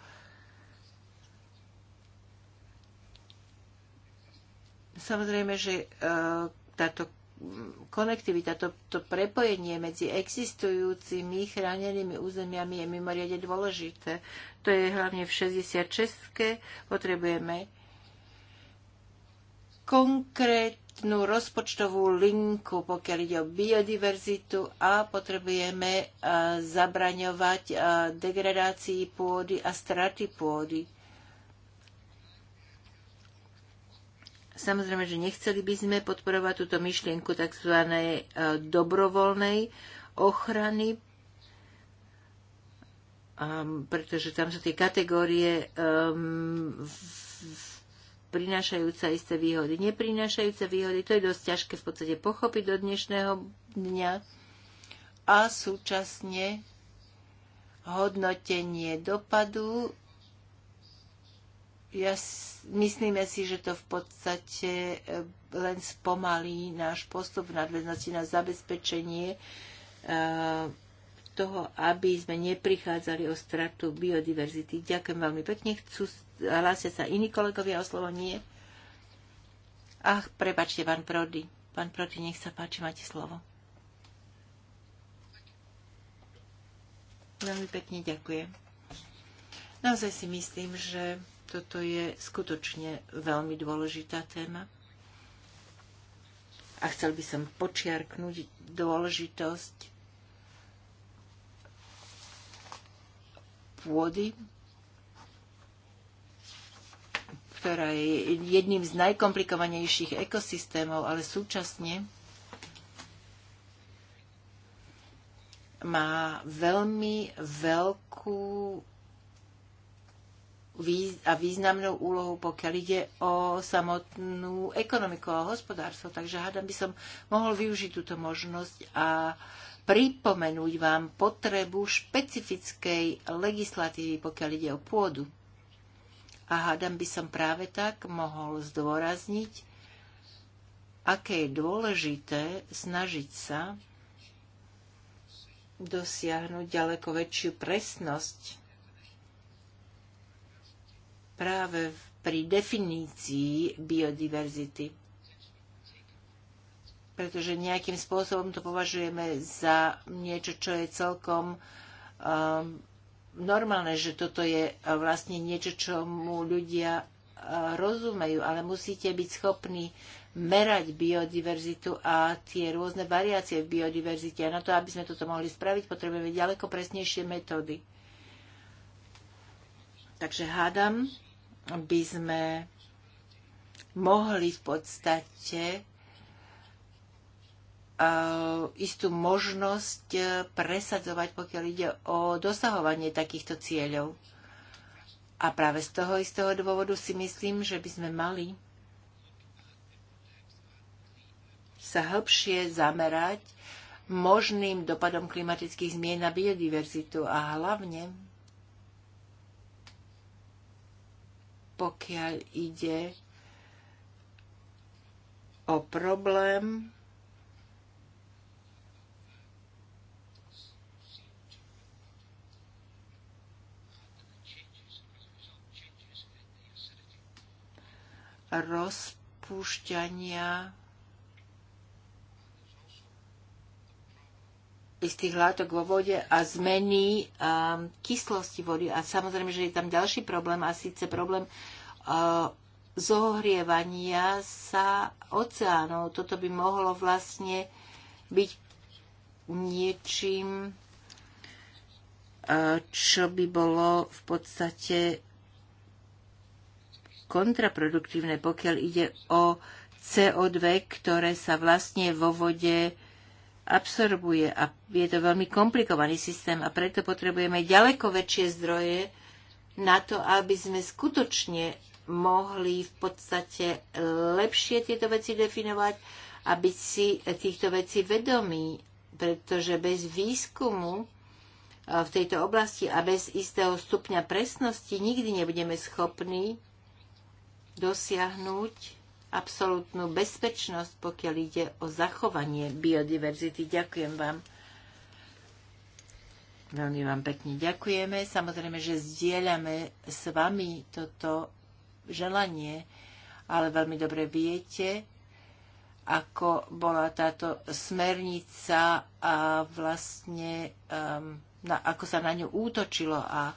Samozrejme, že e, táto konektivita, to, to prepojenie medzi existujúcimi chránenými územiami je mimoriadne dôležité. To je hlavne v 66. Potrebujeme konkrétnu rozpočtovú linku, pokiaľ ide o biodiverzitu a potrebujeme zabraňovať degradácii pôdy a straty pôdy. Samozrejme, že nechceli by sme podporovať túto myšlienku tzv. E, dobrovoľnej ochrany, um, pretože tam sú tie kategórie um, prinášajúce prinášajúca isté výhody, neprinášajúce výhody. To je dosť ťažké v podstate pochopiť do dnešného dňa a súčasne hodnotenie dopadu ja myslíme si, že to v podstate eh, len spomalí náš postup v nadväznosti na zabezpečenie eh, toho, aby sme neprichádzali o stratu biodiverzity. Ďakujem veľmi pekne. Chcú, hlásia sa iní kolegovia o slovo? Nie. Ach, prepačte, pán Prody. Pán Prody, nech sa páči, máte slovo. Veľmi pekne ďakujem. Naozaj si myslím, že toto je skutočne veľmi dôležitá téma. A chcel by som počiarknúť dôležitosť pôdy, ktorá je jedným z najkomplikovanejších ekosystémov, ale súčasne má veľmi veľkú a významnou úlohou, pokiaľ ide o samotnú ekonomiku a hospodárstvo. Takže hádam by som mohol využiť túto možnosť a pripomenúť vám potrebu špecifickej legislatívy, pokiaľ ide o pôdu. A hádam by som práve tak mohol zdôrazniť, aké je dôležité snažiť sa dosiahnuť ďaleko väčšiu presnosť práve pri definícii biodiverzity pretože nejakým spôsobom to považujeme za niečo, čo je celkom um, normálne, že toto je uh, vlastne niečo, čo mu ľudia uh, rozumejú, ale musíte byť schopní merať biodiverzitu a tie rôzne variácie v biodiverzite. A na to, aby sme toto mohli spraviť, potrebujeme ďaleko presnejšie metódy. Takže hádam, by sme mohli v podstate eh, istú možnosť eh, presadzovať, pokiaľ ide o dosahovanie takýchto cieľov. A práve z toho istého dôvodu si myslím, že by sme mali sa hĺbšie zamerať možným dopadom klimatických zmien na biodiverzitu a hlavne pokiaľ ide o problém, rozpúšťania istých látok vo vode a zmeny um, kyslosti vody. A samozrejme, že je tam ďalší problém a síce problém uh, zohrievania sa oceánov. Toto by mohlo vlastne byť niečím, uh, čo by bolo v podstate kontraproduktívne, pokiaľ ide o CO2, ktoré sa vlastne vo vode absorbuje a je to veľmi komplikovaný systém a preto potrebujeme ďaleko väčšie zdroje na to, aby sme skutočne mohli v podstate lepšie tieto veci definovať a byť si týchto vecí vedomí, pretože bez výskumu e, v tejto oblasti a bez istého stupňa presnosti nikdy nebudeme schopní dosiahnuť absolútnu bezpečnosť, pokiaľ ide o zachovanie biodiverzity. Ďakujem vám. Veľmi vám pekne ďakujeme. Samozrejme, že zdieľame s vami toto želanie, ale veľmi dobre viete, ako bola táto smernica a vlastne um, na, ako sa na ňu útočilo a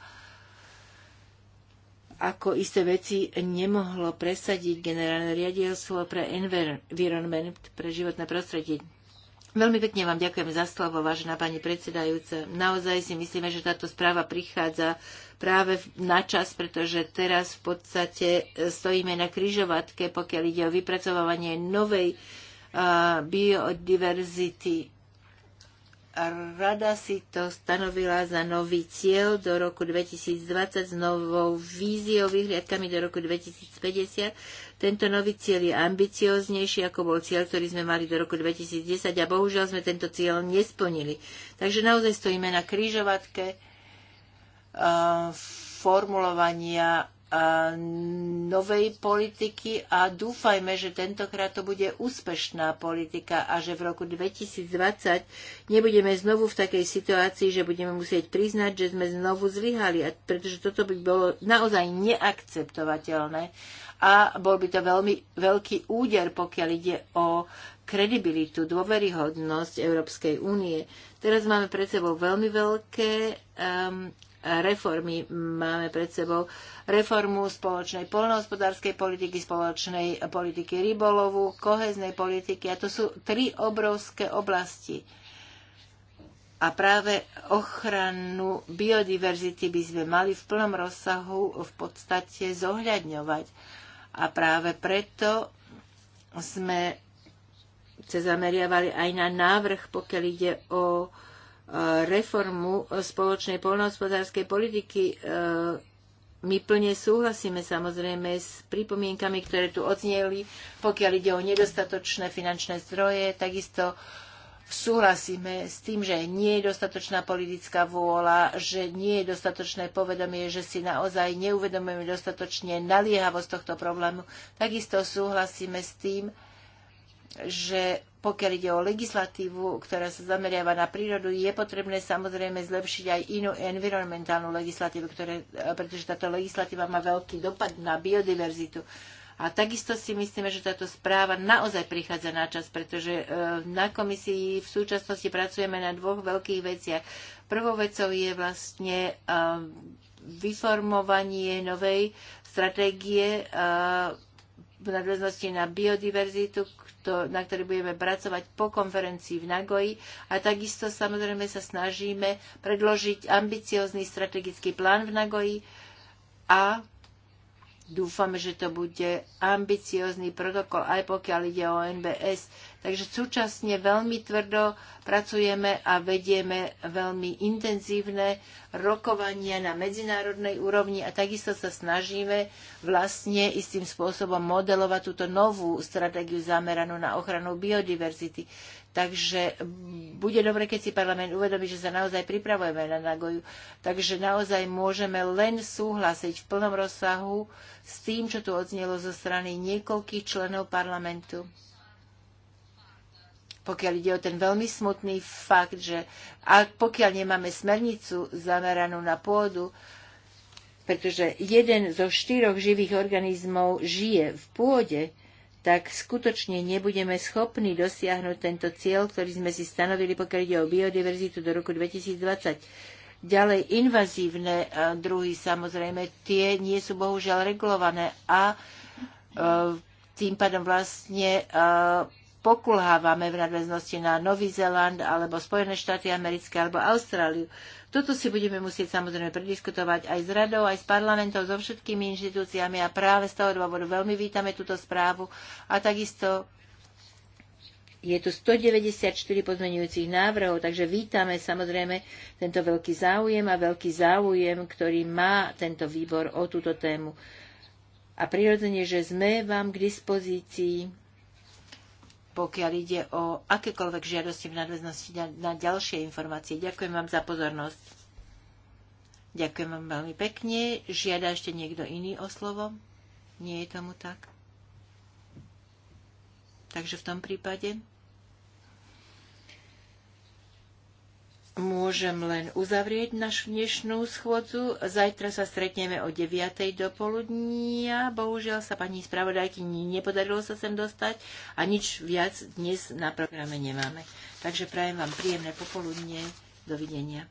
ako isté veci nemohlo presadiť generálne riaditeľstvo pre environment, pre životné prostredie. Veľmi pekne vám ďakujem za slovo, vážená pani predsedajúca. Naozaj si myslíme, že táto správa prichádza práve na čas, pretože teraz v podstate e, stojíme na kryžovatke, pokiaľ ide o vypracovávanie novej biodiverzity Rada si to stanovila za nový cieľ do roku 2020 s novou víziou, vyhliadkami do roku 2050. Tento nový cieľ je ambicioznejší, ako bol cieľ, ktorý sme mali do roku 2010 a bohužiaľ sme tento cieľ nesplnili. Takže naozaj stojíme na kryžovatke formulovania novej politiky a dúfajme, že tentokrát to bude úspešná politika a že v roku 2020 nebudeme znovu v takej situácii, že budeme musieť priznať, že sme znovu zlyhali, pretože toto by bolo naozaj neakceptovateľné a bol by to veľmi veľký úder, pokiaľ ide o kredibilitu, dôveryhodnosť Európskej únie. Teraz máme pred sebou veľmi veľké um, reformy máme pred sebou. Reformu spoločnej polnohospodárskej politiky, spoločnej politiky rybolovu, koheznej politiky. A to sú tri obrovské oblasti. A práve ochranu biodiverzity by sme mali v plnom rozsahu v podstate zohľadňovať. A práve preto sme sa zameriavali aj na návrh, pokiaľ ide o reformu spoločnej poľnohospodárskej politiky. E, my plne súhlasíme samozrejme s pripomienkami, ktoré tu odznieli, pokiaľ ide o nedostatočné finančné zdroje, takisto súhlasíme s tým, že nie je dostatočná politická vôľa, že nie je dostatočné povedomie, že si naozaj neuvedomujeme dostatočne naliehavosť tohto problému. Takisto súhlasíme s tým, že pokiaľ ide o legislatívu, ktorá sa zameriava na prírodu, je potrebné samozrejme zlepšiť aj inú environmentálnu legislatívu, ktoré, e, pretože táto legislatíva má veľký dopad na biodiverzitu. A takisto si myslíme, že táto správa naozaj prichádza na čas, pretože e, na komisii v súčasnosti pracujeme na dvoch veľkých veciach. Prvou vecou je vlastne e, vyformovanie novej stratégie v nadväznosti na biodiverzitu, na ktorej budeme pracovať po konferencii v Nagoji. A takisto samozrejme sa snažíme predložiť ambiciózny strategický plán v Nagoji a dúfame, že to bude ambiciózny protokol, aj pokiaľ ide o NBS Takže súčasne veľmi tvrdo pracujeme a vedieme veľmi intenzívne rokovania na medzinárodnej úrovni a takisto sa snažíme vlastne istým spôsobom modelovať túto novú stratégiu zameranú na ochranu biodiverzity. Takže bude dobre, keď si parlament uvedomí, že sa naozaj pripravujeme na Nagoju. Takže naozaj môžeme len súhlasiť v plnom rozsahu s tým, čo tu odznelo zo strany niekoľkých členov parlamentu pokiaľ ide o ten veľmi smutný fakt, že ak pokiaľ nemáme smernicu zameranú na pôdu, pretože jeden zo štyroch živých organizmov žije v pôde, tak skutočne nebudeme schopní dosiahnuť tento cieľ, ktorý sme si stanovili, pokiaľ ide o biodiverzitu do roku 2020. Ďalej invazívne e, druhy, samozrejme, tie nie sú bohužiaľ regulované a e, tým pádom vlastne e, pokulhávame v nadväznosti na Nový Zeland alebo Spojené štáty americké alebo Austráliu. Toto si budeme musieť samozrejme prediskutovať aj s radou, aj s parlamentom, so všetkými inštitúciami a práve z toho dôvodu veľmi vítame túto správu a takisto je tu 194 pozmenujúcich návrhov, takže vítame samozrejme tento veľký záujem a veľký záujem, ktorý má tento výbor o túto tému. A prirodzene, že sme vám k dispozícii pokiaľ ide o akékoľvek žiadosti v nadväznosti na, na ďalšie informácie. Ďakujem vám za pozornosť. Ďakujem vám veľmi pekne. Žiada ešte niekto iný o slovo? Nie je tomu tak? Takže v tom prípade môžem len uzavrieť našu dnešnú schôdzu. Zajtra sa stretneme o 9. do poludnia. Bohužiaľ sa pani spravodajky nepodarilo sa sem dostať a nič viac dnes na programe nemáme. Takže prajem vám príjemné popoludnie. Dovidenia.